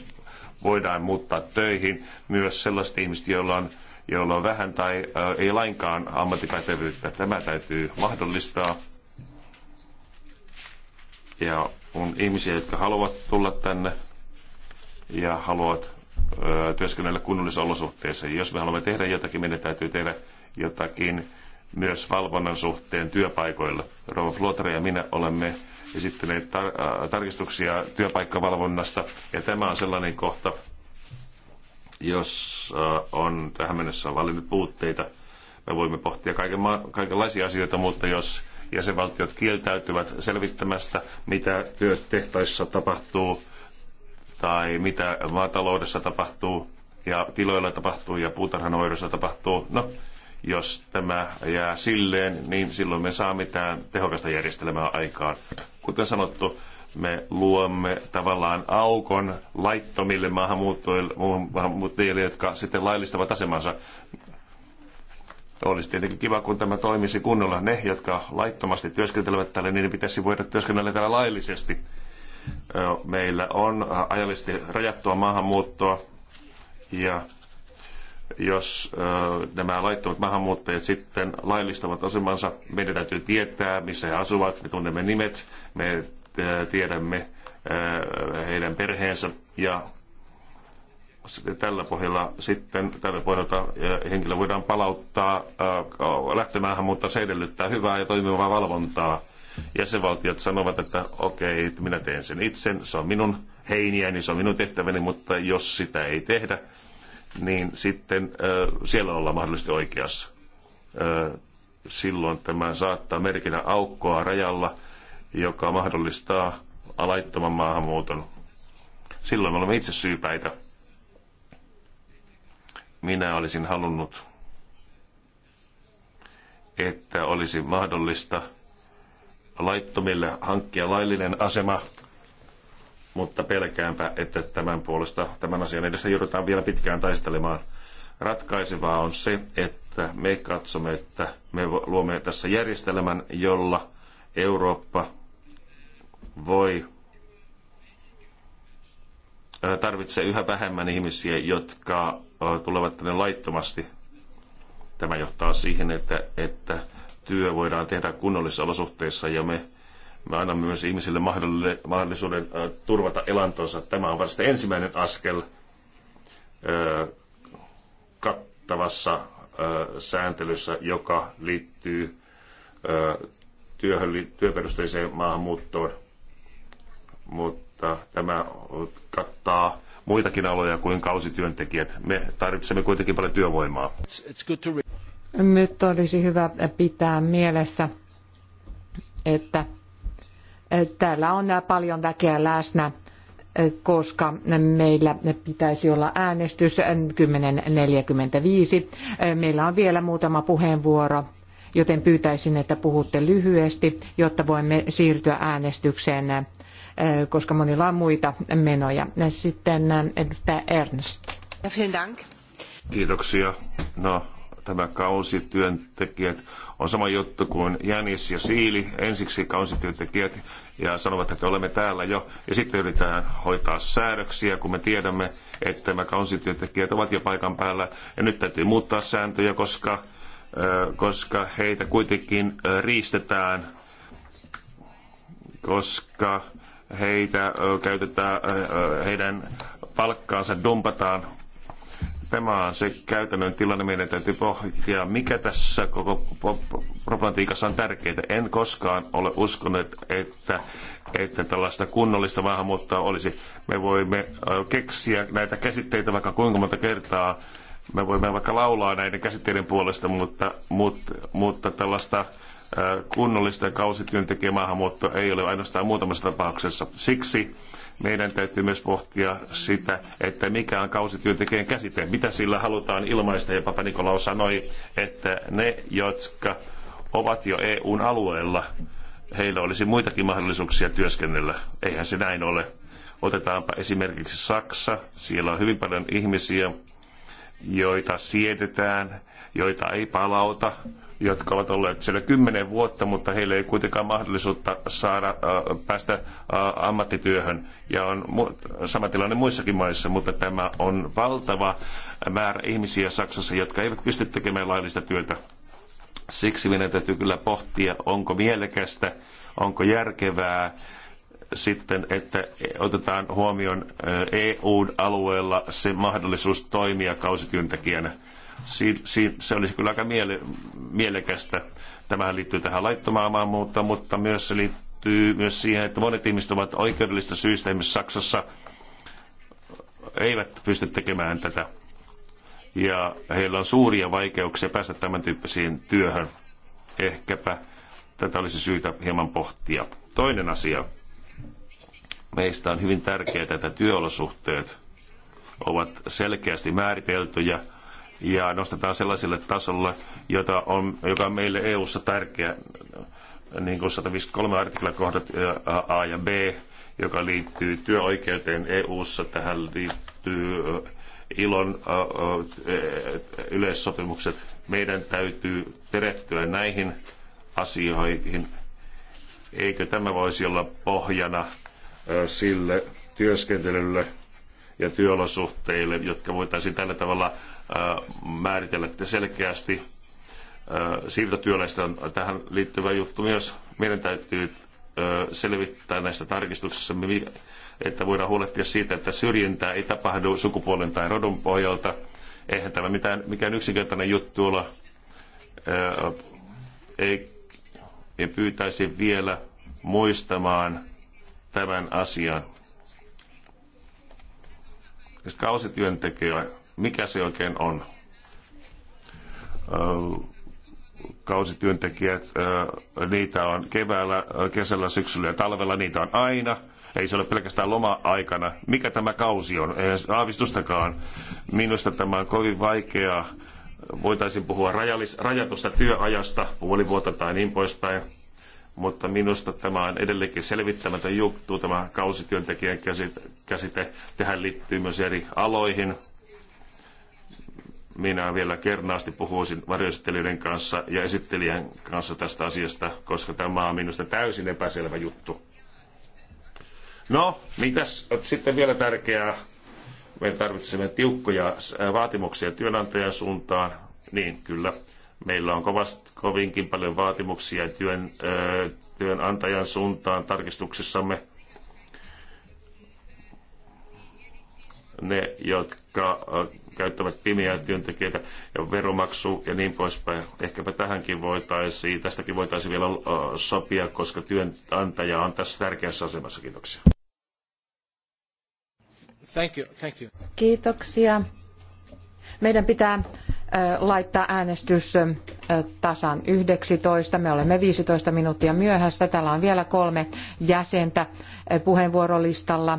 voidaan muuttaa töihin myös sellaiset ihmiset, joilla on, joilla on vähän tai ä, äh, ei lainkaan ammattipätevyyttä. Tämä täytyy mahdollistaa. Ja on ihmisiä, jotka haluavat tulla tänne ja haluavat ä, äh, työskennellä kunnollisissa olosuhteissa. Jos me haluamme tehdä jotakin, meidän täytyy tehdä jotakin myös valvonnan suhteen työpaikoilla. Rouva Flotra ja minä olemme esittäneet tar- äh, tarkistuksia työpaikkavalvonnasta, ja tämä on sellainen kohta, jos äh, on tähän mennessä valinnut puutteita. Me voimme pohtia kaiken kaikenlaisia asioita, mutta jos jäsenvaltiot kieltäytyvät selvittämästä, mitä työtehtaissa tapahtuu tai mitä maataloudessa tapahtuu ja tiloilla tapahtuu ja puutarhanhoidossa tapahtuu. No, jos tämä jää silleen, niin silloin me saa mitään tehokasta järjestelmää aikaan. Kuten sanottu, me luomme tavallaan aukon laittomille maahanmuuttajille, maahanmuuttajille jotka sitten laillistavat asemansa. Olisi tietenkin kiva, kun tämä toimisi kunnolla. Ne, jotka laittomasti työskentelevät täällä, niin pitäisi voida työskennellä täällä laillisesti. Meillä on ajallisesti rajattua maahanmuuttoa ja jos nämä laittomat maahanmuuttajat sitten laillistavat asemansa, meidän täytyy tietää, missä he asuvat, me tunnemme nimet, me tiedämme heidän perheensä ja tällä pohjalla sitten, tällä pohjalta henkilö voidaan palauttaa lähtemään, mutta se edellyttää hyvää ja toimivaa valvontaa. Jäsenvaltiot sanovat, että okei, okay, minä teen sen itse, se on minun heiniäni, se on minun tehtäväni, mutta jos sitä ei tehdä, niin sitten siellä ollaan mahdollisesti oikeassa. Silloin tämä saattaa merkinä aukkoa rajalla, joka mahdollistaa alaittoman maahanmuuton. Silloin me olemme itse syypäitä. Minä olisin halunnut, että olisi mahdollista laittomille hankkia laillinen asema mutta pelkäänpä, että tämän puolesta, tämän asian edessä joudutaan vielä pitkään taistelemaan. Ratkaisevaa on se, että me katsomme, että me luomme tässä järjestelmän, jolla Eurooppa voi tarvitsee yhä vähemmän ihmisiä, jotka tulevat tänne laittomasti. Tämä johtaa siihen, että, että työ voidaan tehdä kunnollisissa olosuhteissa ja me me annamme myös ihmisille mahdollisuuden turvata elantonsa. Tämä on vasta ensimmäinen askel kattavassa sääntelyssä, joka liittyy työhön, työperusteiseen maahanmuuttoon. Mutta tämä kattaa muitakin aloja kuin kausityöntekijät. Me tarvitsemme kuitenkin paljon työvoimaa. Nyt olisi hyvä pitää mielessä, että Täällä on paljon väkeä läsnä, koska meillä pitäisi olla äänestys 10.45. Meillä on vielä muutama puheenvuoro, joten pyytäisin, että puhutte lyhyesti, jotta voimme siirtyä äänestykseen, koska monilla on muita menoja. Sitten edustaja Ernst. Kiitoksia. No, tämä kausityöntekijät on sama juttu kuin jänis ja siili. Ensiksi kausityöntekijät ja sanovat, että olemme täällä jo. Ja sitten yritetään hoitaa säädöksiä, kun me tiedämme, että nämä kausityöntekijät ovat jo paikan päällä. Ja nyt täytyy muuttaa sääntöjä, koska, koska heitä kuitenkin riistetään, koska heitä käytetään, heidän palkkaansa dumpataan Tämä on se käytännön tilanne. Meidän täytyy pohtia, mikä tässä koko problematiikassa on tärkeää. En koskaan ole uskonut, että, että tällaista kunnollista maahanmuuttoa olisi. Me voimme keksiä näitä käsitteitä vaikka kuinka monta kertaa. Me voimme vaikka laulaa näiden käsitteiden puolesta, mutta, mutta, mutta tällaista kunnollista kausityöntekijä maahanmuutto ei ole ainoastaan muutamassa tapauksessa. Siksi meidän täytyy myös pohtia sitä, että mikä on kausityöntekijän käsite, mitä sillä halutaan ilmaista. Ja Papa Nikolaus sanoi, että ne, jotka ovat jo EUn alueella, heillä olisi muitakin mahdollisuuksia työskennellä. Eihän se näin ole. Otetaanpa esimerkiksi Saksa. Siellä on hyvin paljon ihmisiä, joita siedetään joita ei palauta, jotka ovat olleet siellä kymmenen vuotta, mutta heillä ei kuitenkaan mahdollisuutta saada äh, päästä äh, ammattityöhön. Ja on mu- sama tilanne muissakin maissa, mutta tämä on valtava määrä ihmisiä Saksassa, jotka eivät pysty tekemään laillista työtä. Siksi meidän täytyy kyllä pohtia, onko mielekästä, onko järkevää sitten, että otetaan huomioon äh, EU-alueella se mahdollisuus toimia kausityöntekijänä Si, si, se olisi kyllä aika miele, mielekästä. Tämähän liittyy tähän laittomaan maahanmuuttoon, mutta myös se liittyy myös siihen, että monet ihmiset ovat oikeudellista syistä, esimerkiksi Saksassa, eivät pysty tekemään tätä. Ja heillä on suuria vaikeuksia päästä tämän tyyppisiin työhön. Ehkäpä tätä olisi syytä hieman pohtia. Toinen asia. Meistä on hyvin tärkeää, että työolosuhteet ovat selkeästi määriteltyjä ja nostetaan sellaiselle tasolle, jota on, joka on meille EU-ssa tärkeä, niin kuin 153 artiklakohdat kohdat A ja B, joka liittyy työoikeuteen EU-ssa. Tähän liittyy ilon e, yleissopimukset. Meidän täytyy perehtyä näihin asioihin. Eikö tämä voisi olla pohjana sille työskentelylle ja työolosuhteille, jotka voitaisiin tällä tavalla Äh, määritellette selkeästi. Äh, siirtotyöläistä on tähän liittyvä juttu myös. Meidän täytyy äh, selvittää näistä tarkistuksissa, että voidaan huolehtia siitä, että syrjintää ei tapahdu sukupuolen tai rodun pohjalta. Eihän tämä mitään, mikään yksinkertainen juttu olla. Ei, ei pyytäisi vielä muistamaan tämän asian. Kausityöntekijä mikä se oikein on. Kausityöntekijät, niitä on keväällä, kesällä, syksyllä ja talvella, niitä on aina. Ei se ole pelkästään loma-aikana. Mikä tämä kausi on? Ei aavistustakaan. Minusta tämä on kovin vaikeaa. Voitaisiin puhua rajallis, rajatusta työajasta, puoli vuotta tai niin poispäin mutta minusta tämä on edelleenkin selvittämätön juttu, tämä kausityöntekijän käsite. Tähän liittyy myös eri aloihin minä vielä kernaasti puhuisin varjoesittelijöiden kanssa ja esittelijän kanssa tästä asiasta, koska tämä on minusta täysin epäselvä juttu. No, mitäs sitten vielä tärkeää? Me tarvitsemme tiukkoja äh, vaatimuksia työnantajan suuntaan. Niin, kyllä. Meillä on kovast, kovinkin paljon vaatimuksia työn, ö, äh, työnantajan suuntaan tarkistuksissamme. Ne, jotka äh, käyttävät pimeää työntekijöitä ja veromaksu ja niin poispäin. Ehkäpä tähänkin voitaisiin, tästäkin voitaisiin vielä sopia, koska työnantaja on tässä tärkeässä asemassa. Kiitoksia. Thank you, thank you. Kiitoksia. Meidän pitää laittaa äänestys tasan 11. Me olemme 15 minuuttia myöhässä. Täällä on vielä kolme jäsentä puheenvuorolistalla.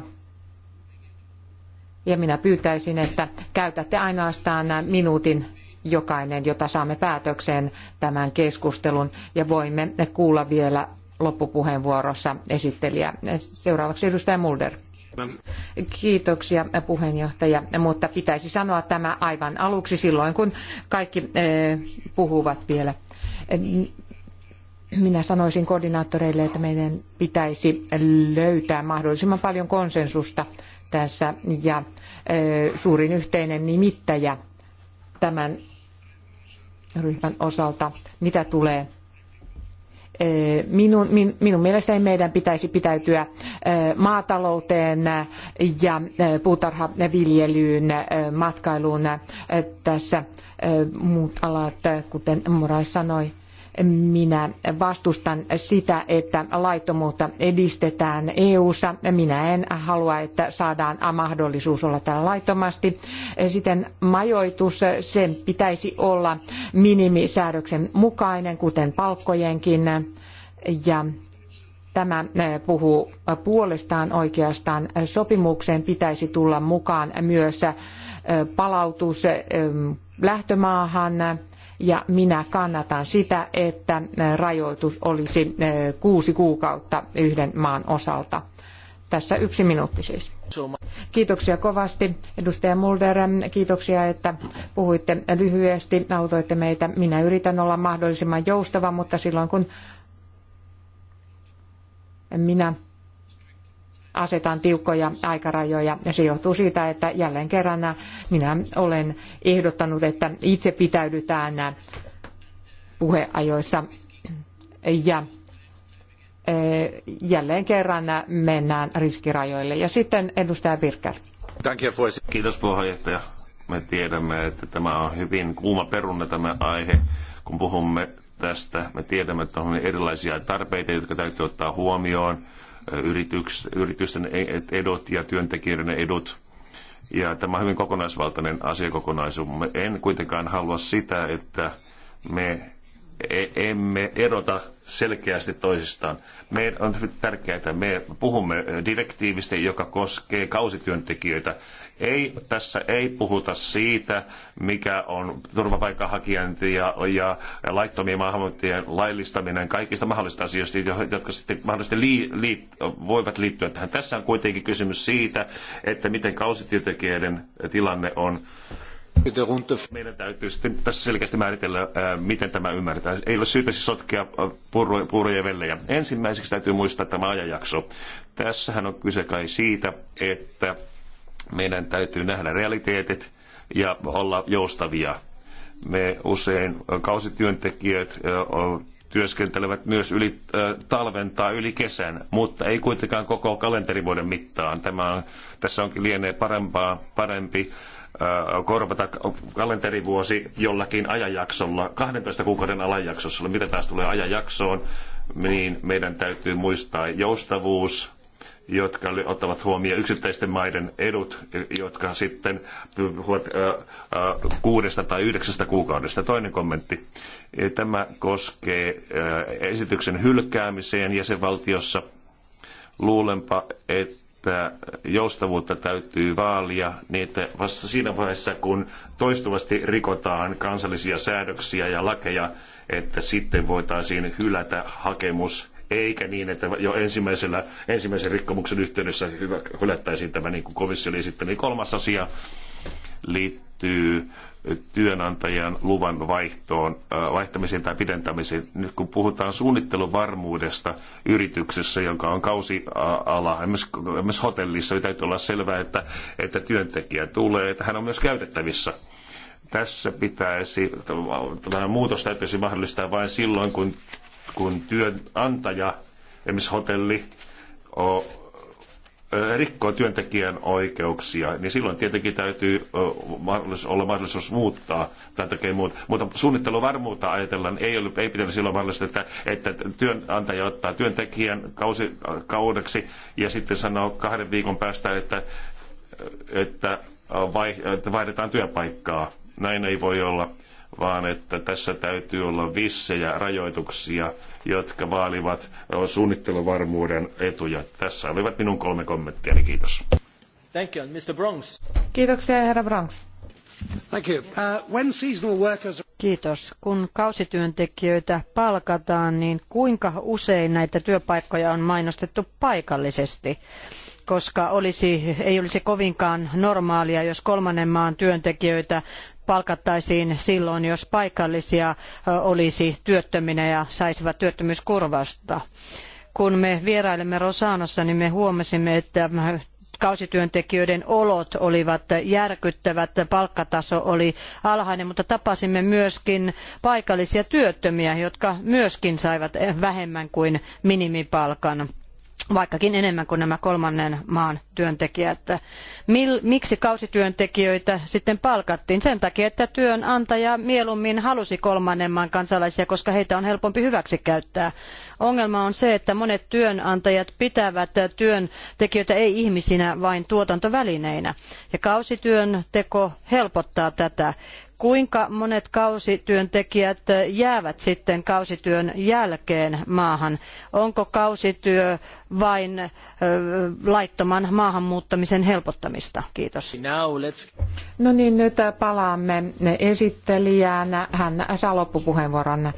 Ja minä pyytäisin, että käytätte ainoastaan minuutin jokainen, jota saamme päätökseen tämän keskustelun ja voimme kuulla vielä loppupuheenvuorossa esittelijä. Seuraavaksi edustaja Mulder. Kiitoksia puheenjohtaja, mutta pitäisi sanoa tämä aivan aluksi silloin, kun kaikki eh, puhuvat vielä. Minä sanoisin koordinaattoreille, että meidän pitäisi löytää mahdollisimman paljon konsensusta tässä ja suurin yhteinen nimittäjä tämän ryhmän osalta, mitä tulee Minun, min, minun mielestäni meidän pitäisi pitäytyä maatalouteen ja puutarhaviljelyyn, matkailuun tässä muut alat, kuten Murais sanoi, minä vastustan sitä, että laittomuutta edistetään EU-ssa. Minä en halua, että saadaan mahdollisuus olla täällä laittomasti. Sitten majoitus, sen pitäisi olla minimisäädöksen mukainen, kuten palkkojenkin. Ja tämä puhuu puolestaan oikeastaan. Sopimukseen pitäisi tulla mukaan myös palautus lähtömaahan ja minä kannatan sitä, että äh, rajoitus olisi äh, kuusi kuukautta yhden maan osalta. Tässä yksi minuutti siis. Kiitoksia kovasti, edustaja Mulder. Kiitoksia, että puhuitte lyhyesti, autoitte meitä. Minä yritän olla mahdollisimman joustava, mutta silloin kun minä asetan tiukkoja aikarajoja. ja Se johtuu siitä, että jälleen kerran minä olen ehdottanut, että itse pitäydytään puheajoissa ja e, jälleen kerran mennään riskirajoille. Ja sitten edustaja Birker. Kiitos puheenjohtaja. Me tiedämme, että tämä on hyvin kuuma perunne tämä aihe, kun puhumme tästä. Me tiedämme, että on erilaisia tarpeita, jotka täytyy ottaa huomioon yrityks, yritysten e-, edut ja työntekijöiden edut. Ja tämä on hyvin kokonaisvaltainen asiakokonaisuus. En kuitenkaan halua sitä, että me e-, emme erota selkeästi toisistaan. Me on tärkeää, että me puhumme direktiivistä, joka koskee kausityöntekijöitä, ei, tässä ei puhuta siitä, mikä on turvapaikanhakijan ja, ja laittomien maahanmuuttajien laillistaminen kaikista mahdollisista asioista, jotka sitten mahdollisesti lii, lii, voivat liittyä tähän. Tässä on kuitenkin kysymys siitä, että miten kausityöntekijöiden tilanne on. Meidän täytyy sitten tässä selkeästi määritellä, miten tämä ymmärretään. Ei ole syytä siis sotkea puuroja ja vellejä. Ensimmäiseksi täytyy muistaa tämä ajanjakso. Tässähän on kyse kai siitä, että meidän täytyy nähdä realiteetit ja olla joustavia. Me usein kausityöntekijät työskentelevät myös yli talven tai yli kesän, mutta ei kuitenkaan koko kalenterivuoden mittaan. Tämä on, tässä onkin lienee parempaa, parempi korvata kalenterivuosi jollakin ajanjaksolla, 12 kuukauden alajaksossa, mitä taas tulee ajanjaksoon, niin meidän täytyy muistaa joustavuus, jotka ottavat huomioon yksittäisten maiden edut, jotka sitten puhuvat kuudesta tai yhdeksästä kuukaudesta. Toinen kommentti. E, tämä koskee esityksen hylkäämiseen jäsenvaltiossa. Luulenpa, että joustavuutta täytyy vaalia niin, että vasta siinä vaiheessa, kun toistuvasti rikotaan kansallisia säädöksiä ja lakeja, että sitten voitaisiin hylätä hakemus eikä niin, että jo ensimmäisellä, ensimmäisen rikkomuksen yhteydessä hylättäisiin tämä niin kuin komissio oli esittänyt. Kolmas asia liittyy työnantajan luvan vaihtoon, äh, vaihtamiseen tai pidentämiseen. Nyt kun puhutaan suunnitteluvarmuudesta yrityksessä, joka on kausiala, esimerkiksi hotellissa, niin täytyy olla selvää, että, että työntekijä tulee, että hän on myös käytettävissä tässä pitäisi, tämä muutos täytyisi mahdollistaa vain silloin, kun kun työnantaja, esimerkiksi hotelli, rikkoo työntekijän oikeuksia, niin silloin tietenkin täytyy olla mahdollisuus muuttaa tai tekee muuta. Mutta suunnitteluvarmuutta ajatellaan, ei, ole, ei pitänyt silloin mahdollista, että, että työnantaja ottaa työntekijän kausi, kaudeksi ja sitten sanoo kahden viikon päästä, että, että, vai, että vaihdetaan työpaikkaa. Näin ei voi olla vaan että tässä täytyy olla vissejä rajoituksia, jotka vaalivat suunnitteluvarmuuden etuja. Tässä olivat minun kolme kommenttiani. Kiitos. Thank you, Mr. Bronx. Kiitoksia, herra Bronx. Thank you. Uh, when seasonal workers... Kiitos. Kun kausityöntekijöitä palkataan, niin kuinka usein näitä työpaikkoja on mainostettu paikallisesti? koska olisi, ei olisi kovinkaan normaalia, jos kolmannen maan työntekijöitä palkattaisiin silloin, jos paikallisia olisi työttöminä ja saisivat työttömyyskurvasta. Kun me vierailimme Rosanossa, niin me huomasimme, että kausityöntekijöiden olot olivat järkyttävät, palkkataso oli alhainen, mutta tapasimme myöskin paikallisia työttömiä, jotka myöskin saivat vähemmän kuin minimipalkan vaikkakin enemmän kuin nämä kolmannen maan työntekijät. miksi kausityöntekijöitä sitten palkattiin? Sen takia, että työnantaja mieluummin halusi kolmannen maan kansalaisia, koska heitä on helpompi hyväksikäyttää. Ongelma on se, että monet työnantajat pitävät työntekijöitä ei ihmisinä, vain tuotantovälineinä. Ja kausityönteko helpottaa tätä kuinka monet kausityöntekijät jäävät sitten kausityön jälkeen maahan? Onko kausityö vain laittoman maahanmuuttamisen helpottamista? Kiitos. No niin, nyt palaamme esittelijään. Hän saa loppupuheenvuoron.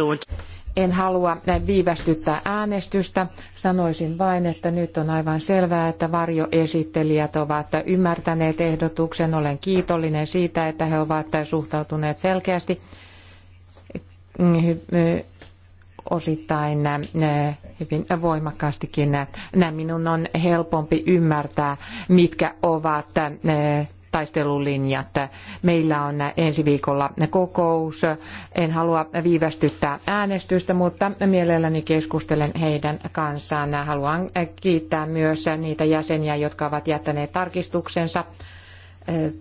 En halua viivästyttää äänestystä. Sanoisin vain, että nyt on aivan selvää, että varjoesittelijät ovat ymmärtäneet ehdotuksen. Olen kiitollinen siitä, että he ovat suhtautuneet selkeästi eh, osittain eh, hyvin voimakkaastikin. Nämä minun on helpompi ymmärtää, mitkä ovat eh, taistelulinjat. Meillä on ensi viikolla kokous. En halua viivästyttää äänestystä, mutta mielelläni keskustelen heidän kanssaan. Haluan kiittää myös niitä jäseniä, jotka ovat jättäneet tarkistuksensa eh,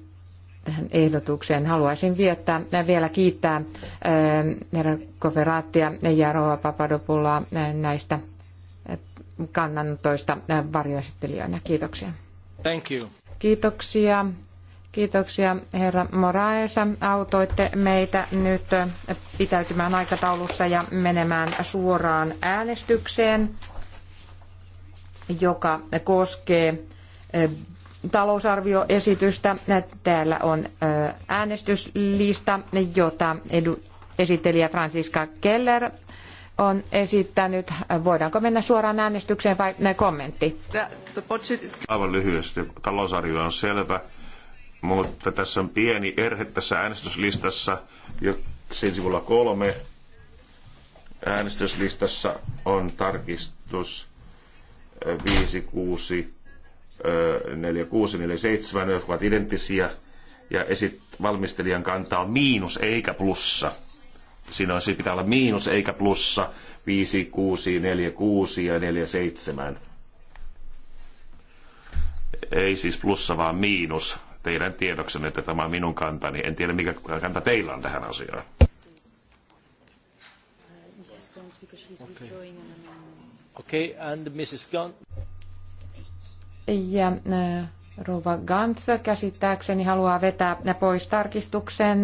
tähän ehdotukseen. Haluaisin viettää, eh, vielä kiittää eh, herra Koferaattia ja Rova Papadopulaa näistä kannanotoista varjoesittelijöinä. Kiitoksia. Thank you. Kiitoksia. Kiitoksia herra Moraesa. Autoitte meitä nyt pitäytymään aikataulussa ja menemään suoraan äänestykseen, joka koskee eh, talousarvioesitystä. Täällä on eh, äänestyslista, jota edu- esittelijä Franziska Keller on esittänyt. Voidaanko mennä suoraan äänestykseen vai eh, kommentti? Aivan lyhyesti. Talousarvio on selvä mutta tässä on pieni erhe tässä äänestyslistassa, jo sen sivulla kolme. Äänestyslistassa on tarkistus 5, 6, 4, 6, 4, 7, jotka ovat identtisiä, ja esit valmistelijan kanta on miinus eikä plussa. Siinä on, siis pitää olla miinus eikä plussa 5, 6, 4, 6 ja 4, 7. Ei siis plussa, vaan miinus teidän tiedoksenne, että tämä on minun kantani. En tiedä, mikä kanta teillä on tähän asiaan. okay. okay, and Mrs. Gunn. Ja äh, Rova Gantz käsittääkseni haluaa vetää ne pois tarkistuksen.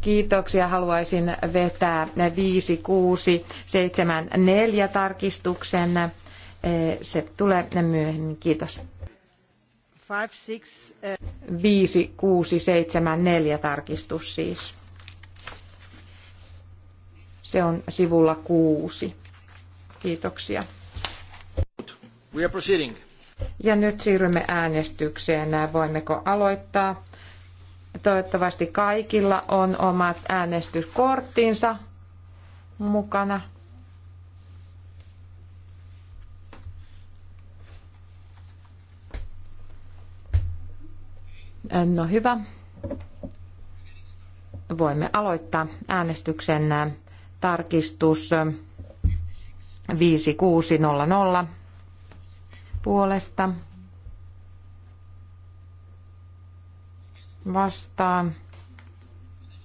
Kiitoksia. Uh, Haluaisin vetää ne 5, 6, 7, 4 tarkistuksen Eh, se tulee myöhemmin. Kiitos. 5674 eh. tarkistus siis. Se on sivulla kuusi. Kiitoksia. We are proceeding. Ja nyt siirrymme äänestykseen. Voimmeko aloittaa? Toivottavasti kaikilla on omat äänestyskorttinsa mukana. Äh, no hyvä. Voimme aloittaa äänestyksen tarkistus 5600 puolesta vastaan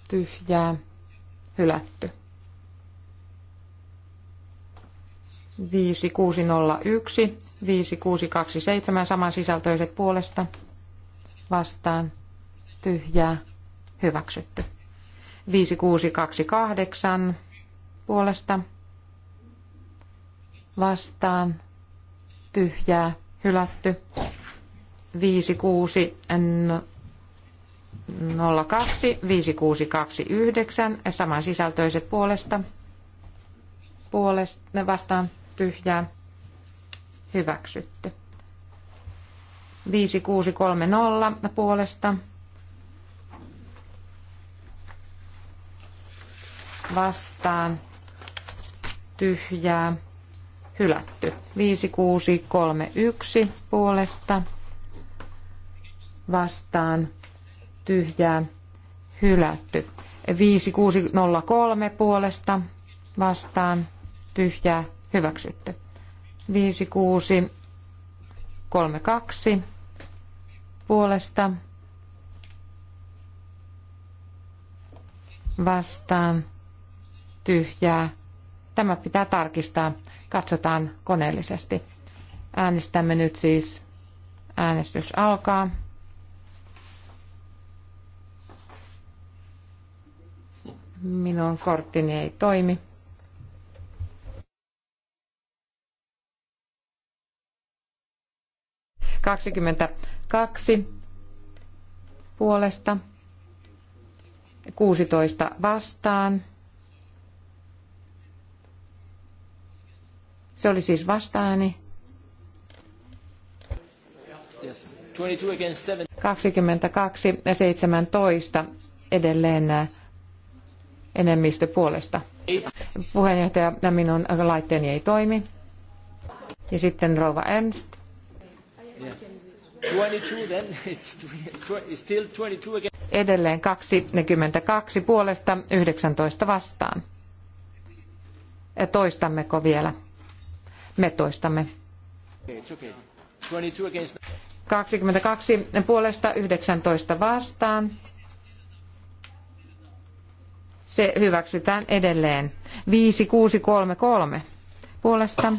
tyhjää hylätty. 5601, 5627 samansisältöiset puolesta vastaan tyhjää hyväksytty. 5628 puolesta vastaan tyhjää hylätty. 5602 5629 saman sisältöiset puolesta puolesta vastaan tyhjää hyväksytty. 5630 puolesta vastaan tyhjää hylätty. 5631 puolesta vastaan tyhjää hylätty. 5603 puolesta vastaan tyhjää hyväksytty. 5632 puolesta vastaan tyhjää. Tämä pitää tarkistaa. Katsotaan koneellisesti. Äänestämme nyt siis. Äänestys alkaa. Minun korttini ei toimi. Kaksikymmentä kaksi puolesta, 16 vastaan. Se oli siis vastaani. 22 ja 17 edelleen enemmistö puolesta. Puheenjohtaja, minun laitteeni ei toimi. Ja sitten Rova Ernst. Yeah. Edelleen 22 puolesta 19 vastaan. Ja toistammeko vielä? Me toistamme. 22 puolesta 19 vastaan. Se hyväksytään edelleen. 5633 puolesta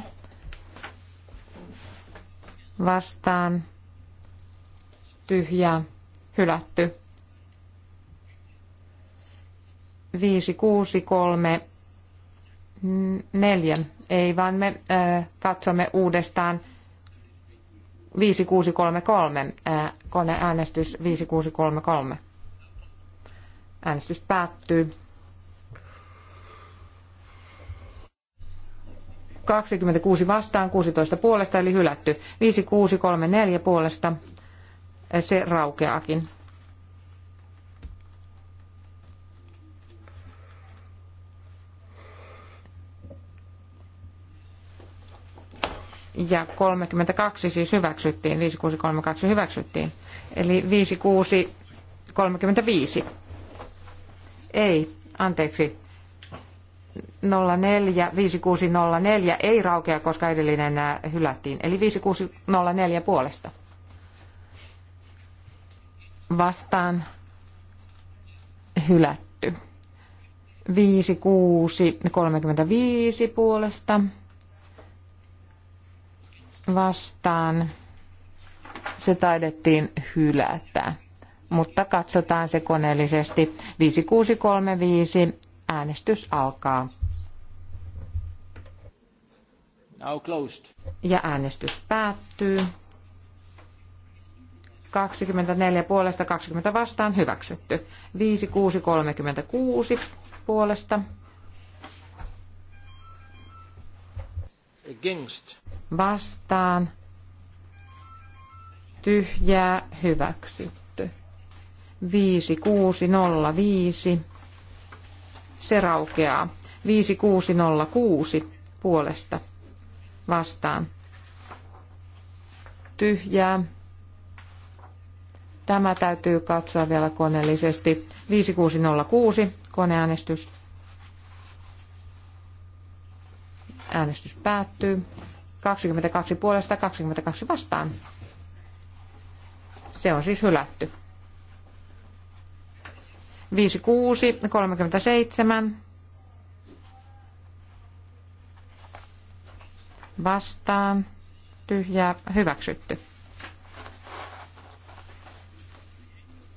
vastaan tyhjää, hylätty. 5, 6, 3, 4. Ei, vaan me ö, katsomme uudestaan 5633, äh, koneäänestys 5633. Äänestys päättyy. 26 vastaan, 16 puolesta eli hylätty. 5634 puolesta se raukeakin. ja 32 siis hyväksyttiin, 5632 hyväksyttiin. Eli 5635. Ei, anteeksi. 04, 5604 ei raukea, koska edellinen äh, hylättiin. Eli 5604 puolesta vastaan hylätty. 5, 6, 35 puolesta vastaan. Se taidettiin hylätä, mutta katsotaan se koneellisesti. 5635 äänestys alkaa. Now closed. Ja äänestys päättyy. 24 puolesta 20 vastaan hyväksytty. 5, 6, 36 puolesta. Against. Vastaan. Tyhjää hyväksytty. 5, 6, 0, 5. Se raukeaa. 5, 6, 0, 6 puolesta vastaan. Tyhjää Tämä täytyy katsoa vielä koneellisesti. 5606 koneäänestys. Äänestys päättyy. 22 puolesta 22 vastaan. Se on siis hylätty. 56 37 vastaan tyhjää hyväksytty.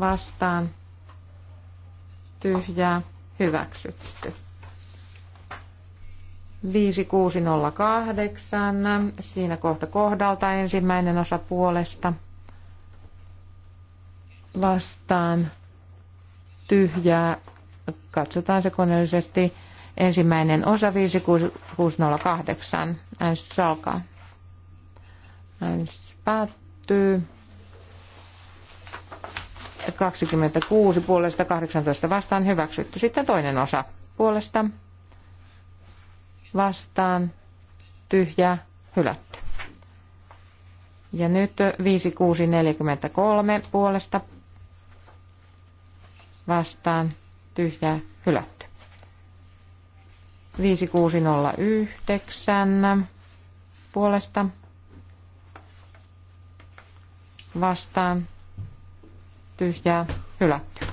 vastaan tyhjää hyväksytty. 5608, siinä kohta kohdalta ensimmäinen osa puolesta vastaan tyhjää. Katsotaan se koneellisesti. Ensimmäinen osa 5608. Äänestys alkaa. Äänestys päättyy. 26 puolesta 18 vastaan hyväksytty. Sitten toinen osa puolesta vastaan tyhjä hylätty. Ja nyt 5643 puolesta vastaan tyhjä hylätty. 5609 puolesta vastaan tyhjää hylätty.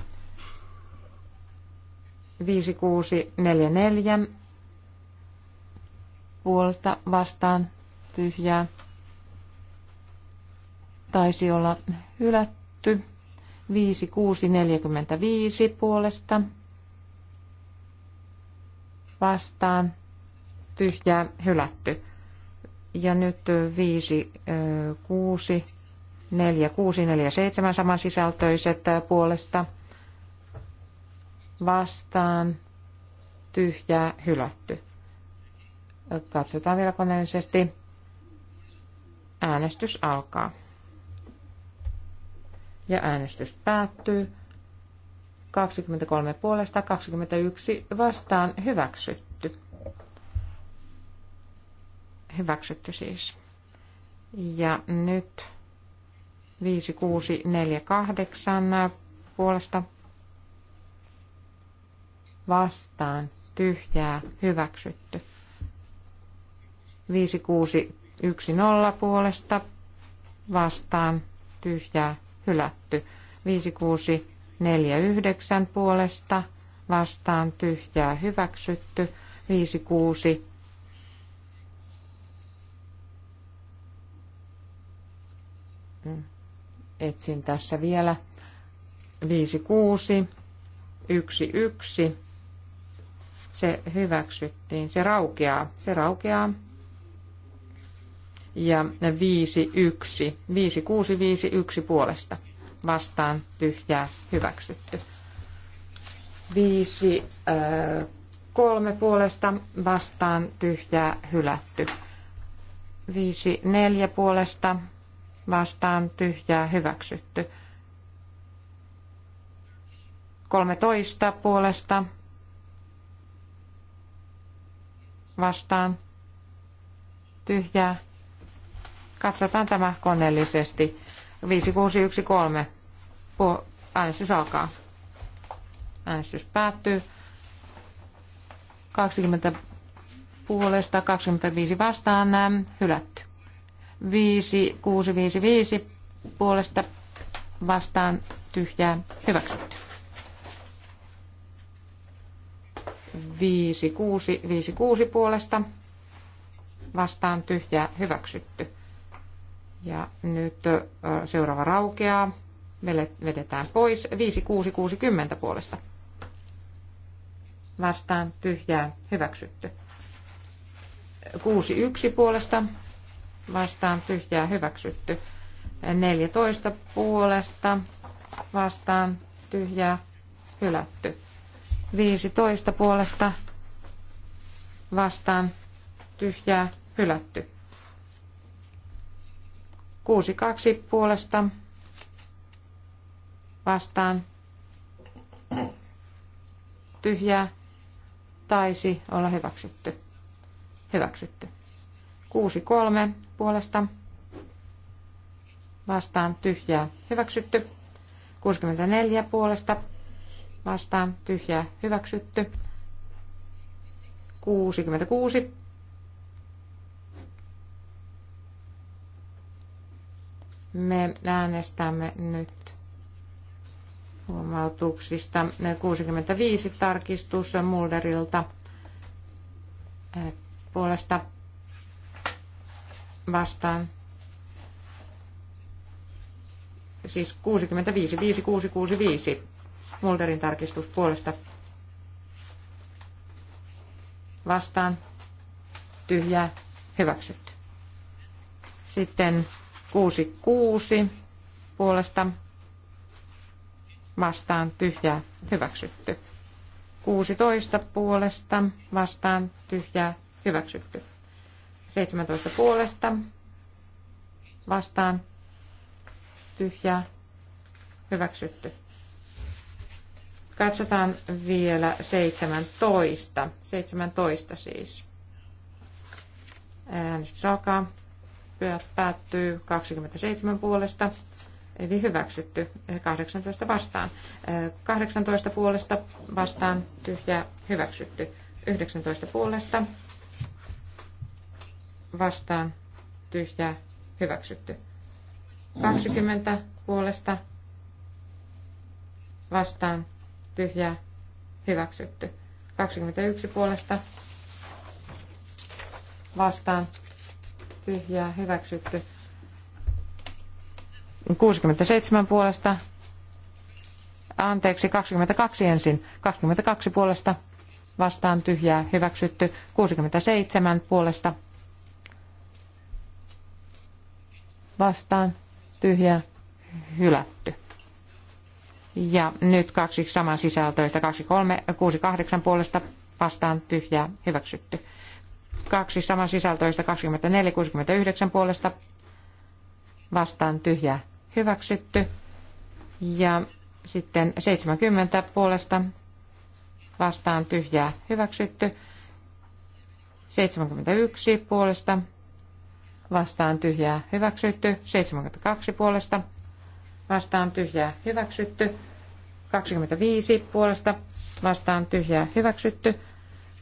5644 puolta vastaan tyhjää taisi olla hylätty. 5645 puolesta vastaan tyhjää hylätty. Ja nyt 5 6 4647 47 samansisältöiset puolesta vastaan tyhjää hylätty. Katsotaan vielä koneellisesti. Äänestys alkaa. Ja äänestys päättyy. 23 puolesta 21 vastaan hyväksytty. Hyväksytty siis. Ja nyt 5648 puolesta vastaan tyhjää hyväksytty. 5610 puolesta vastaan tyhjää hylätty. 5649 puolesta vastaan tyhjää hyväksytty. 56 mm etsin tässä vielä 5611. Se hyväksyttiin, se raukeaa, se raukeaa. Ja 51, 5651 puolesta vastaan tyhjää hyväksytty. 5 3 äh, puolesta vastaan tyhjää hylätty. 5 4 puolesta vastaan tyhjää hyväksytty. 13 puolesta vastaan tyhjää. Katsotaan tämä koneellisesti. 5613 äänestys alkaa. Äänestys päättyy. 20 puolesta, 25 vastaan, hylätty. 5655 puolesta vastaan tyhjää hyväksytty. 5656 puolesta vastaan tyhjää hyväksytty. Ja nyt seuraava raukeaa. Vedetään pois 5660 puolesta. Vastaan tyhjää hyväksytty. 61 puolesta vastaan tyhjää hyväksytty. 14 puolesta vastaan tyhjää hylätty. 15 puolesta vastaan tyhjää hylätty. 62 puolesta vastaan tyhjää taisi olla hyväksytty. Hyväksytty. 63 puolesta vastaan tyhjää hyväksytty. 64 puolesta vastaan tyhjää hyväksytty. 66 Me äänestämme nyt huomautuksista 65 tarkistus Mulderilta eh, puolesta vastaan. Siis 65, 5665 Mulderin tarkistus puolesta vastaan. Tyhjää hyväksytty. Sitten 66 puolesta vastaan tyhjää hyväksytty. 16 puolesta vastaan tyhjää hyväksytty. 17 puolesta vastaan tyhjää hyväksytty. Katsotaan vielä 17. 17 siis. Äänestys alkaa. Pyöt päättyy 27 puolesta, eli hyväksytty 18 vastaan. 18 puolesta vastaan tyhjä hyväksytty. 19 puolesta vastaan tyhjää hyväksytty. 20 puolesta vastaan tyhjää hyväksytty. 21 puolesta vastaan tyhjää hyväksytty. 67 puolesta anteeksi, 22 ensin, 22 puolesta vastaan tyhjää hyväksytty, 67 puolesta vastaan tyhjää hylätty. Ja nyt kaksi saman sisältöistä, 2368 puolesta vastaan tyhjää hyväksytty. Kaksi saman sisältöistä, 2469 puolesta vastaan tyhjää hyväksytty. Ja sitten 70 puolesta vastaan tyhjää hyväksytty. 71 puolesta vastaan tyhjää hyväksytty, 72 puolesta vastaan tyhjää hyväksytty, 25 puolesta vastaan tyhjää hyväksytty,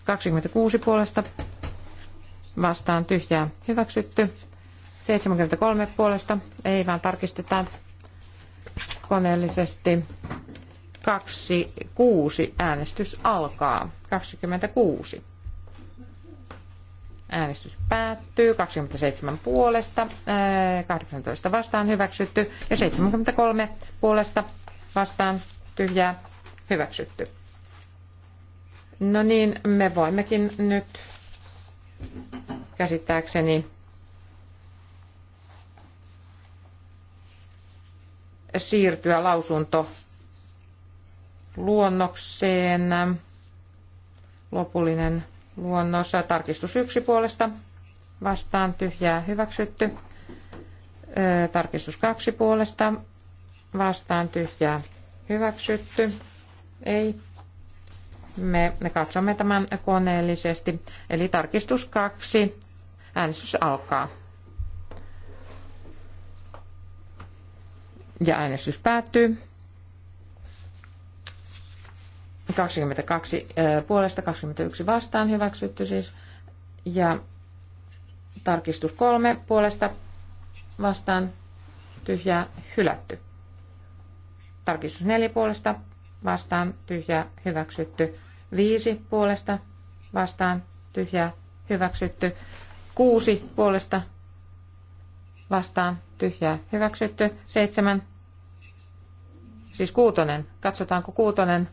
26 puolesta vastaan tyhjää hyväksytty, 73 puolesta, ei vaan tarkistetaan koneellisesti. 26 äänestys alkaa. 26. Äänestys päättyy 27 puolesta, 18 vastaan hyväksytty ja 73 puolesta vastaan tyhjää hyväksytty. No niin, me voimmekin nyt käsittääkseni siirtyä lausunto luonnokseen. Lopullinen luonnossa. Tarkistus yksi puolesta vastaan tyhjää hyväksytty. Tarkistus kaksi puolesta vastaan tyhjää hyväksytty. Ei. Me, me katsomme tämän koneellisesti. Eli tarkistus kaksi. Äänestys alkaa. Ja äänestys päättyy. 22 äh, puolesta, 21 vastaan hyväksytty siis. Ja tarkistus 3 puolesta vastaan tyhjää hylätty. Tarkistus 4 puolesta vastaan tyhjää hyväksytty. 5 puolesta vastaan tyhjää hyväksytty. 6 puolesta vastaan tyhjää hyväksytty. 7 siis kuutonen. Katsotaanko kuutonen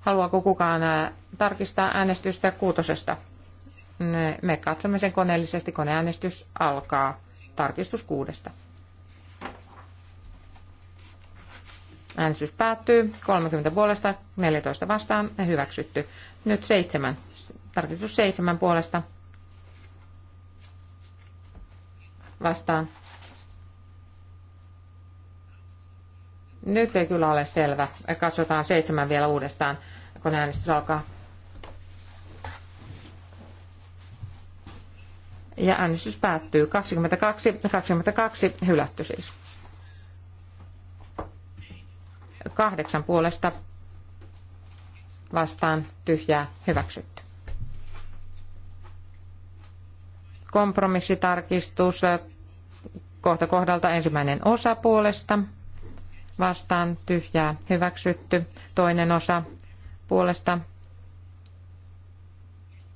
Haluaako kukaan tarkistaa äänestystä kuutosesta? Me katsomme sen koneellisesti. Koneäänestys alkaa. Tarkistus kuudesta. Äänestys päättyy. 30 puolesta, 14 vastaan ja hyväksytty. Nyt seitsemän. Tarkistus seitsemän puolesta. Vastaan. Nyt se ei kyllä ole selvä. Katsotaan seitsemän vielä uudestaan, kun äänestys alkaa. Ja äänestys päättyy 22, 22 hylätty siis. Kahdeksan puolesta vastaan tyhjää hyväksytty. Kompromissitarkistus eh, kohta kohdalta ensimmäinen osa puolesta vastaan tyhjää hyväksytty. Toinen osa puolesta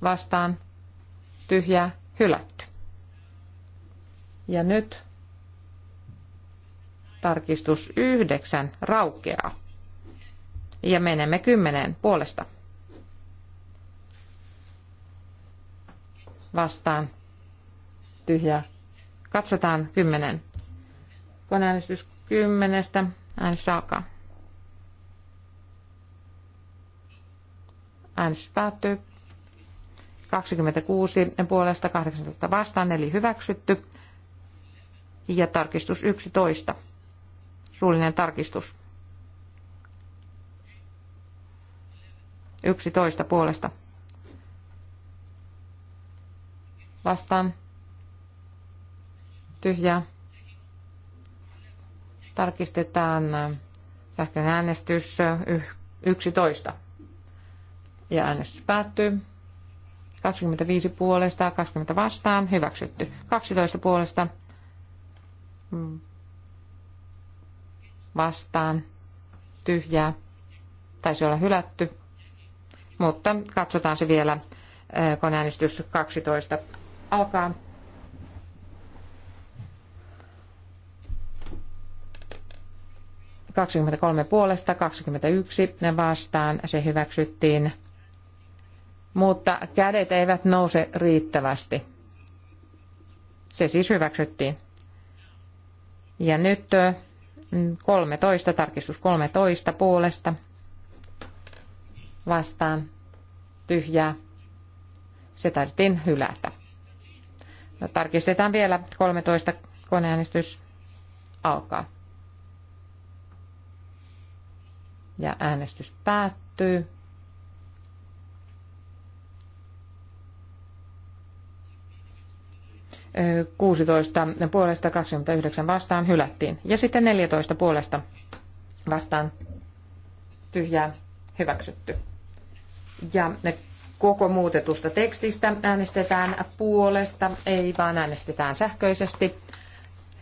vastaan tyhjää hylätty. Ja nyt tarkistus yhdeksän raukeaa. Ja menemme kymmeneen puolesta. Vastaan tyhjää. Katsotaan kymmenen. Koneäänestys kymmenestä. Äänestys saka. Äänestys päättyy. 26 puolesta 18 vastaan, eli hyväksytty. Ja tarkistus 11. Suullinen tarkistus. 11 puolesta. Vastaan. Tyhjää. Tarkistetaan sähköinen äänestys 11. Ja äänestys päättyy. 25 puolesta, 20 vastaan, hyväksytty. 12 puolesta vastaan, tyhjää, taisi olla hylätty, mutta katsotaan se vielä, kun äänestys 12 alkaa. 23 puolesta, 21 vastaan, se hyväksyttiin. Mutta kädet eivät nouse riittävästi. Se siis hyväksyttiin. Ja nyt 13, tarkistus 13 puolesta vastaan tyhjää. Se tarvittiin hylätä. No, tarkistetaan vielä 13 koneäänestys alkaa. Ja äänestys päättyy. Ö, 16 puolesta 29 vastaan hylättiin. Ja sitten 14 puolesta vastaan tyhjää hyväksytty. Ja ne koko muutetusta tekstistä äänestetään puolesta, ei vaan äänestetään sähköisesti.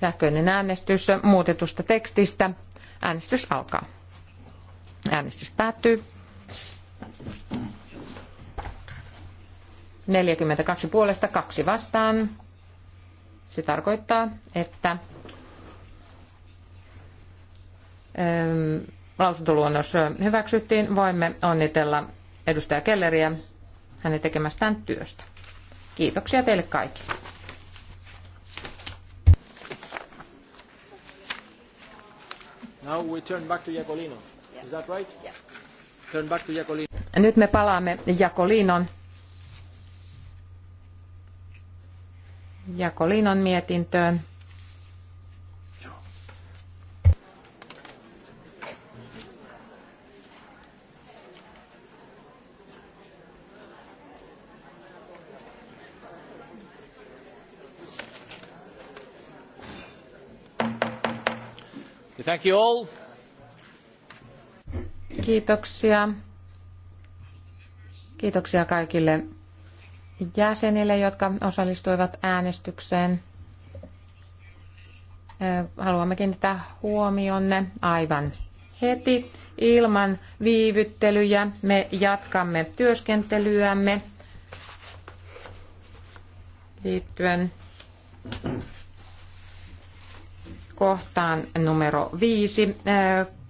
Sähköinen äänestys muutetusta tekstistä. Äänestys alkaa. Äänestys päättyy. 42 puolesta, kaksi vastaan. Se tarkoittaa, että ähm, lausuntoluonnos hyväksyttiin. Voimme onnitella edustaja Kelleriä hänen tekemästään työstä. Kiitoksia teille kaikille. Now we turn back to Jacolino. Is that right? Yeah. Turn back to Nyt me palaamme Jakolinon. Jakolinon mietintöön. Thank you all. Kiitoksia. Kiitoksia kaikille jäsenille, jotka osallistuivat äänestykseen. Haluamme kiinnittää huomionne aivan heti ilman viivyttelyjä. Me jatkamme työskentelyämme liittyen kohtaan numero viisi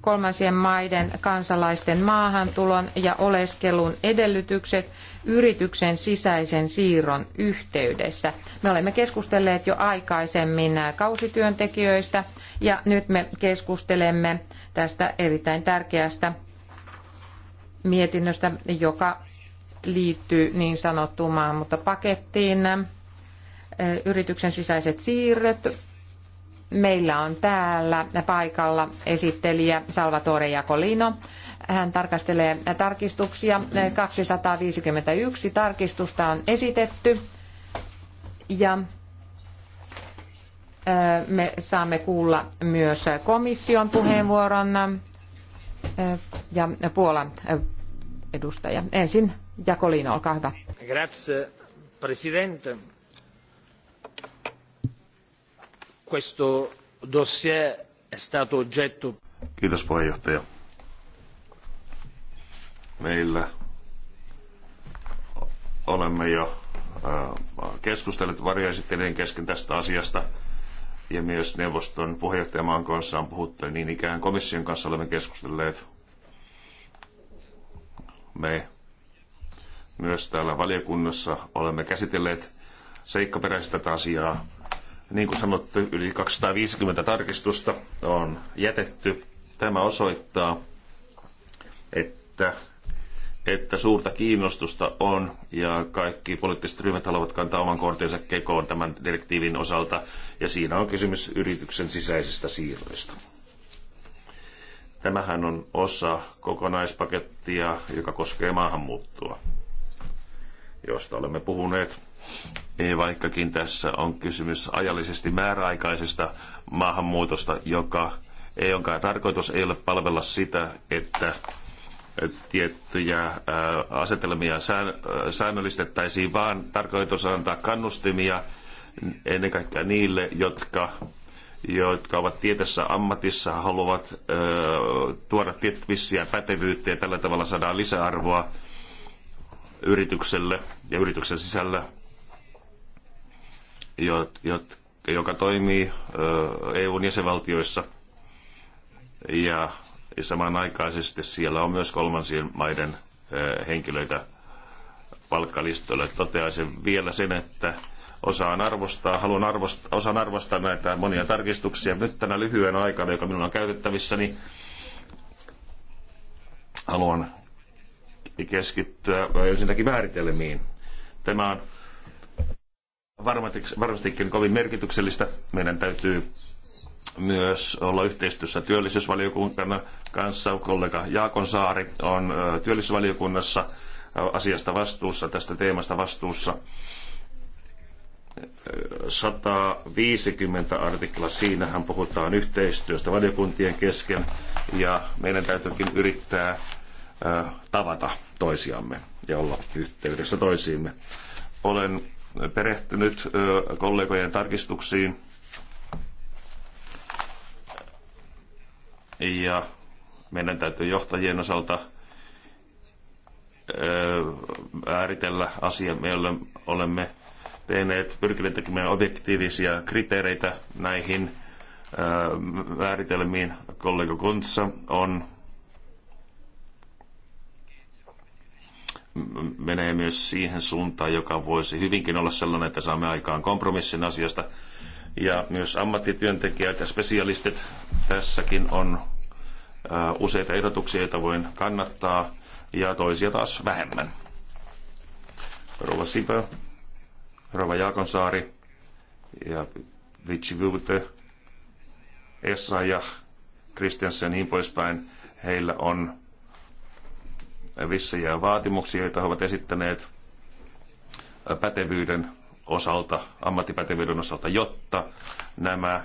kolmansien maiden kansalaisten maahantulon ja oleskelun edellytykset yrityksen sisäisen siirron yhteydessä. Me olemme keskustelleet jo aikaisemmin kausityöntekijöistä ja nyt me keskustelemme tästä erittäin tärkeästä mietinnöstä, joka liittyy niin sanottuun maahanmuuttopakettiin. Yrityksen sisäiset siirret. Meillä on täällä paikalla esittelijä Salvatore Jacolino. Hän tarkastelee tarkistuksia. 251 tarkistusta on esitetty ja me saamme kuulla myös komission puheenvuoron ja Puolan edustaja. Ensin Jakolino, olkaa hyvä. Grazie, presidente. Questo dossier è stato oggetto... Kiitos puheenjohtaja. Meillä olemme jo äh, keskustelleet varjoesittelijän kesken tästä asiasta ja myös neuvoston puheenjohtajamaan kanssa on puhuttu, niin ikään komission kanssa olemme keskustelleet. Me myös täällä valiokunnassa olemme käsitelleet seikkaperäistä tätä asiaa niin kuin sanottu, yli 250 tarkistusta on jätetty. Tämä osoittaa, että, että suurta kiinnostusta on ja kaikki poliittiset ryhmät haluavat kantaa oman kortensa kekoon tämän direktiivin osalta. Ja siinä on kysymys yrityksen sisäisistä siirroista. Tämähän on osa kokonaispakettia, joka koskee maahanmuuttoa, josta olemme puhuneet vaikkakin tässä on kysymys ajallisesti määräaikaisesta maahanmuutosta, joka ei jonka tarkoitus ei ole palvella sitä, että tiettyjä asetelmia säännöllistettäisiin, vaan tarkoitus on antaa kannustimia ennen kaikkea niille, jotka, jotka ovat tietyssä ammatissa, haluavat tuoda tiettyvissiä pätevyyttä ja tällä tavalla saadaan lisäarvoa yritykselle ja yrityksen sisällä joka toimii EUn jäsenvaltioissa. Ja samanaikaisesti siellä on myös kolmansien maiden henkilöitä palkkalistoille. Toteaisin vielä sen, että osaan arvostaa, haluan arvostaa, osaan arvostaa näitä monia tarkistuksia. Nyt tänä lyhyen aikana, joka minulla on käytettävissä, niin haluan keskittyä ensinnäkin määritelmiin. Tämä on varmastikin kovin merkityksellistä. Meidän täytyy myös olla yhteistyössä työllisyysvaliokunnan kanssa. Kollega Jaakon Saari on työllisyysvaliokunnassa asiasta vastuussa, tästä teemasta vastuussa. 150 artikla, siinähän puhutaan yhteistyöstä valiokuntien kesken ja meidän täytyykin yrittää tavata toisiamme ja olla yhteydessä toisiimme. Olen perehtynyt kollegojen tarkistuksiin. Ja meidän täytyy johtajien osalta määritellä asia. Me olemme tehneet, pyrkineet tekemään objektiivisia kriteereitä näihin määritelmiin. Kollega Kuntsa on menee myös siihen suuntaan, joka voisi hyvinkin olla sellainen, että saamme aikaan kompromissin asiasta. Ja myös ammattityöntekijät ja spesialistit tässäkin on useita ehdotuksia, joita voin kannattaa, ja toisia taas vähemmän. Rova Sipö, Rova Jaakonsaari ja Vitsi Vute, Essa ja Kristiansen niin poispäin. Heillä on vissejä vaatimuksia, joita he ovat esittäneet pätevyyden osalta, ammattipätevyyden osalta, jotta nämä äh,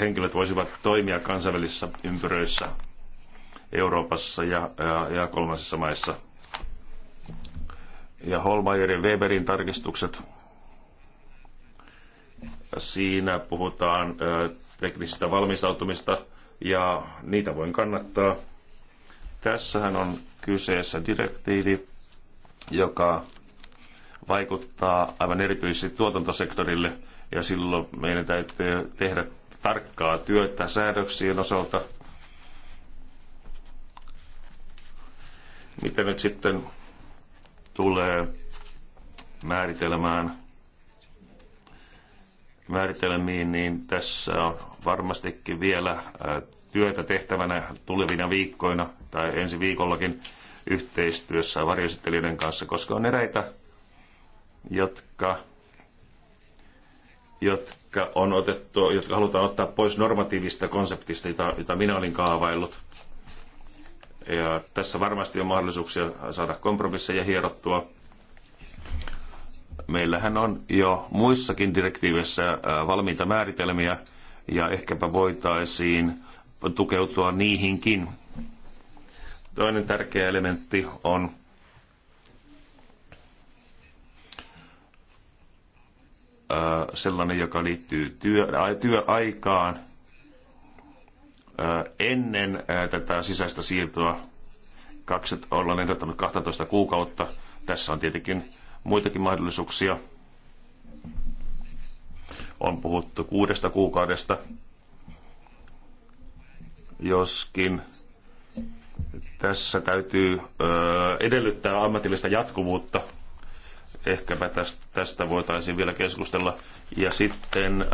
henkilöt voisivat toimia kansainvälisissä ympyröissä Euroopassa ja, ja, äh, ja kolmansissa maissa. Ja Holmajerin Weberin tarkistukset. Siinä puhutaan ö, äh, teknisistä valmistautumista ja niitä voin kannattaa. Tässähän on kyseessä direktiivi, joka vaikuttaa aivan erityisesti tuotantosektorille, ja silloin meidän täytyy tehdä tarkkaa työtä säädöksien osalta. Mitä nyt sitten tulee määritelmään, määritelmiin, niin tässä on varmastikin vielä äh, työtä tehtävänä tulevina viikkoina tai ensi viikollakin yhteistyössä varjoesittelijöiden kanssa, koska on eräitä, jotka, jotka, on otettu, jotka halutaan ottaa pois normatiivista konseptista, jota, jota minä olin kaavaillut. Ja tässä varmasti on mahdollisuuksia saada kompromisseja hierottua. Meillähän on jo muissakin direktiiveissä valmiita määritelmiä, ja ehkäpä voitaisiin tukeutua niihinkin. Toinen tärkeä elementti on sellainen, joka liittyy työ, työaikaan ennen tätä sisäistä siirtoa. Kakset, ollaan ehdottanut 12 kuukautta. Tässä on tietenkin muitakin mahdollisuuksia. On puhuttu kuudesta kuukaudesta joskin tässä täytyy edellyttää ammatillista jatkuvuutta. Ehkäpä tästä voitaisiin vielä keskustella. Ja sitten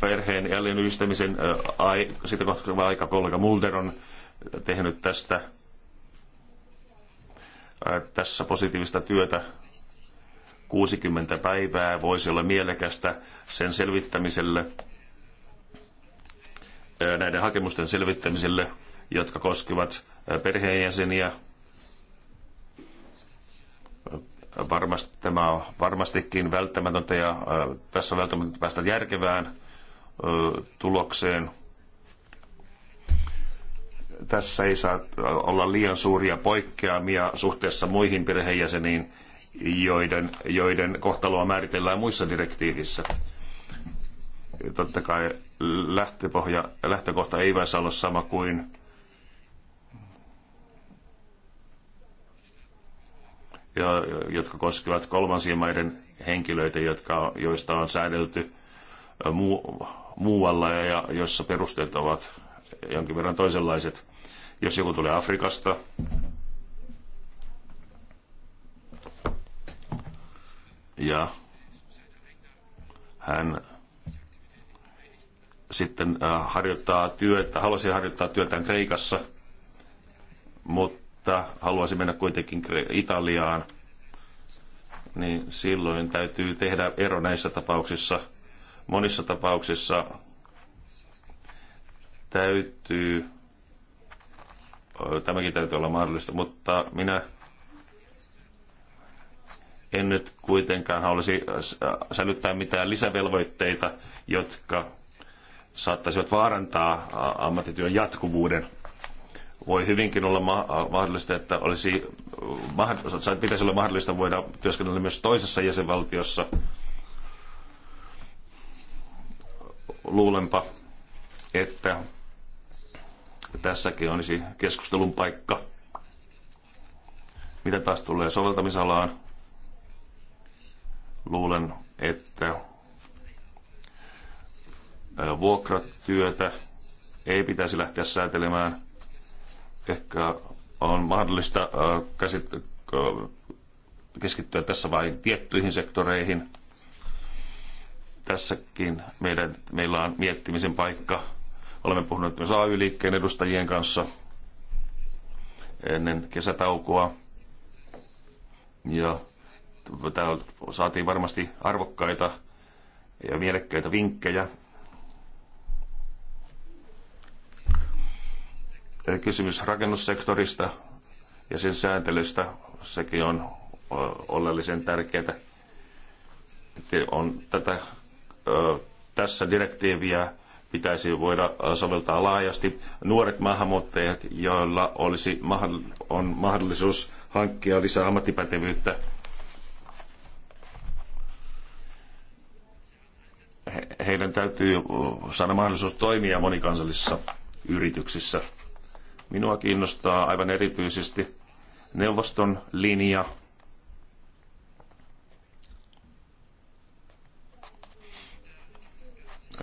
perheen yhdistämisen sitä kohtaa aika kollega Mulder on tehnyt tästä tässä positiivista työtä 60 päivää voisi olla mielekästä sen selvittämiselle näiden hakemusten selvittämiselle, jotka koskevat perheenjäseniä. Varmasti, tämä on varmastikin välttämätöntä ja tässä on välttämätöntä päästä järkevään tulokseen. Tässä ei saa olla liian suuria poikkeamia suhteessa muihin perheenjäseniin, joiden, joiden kohtaloa määritellään muissa direktiivissä totta kai lähtöpohja, lähtökohta ei vain saa olla sama kuin ja, jotka koskevat kolmansien maiden henkilöitä, jotka, joista on säädelty muu, muualla ja, ja jossa perusteet ovat jonkin verran toisenlaiset. Jos joku tulee Afrikasta, ja hän sitten äh, harjoittaa työtä, halusi harjoittaa työtään Kreikassa, mutta haluaisi mennä kuitenkin Italiaan, niin silloin täytyy tehdä ero näissä tapauksissa. Monissa tapauksissa täytyy, äh, tämäkin täytyy olla mahdollista, mutta minä en nyt kuitenkaan haluaisi äh, sälyttää mitään lisävelvoitteita, jotka saattaisivat vaarantaa ammattityön jatkuvuuden. Voi hyvinkin olla mahdollista, että olisi, pitäisi olla mahdollista voida työskennellä myös toisessa jäsenvaltiossa. Luulenpa, että tässäkin olisi keskustelun paikka. Mitä taas tulee soveltamisalaan? Luulen, että vuokratyötä ei pitäisi lähteä säätelemään. Ehkä on mahdollista keskittyä tässä vain tiettyihin sektoreihin. Tässäkin meidän, meillä on miettimisen paikka. Olemme puhuneet myös AY-liikkeen edustajien kanssa ennen kesätaukoa. Ja täältä saatiin varmasti arvokkaita ja mielekkäitä vinkkejä kysymys rakennussektorista ja sen sääntelystä, sekin on oleellisen tärkeää. On tätä, tässä direktiiviä pitäisi voida soveltaa laajasti. Nuoret maahanmuuttajat, joilla olisi, on mahdollisuus hankkia lisää ammattipätevyyttä, heidän täytyy saada mahdollisuus toimia monikansallisissa yrityksissä. Minua kiinnostaa aivan erityisesti neuvoston linja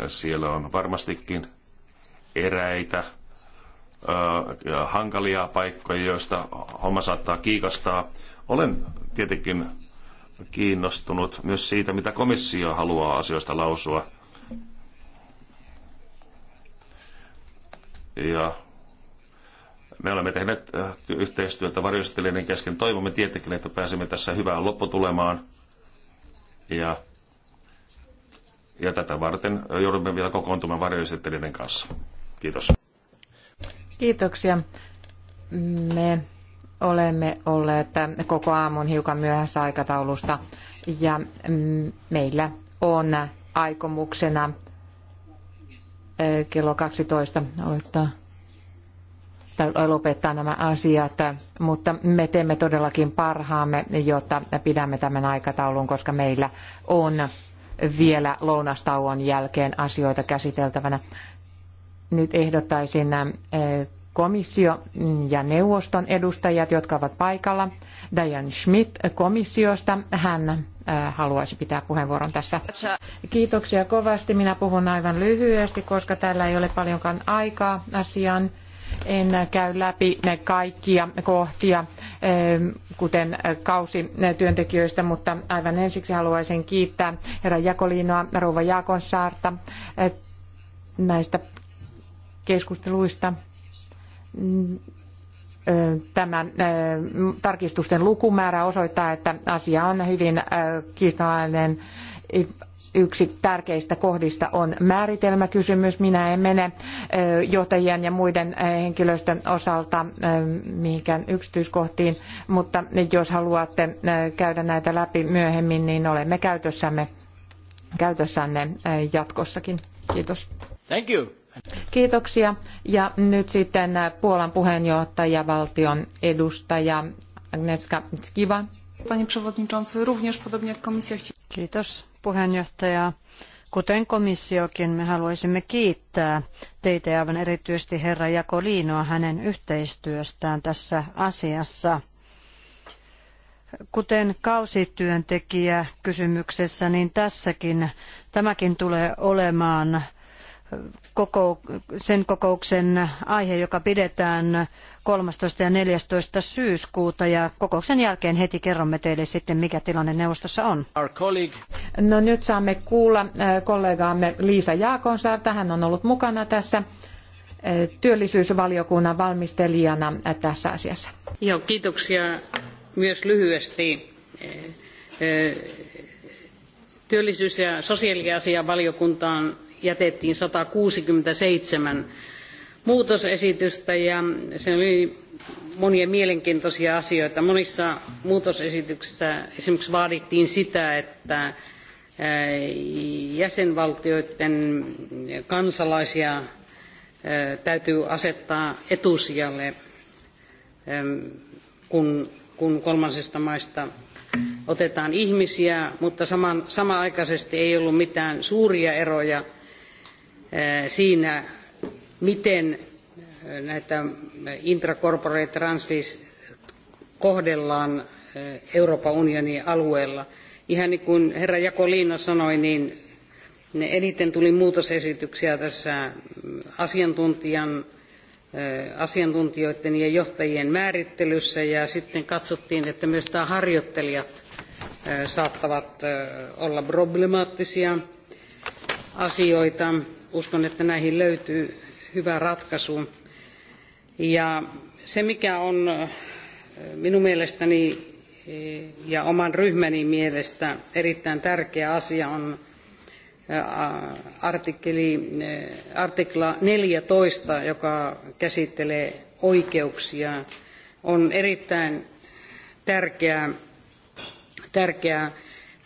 siellä on varmastikin eräitä ö, hankalia paikkoja, joista homma saattaa kiikastaa. Olen tietenkin kiinnostunut myös siitä, mitä komissio haluaa asioista lausua. Ja me olemme tehneet äh, yhteistyötä varjostelijoiden kesken. Toivomme tietenkin, että pääsemme tässä hyvään lopputulemaan. Ja, ja tätä varten joudumme vielä kokoontumaan varjoesittelijöiden kanssa. Kiitos. Kiitoksia. Me olemme olleet koko aamun hiukan myöhässä aikataulusta ja mm, meillä on aikomuksena äh, kello 12 aloittaa lopettaa nämä asiat, mutta me teemme todellakin parhaamme, jotta pidämme tämän aikataulun, koska meillä on vielä lounastauon jälkeen asioita käsiteltävänä. Nyt ehdottaisin äh, komissio ja neuvoston edustajat, jotka ovat paikalla. Diane Schmidt komissiosta, hän äh, haluaisi pitää puheenvuoron tässä. Kiitoksia kovasti. Minä puhun aivan lyhyesti, koska täällä ei ole paljonkaan aikaa asiaan. En käy läpi kaikkia kohtia, kuten kausityöntekijöistä, mutta aivan ensiksi haluaisin kiittää herra Jakoliinoa, rouva Jaakonsaarta näistä keskusteluista tämä tarkistusten lukumäärä osoittaa, että asia on hyvin kiistanalainen yksi tärkeistä kohdista on määritelmäkysymys. Minä en mene johtajien ja muiden henkilöstön osalta mihinkään yksityiskohtiin, mutta jos haluatte käydä näitä läpi myöhemmin, niin olemme käytössämme, käytössänne jatkossakin. Kiitos. Thank you. Kiitoksia. Ja nyt sitten Puolan puheenjohtaja, valtion edustaja Agnieszka Skiva. Panie przewodniczący, również podobnie jak komisja Kiitos puheenjohtaja. Kuten komissiokin, me haluaisimme kiittää teitä ja aivan erityisesti herra Jakoliinoa hänen yhteistyöstään tässä asiassa. Kuten kausityöntekijä kysymyksessä, niin tässäkin tämäkin tulee olemaan koko, sen kokouksen aihe, joka pidetään 13. ja 14. syyskuuta ja kokouksen jälkeen heti kerromme teille sitten, mikä tilanne neuvostossa on. No nyt saamme kuulla eh, kollegaamme Liisa Jaakonsaarta. Hän on ollut mukana tässä eh, työllisyysvaliokunnan valmistelijana eh, tässä asiassa. Joo, kiitoksia myös lyhyesti. Työllisyys- ja sosiaaliasiavaliokuntaan jätettiin 167 muutosesitystä ja se oli monia mielenkiintoisia asioita. Monissa muutosesityksissä esimerkiksi vaadittiin sitä, että eh, jäsenvaltioiden kansalaisia eh, täytyy asettaa etusijalle, eh, kun, kolmansista maista otetaan ihmisiä, mutta saman, samanaikaisesti ei ollut mitään suuria eroja siinä, miten äh, näitä äh, intracorporate transfers kohdellaan äh, Euroopan unionin alueella. Ihan niin kuin herra Jakoliino sanoi, niin eniten tuli muutosesityksiä tässä mm, asiantuntijan, asiantuntijoiden ja johtajien määrittelyssä ja sitten katsottiin, että myös tämä harjoittelijat saattavat olla problemaattisia asioita. Uskon, että näihin löytyy hyvä ratkaisu. Ja se, mikä on minun mielestäni e, ja oman ryhmäni mielestä erittäin tärkeä asia on artikkeli, e, artikla 14, joka käsittelee oikeuksia. On erittäin tärkeä tärkeä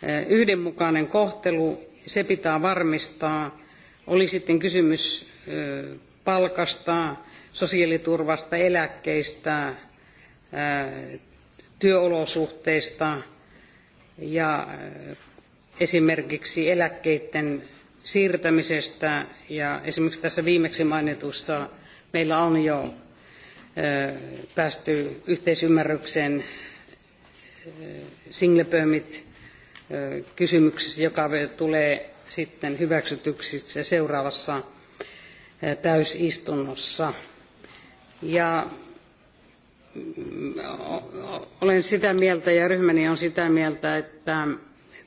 e, yhdenmukainen kohtelu, se pitää varmistaa. Oli sitten kysymys palkasta, sosiaaliturvasta, eläkkeistä, työolosuhteista ja esimerkiksi eläkkeiden siirtämisestä ja esimerkiksi tässä viimeksi mainitussa meillä on jo päästy yhteisymmärrykseen single permit kysymyksessä, joka tulee sitten hyväksytyksi seuraavassa täysistunnossa. Ja mm, olen sitä mieltä ja ryhmäni on sitä mieltä, että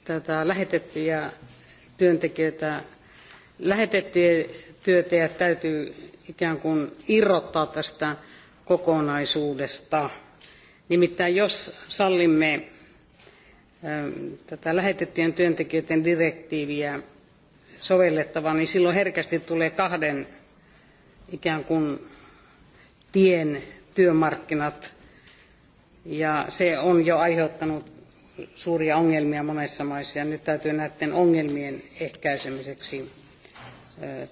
tätä lähetettyjä työntekijöitä, lähetettyjä työtä täytyy ikään kuin irrottaa tästä kokonaisuudesta. Nimittäin jos sallimme tätä lähetettyjen työntekijöiden direktiiviä sovellettavan, niin silloin herkästi tulee kahden ikään kuin tien työmarkkinat ja se on jo aiheuttanut suuria ongelmia monessa maissa ja nyt täytyy näiden ongelmien ehkäisemiseksi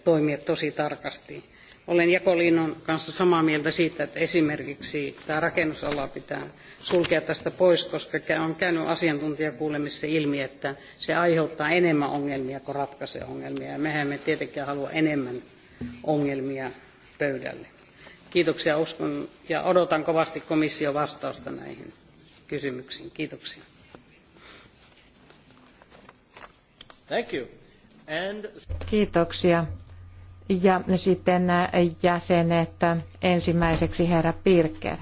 toimia tosi tarkasti. Olen Jakoliinon kanssa samaa mieltä siitä, että esimerkiksi tämä rakennusala pitää sulkea tästä pois, koska on käynyt asiantuntijakuulemisissa ilmi, että se aiheuttaa enemmän ongelmia kuin ratkaisee ongelmia. Ja mehän me tietenkään halua enemmän ongelmia pöydälle. Kiitoksia uskon ja odotan kovasti komission vastausta näihin kysymyksiin. Kiitoksia. Kiitoksia. Ja sitten äh, jäsenet ensimmäiseksi herra Pirker.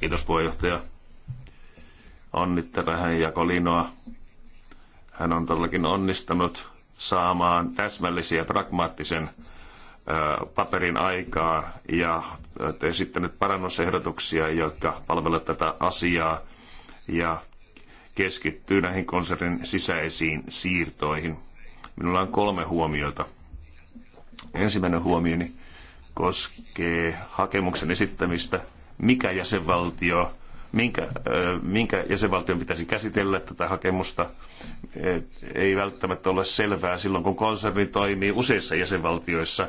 Kiitos puheenjohtaja. Onnittelen Jakolinoa hän on todellakin onnistunut saamaan täsmällisiä pragmaattisen paperin aikaa ja esittänyt parannusehdotuksia, jotka palvelevat tätä asiaa ja keskittyy näihin konsernin sisäisiin siirtoihin. Minulla on kolme huomiota. Ensimmäinen huomioni koskee hakemuksen esittämistä. Mikä jäsenvaltio minkä, minkä jäsenvaltion pitäisi käsitellä tätä hakemusta, e, ei välttämättä ole selvää silloin, kun konserni toimii useissa jäsenvaltioissa,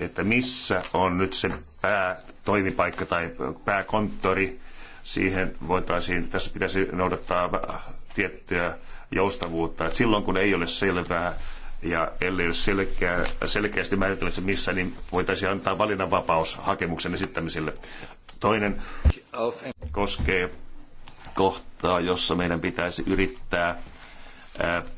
että missä on nyt se päätoimipaikka tai pääkonttori. Siihen voitaisiin, tässä pitäisi noudattaa tiettyä joustavuutta. Että silloin, kun ei ole selvää, ja ellei ole selkeä, selkeästi määritelty missä, niin voitaisiin antaa valinnanvapaus hakemuksen esittämiselle. Toinen koskee kohtaa, jossa meidän pitäisi yrittää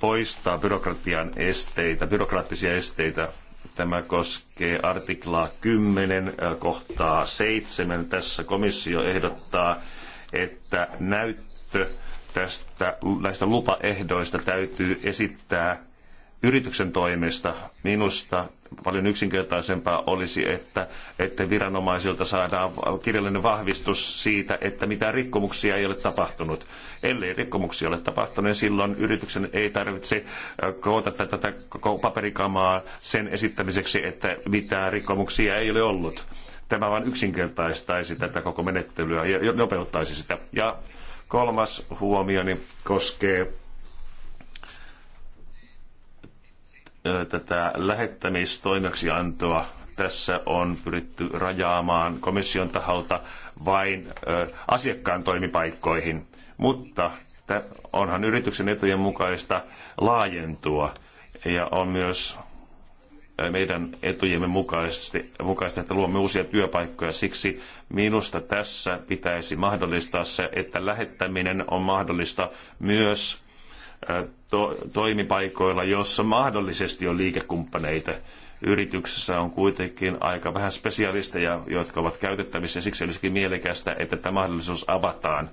poistaa byrokratian esteitä, byrokraattisia esteitä. Tämä koskee artiklaa 10 kohtaa 7. Tässä komissio ehdottaa, että näyttö tästä, näistä lupaehdoista täytyy esittää yrityksen toimesta. Minusta paljon yksinkertaisempaa olisi, että, että viranomaisilta saadaan kirjallinen vahvistus siitä, että mitään rikkomuksia ei ole tapahtunut. Ellei rikkomuksia ole tapahtunut, niin silloin yrityksen ei tarvitse äh, koota tätä paperikamaa sen esittämiseksi, että mitään rikkomuksia ei ole ollut. Tämä vain yksinkertaistaisi tätä koko menettelyä ja nopeuttaisi sitä. Ja kolmas huomioni koskee tätä lähettämistoimeksiantoa tässä on pyritty rajaamaan komission taholta vain asiakkaan toimipaikkoihin, mutta onhan yrityksen etujen mukaista laajentua ja on myös meidän etujemme mukaisesti, mukaista, että luomme uusia työpaikkoja. Siksi minusta tässä pitäisi mahdollistaa se, että lähettäminen on mahdollista myös to, toimipaikoilla, jossa mahdollisesti on liikekumppaneita. Yrityksessä on kuitenkin aika vähän spesialisteja, jotka ovat käytettävissä. Siksi olisikin mielekästä, että tämä mahdollisuus avataan,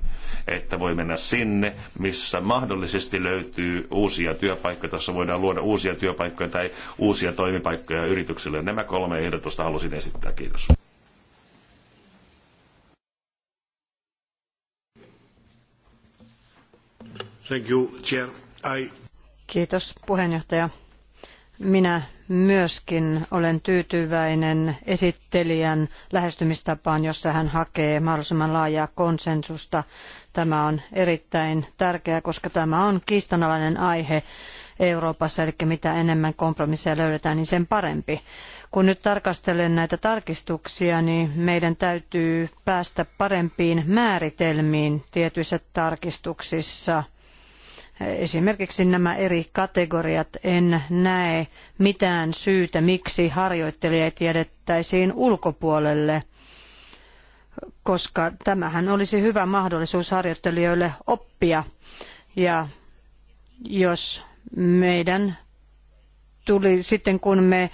että voi mennä sinne, missä mahdollisesti löytyy uusia työpaikkoja. Tässä voidaan luoda uusia työpaikkoja tai uusia toimipaikkoja yrityksille. Nämä kolme ehdotusta halusin esittää. Kiitos. Thank you, Chair. Kiitos puheenjohtaja. Minä myöskin olen tyytyväinen esittelijän lähestymistapaan, jossa hän hakee mahdollisimman laajaa konsensusta. Tämä on erittäin tärkeää, koska tämä on kiistanalainen aihe Euroopassa, eli mitä enemmän kompromisseja löydetään, niin sen parempi. Kun nyt tarkastelen näitä tarkistuksia, niin meidän täytyy päästä parempiin määritelmiin tietyissä tarkistuksissa – Esimerkiksi nämä eri kategoriat en näe mitään syytä, miksi harjoittelijat jätettäisiin ulkopuolelle – koska tämähän olisi hyvä mahdollisuus harjoittelijoille oppia. Ja jos meidän tuli sitten, kun me eh,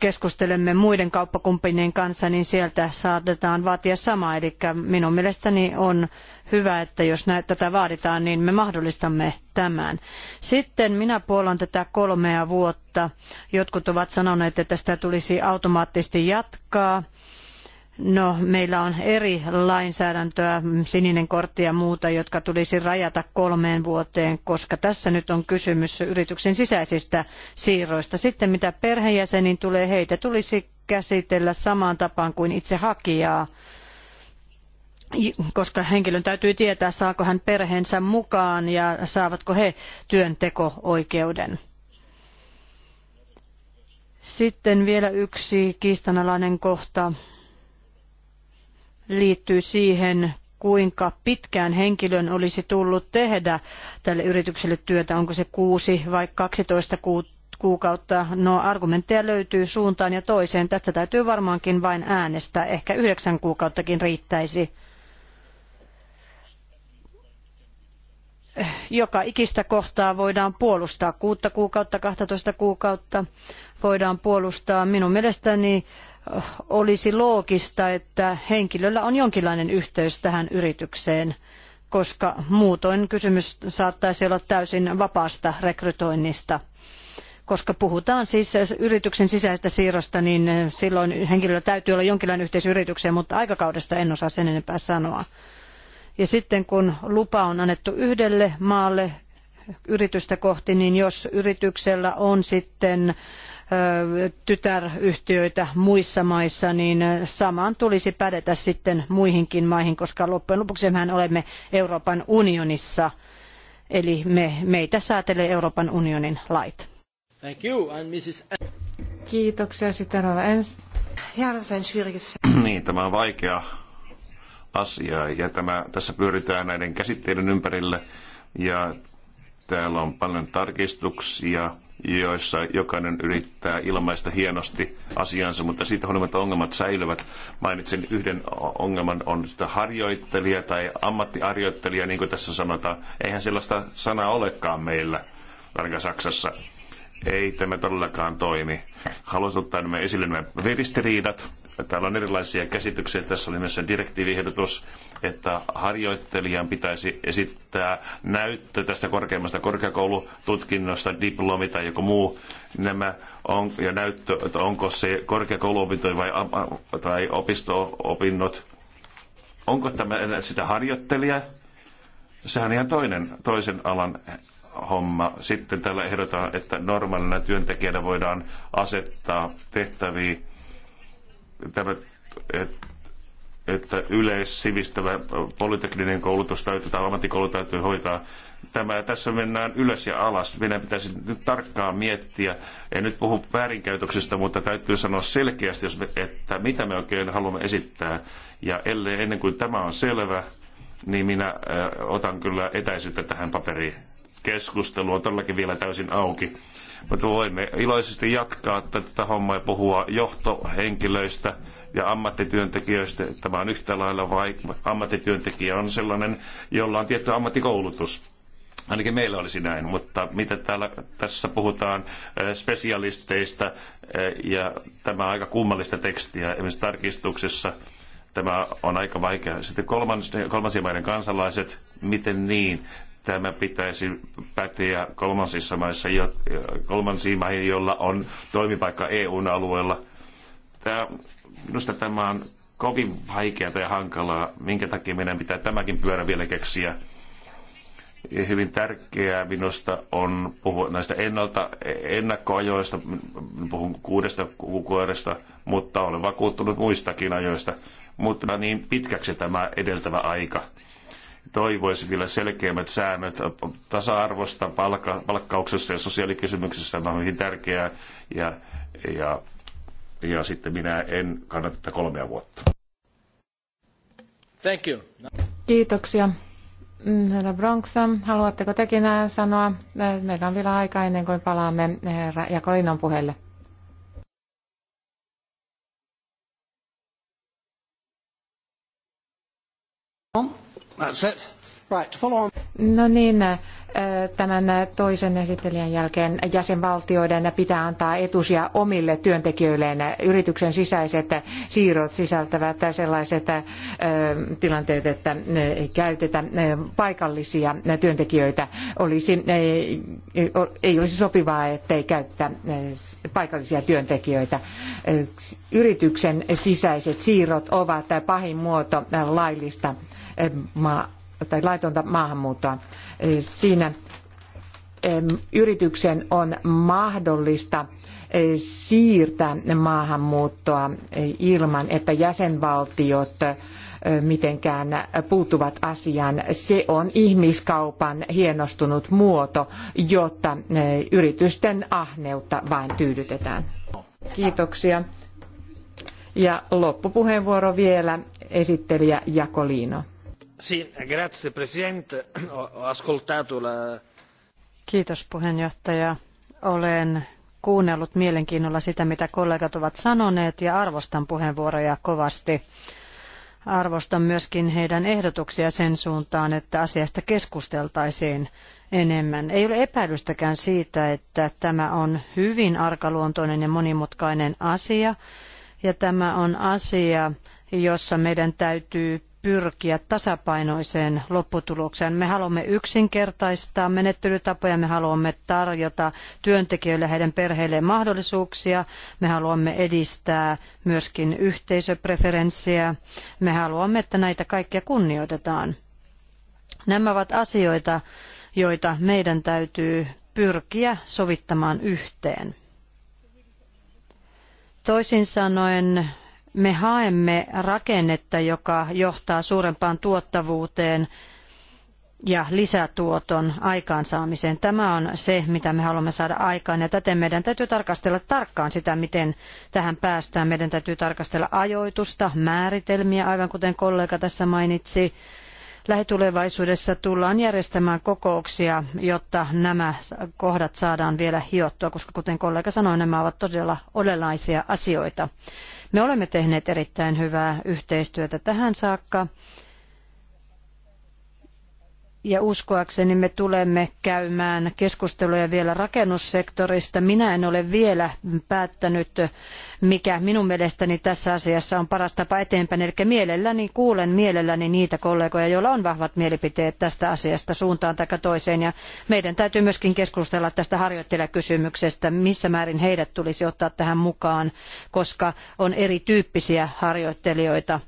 keskustelemme muiden kauppakumppanien kanssa, niin sieltä saatetaan vaatia samaa, Eli minun mielestäni on hyvä, että jos näitä tätä vaaditaan, niin me mahdollistamme tämän. Sitten minä puolan tätä kolmea vuotta. Jotkut ovat sanoneet, että sitä tulisi automaattisesti jatkaa. No, meillä on eri lainsäädäntöä, sininen kortti ja muuta, jotka tulisi rajata kolmeen vuoteen, koska tässä nyt on kysymys yrityksen sisäisistä siirroista. Sitten mitä perheenjäseniin tulee, heitä tulisi käsitellä samaan tapaan kuin itse hakijaa, koska henkilön täytyy tietää, saako hän perheensä mukaan ja saavatko he työnteko-oikeuden. Sitten vielä yksi kiistanalainen kohta liittyy siihen, kuinka pitkään henkilön olisi tullut tehdä tälle yritykselle työtä, onko se kuusi vai 12 kuukautta. No argumentteja löytyy suuntaan ja toiseen. Tästä täytyy varmaankin vain äänestää. Ehkä yhdeksän kuukauttakin riittäisi. joka ikistä kohtaa voidaan puolustaa. Kuutta kuukautta, 12 kuukautta voidaan puolustaa. Minun mielestäni olisi loogista, että henkilöllä on jonkinlainen yhteys tähän yritykseen, koska muutoin kysymys saattaisi olla täysin vapaasta rekrytoinnista. Koska puhutaan siis yrityksen sisäistä siirrosta, niin silloin henkilöllä täytyy olla jonkinlainen yhteys yritykseen, mutta aikakaudesta en osaa sen enempää sanoa. Ja sitten kun lupa on annettu yhdelle maalle yritystä kohti, niin jos yrityksellä on sitten tytäryhtiöitä muissa maissa, niin samaan tulisi pädetä sitten muihinkin maihin, koska loppujen lopuksi mehän olemme Euroopan unionissa, eli me, meitä säätelee Euroopan unionin lait. Thank you, and Mrs. Kiitoksia, sitten Rova Ernst. niin, tämä on vaikea asia, ja tämä, tässä pyöritään näiden käsitteiden ympärille, ja täällä on paljon tarkistuksia, joissa jokainen yrittää ilmaista hienosti asiansa, mutta siitä huolimatta ongelmat säilyvät. Mainitsen yhden ongelman, on sitä harjoittelija tai ammattiharjoittelija, niin kuin tässä sanotaan. Eihän sellaista sanaa olekaan meillä, ainakaan Saksassa. Ei tämä todellakaan toimi. Haluaisin ottaa nämä esille nämä veristiriidat. Täällä on erilaisia käsityksiä. Tässä oli myös direktiiviehdotus että harjoittelijan pitäisi esittää näyttö tästä korkeimmasta korkeakoulututkinnosta, diplomi tai joku muu nämä on, ja näyttö, että onko se korkeakouluopinto vai, tai opisto-opinnot. Onko tämä sitä harjoittelija? Sehän on ihan toinen, toisen alan homma. Sitten täällä ehdotetaan, että normaalina työntekijänä voidaan asettaa tehtäviä tämä, että että yleissivistävä polytekninen koulutus täytyy tai ammattikoulu täytyy hoitaa. Tämä, tässä mennään ylös ja alas. Meidän pitäisi nyt tarkkaan miettiä. En nyt puhu väärinkäytöksestä, mutta täytyy sanoa selkeästi, että mitä me oikein haluamme esittää. Ja ellei, ennen kuin tämä on selvä, niin minä äh, otan kyllä etäisyyttä tähän paperiin. Keskustelu on todellakin vielä täysin auki. Mutta voimme iloisesti jatkaa tätä hommaa ja puhua johtohenkilöistä, ja ammattityöntekijöistä. Tämä on yhtä lailla vai ammattityöntekijä on sellainen, jolla on tietty ammattikoulutus. Ainakin meillä olisi näin, mutta mitä täällä, tässä puhutaan äh, spesialisteista äh, ja tämä aika kummallista tekstiä esimerkiksi tarkistuksessa. Tämä on aika vaikea. Sitten kolmans, kolmansien maiden kansalaiset, miten niin? Tämä pitäisi päteä kolmansissa maissa, kolmansiin maihin, joilla on toimipaikka EUn alueella. Tämä Minusta tämä on kovin vaikeaa ja hankalaa, minkä takia meidän pitää tämäkin pyörä vielä keksiä. Ja hyvin tärkeää minusta on puhua näistä ennalta, ennakkoajoista, puhun kuudesta kuukaudesta, mutta olen vakuuttunut muistakin ajoista, mutta niin pitkäksi tämä edeltävä aika. Toivoisin vielä selkeämmät säännöt tasa-arvosta palkka, palkkauksessa ja sosiaalikysymyksessä, tämä on hyvin tärkeää, ja, ja ja sitten minä en kannata tätä kolmea vuotta. Thank you. No. Kiitoksia. Herra Bronx, haluatteko tekin äh, sanoa? Äh, meillä on vielä aika ennen kuin palaamme äh, herra Jakolinon puheelle. No niin, tämän toisen esittelijän jälkeen jäsenvaltioiden pitää antaa etusia omille työntekijöilleen. Yrityksen sisäiset siirrot sisältävät sellaiset tilanteet, että ei käytetä paikallisia työntekijöitä. Olisi, ei olisi sopivaa, ettei käytetä paikallisia työntekijöitä. Yrityksen sisäiset siirrot ovat pahin muoto laillista tai laitonta maahanmuuttoa. Siinä yrityksen on mahdollista siirtää maahanmuuttoa ilman, että jäsenvaltiot mitenkään puuttuvat asiaan. Se on ihmiskaupan hienostunut muoto, jotta yritysten ahneutta vain tyydytetään. Kiitoksia. Ja loppupuheenvuoro vielä esittelijä Jakoliino. Kiitos puheenjohtaja. Olen kuunnellut mielenkiinnolla sitä, mitä kollegat ovat sanoneet ja arvostan puheenvuoroja kovasti. Arvostan myöskin heidän ehdotuksia sen suuntaan, että asiasta keskusteltaisiin enemmän. Ei ole epäilystäkään siitä, että tämä on hyvin arkaluontoinen ja monimutkainen asia. Ja tämä on asia, jossa meidän täytyy pyrkiä tasapainoiseen lopputulokseen. Me haluamme yksinkertaistaa menettelytapoja, me haluamme tarjota työntekijöille heidän perheilleen mahdollisuuksia, me haluamme edistää myöskin yhteisöpreferenssiä, me haluamme, että näitä kaikkia kunnioitetaan. Nämä ovat asioita, joita meidän täytyy pyrkiä sovittamaan yhteen. Toisin sanoen me haemme rakennetta, joka johtaa suurempaan tuottavuuteen ja lisätuoton aikaansaamiseen. Tämä on se, mitä me haluamme saada aikaan ja täten meidän täytyy tarkastella tarkkaan sitä, miten tähän päästään. Meidän täytyy tarkastella ajoitusta, määritelmiä, aivan kuten kollega tässä mainitsi lähitulevaisuudessa tullaan järjestämään kokouksia, jotta nämä kohdat saadaan vielä hiottua, koska kuten kollega sanoi, nämä ovat todella olennaisia asioita. Me olemme tehneet erittäin hyvää yhteistyötä tähän saakka ja uskoakseni me tulemme käymään keskusteluja vielä rakennussektorista. Minä en ole vielä päättänyt, mikä minun mielestäni tässä asiassa on paras tapa eteenpäin. Eli mielelläni kuulen mielelläni niitä kollegoja, joilla on vahvat mielipiteet tästä asiasta suuntaan tai toiseen. Ja meidän täytyy myöskin keskustella tästä harjoittelijakysymyksestä, missä määrin heidät tulisi ottaa tähän mukaan, koska on erityyppisiä harjoittelijoita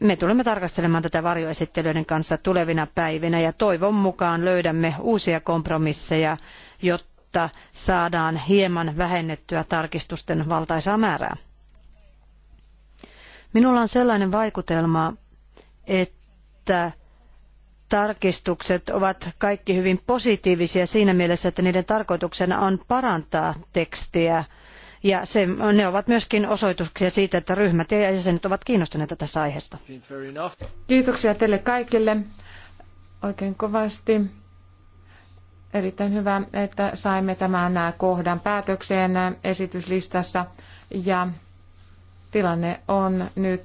me tulemme tarkastelemaan tätä varjoesittelyiden kanssa tulevina päivinä ja toivon mukaan löydämme uusia kompromisseja, jotta saadaan hieman vähennettyä tarkistusten valtaisaa määrää. Minulla on sellainen vaikutelma, että tarkistukset ovat kaikki hyvin positiivisia siinä mielessä, että niiden tarkoituksena on parantaa tekstiä – ja ne ovat myöskin osoituksia siitä, että ryhmät ja jäsenet ovat kiinnostuneita tästä aiheesta. Kiitoksia teille kaikille oikein kovasti. Erittäin hyvä, että saimme tämän kohdan päätökseen esityslistassa ja tilanne on nyt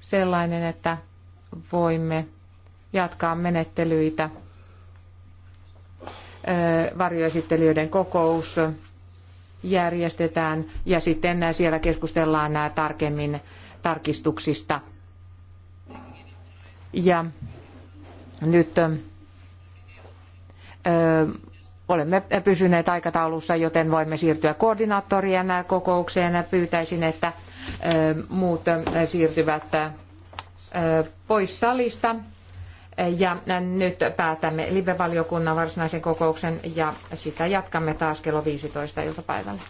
sellainen, että voimme jatkaa menettelyitä. Varjoesittelijöiden kokous järjestetään ja sitten siellä keskustellaan tarkemmin tarkistuksista. Ja nyt olemme pysyneet aikataulussa, joten voimme siirtyä koordinaattorien kokoukseen. Pyytäisin, että muut siirtyvät pois salista. Ja nyt päätämme live-valiokunnan varsinaisen kokouksen ja sitä jatkamme taas kello 15 iltapäivällä.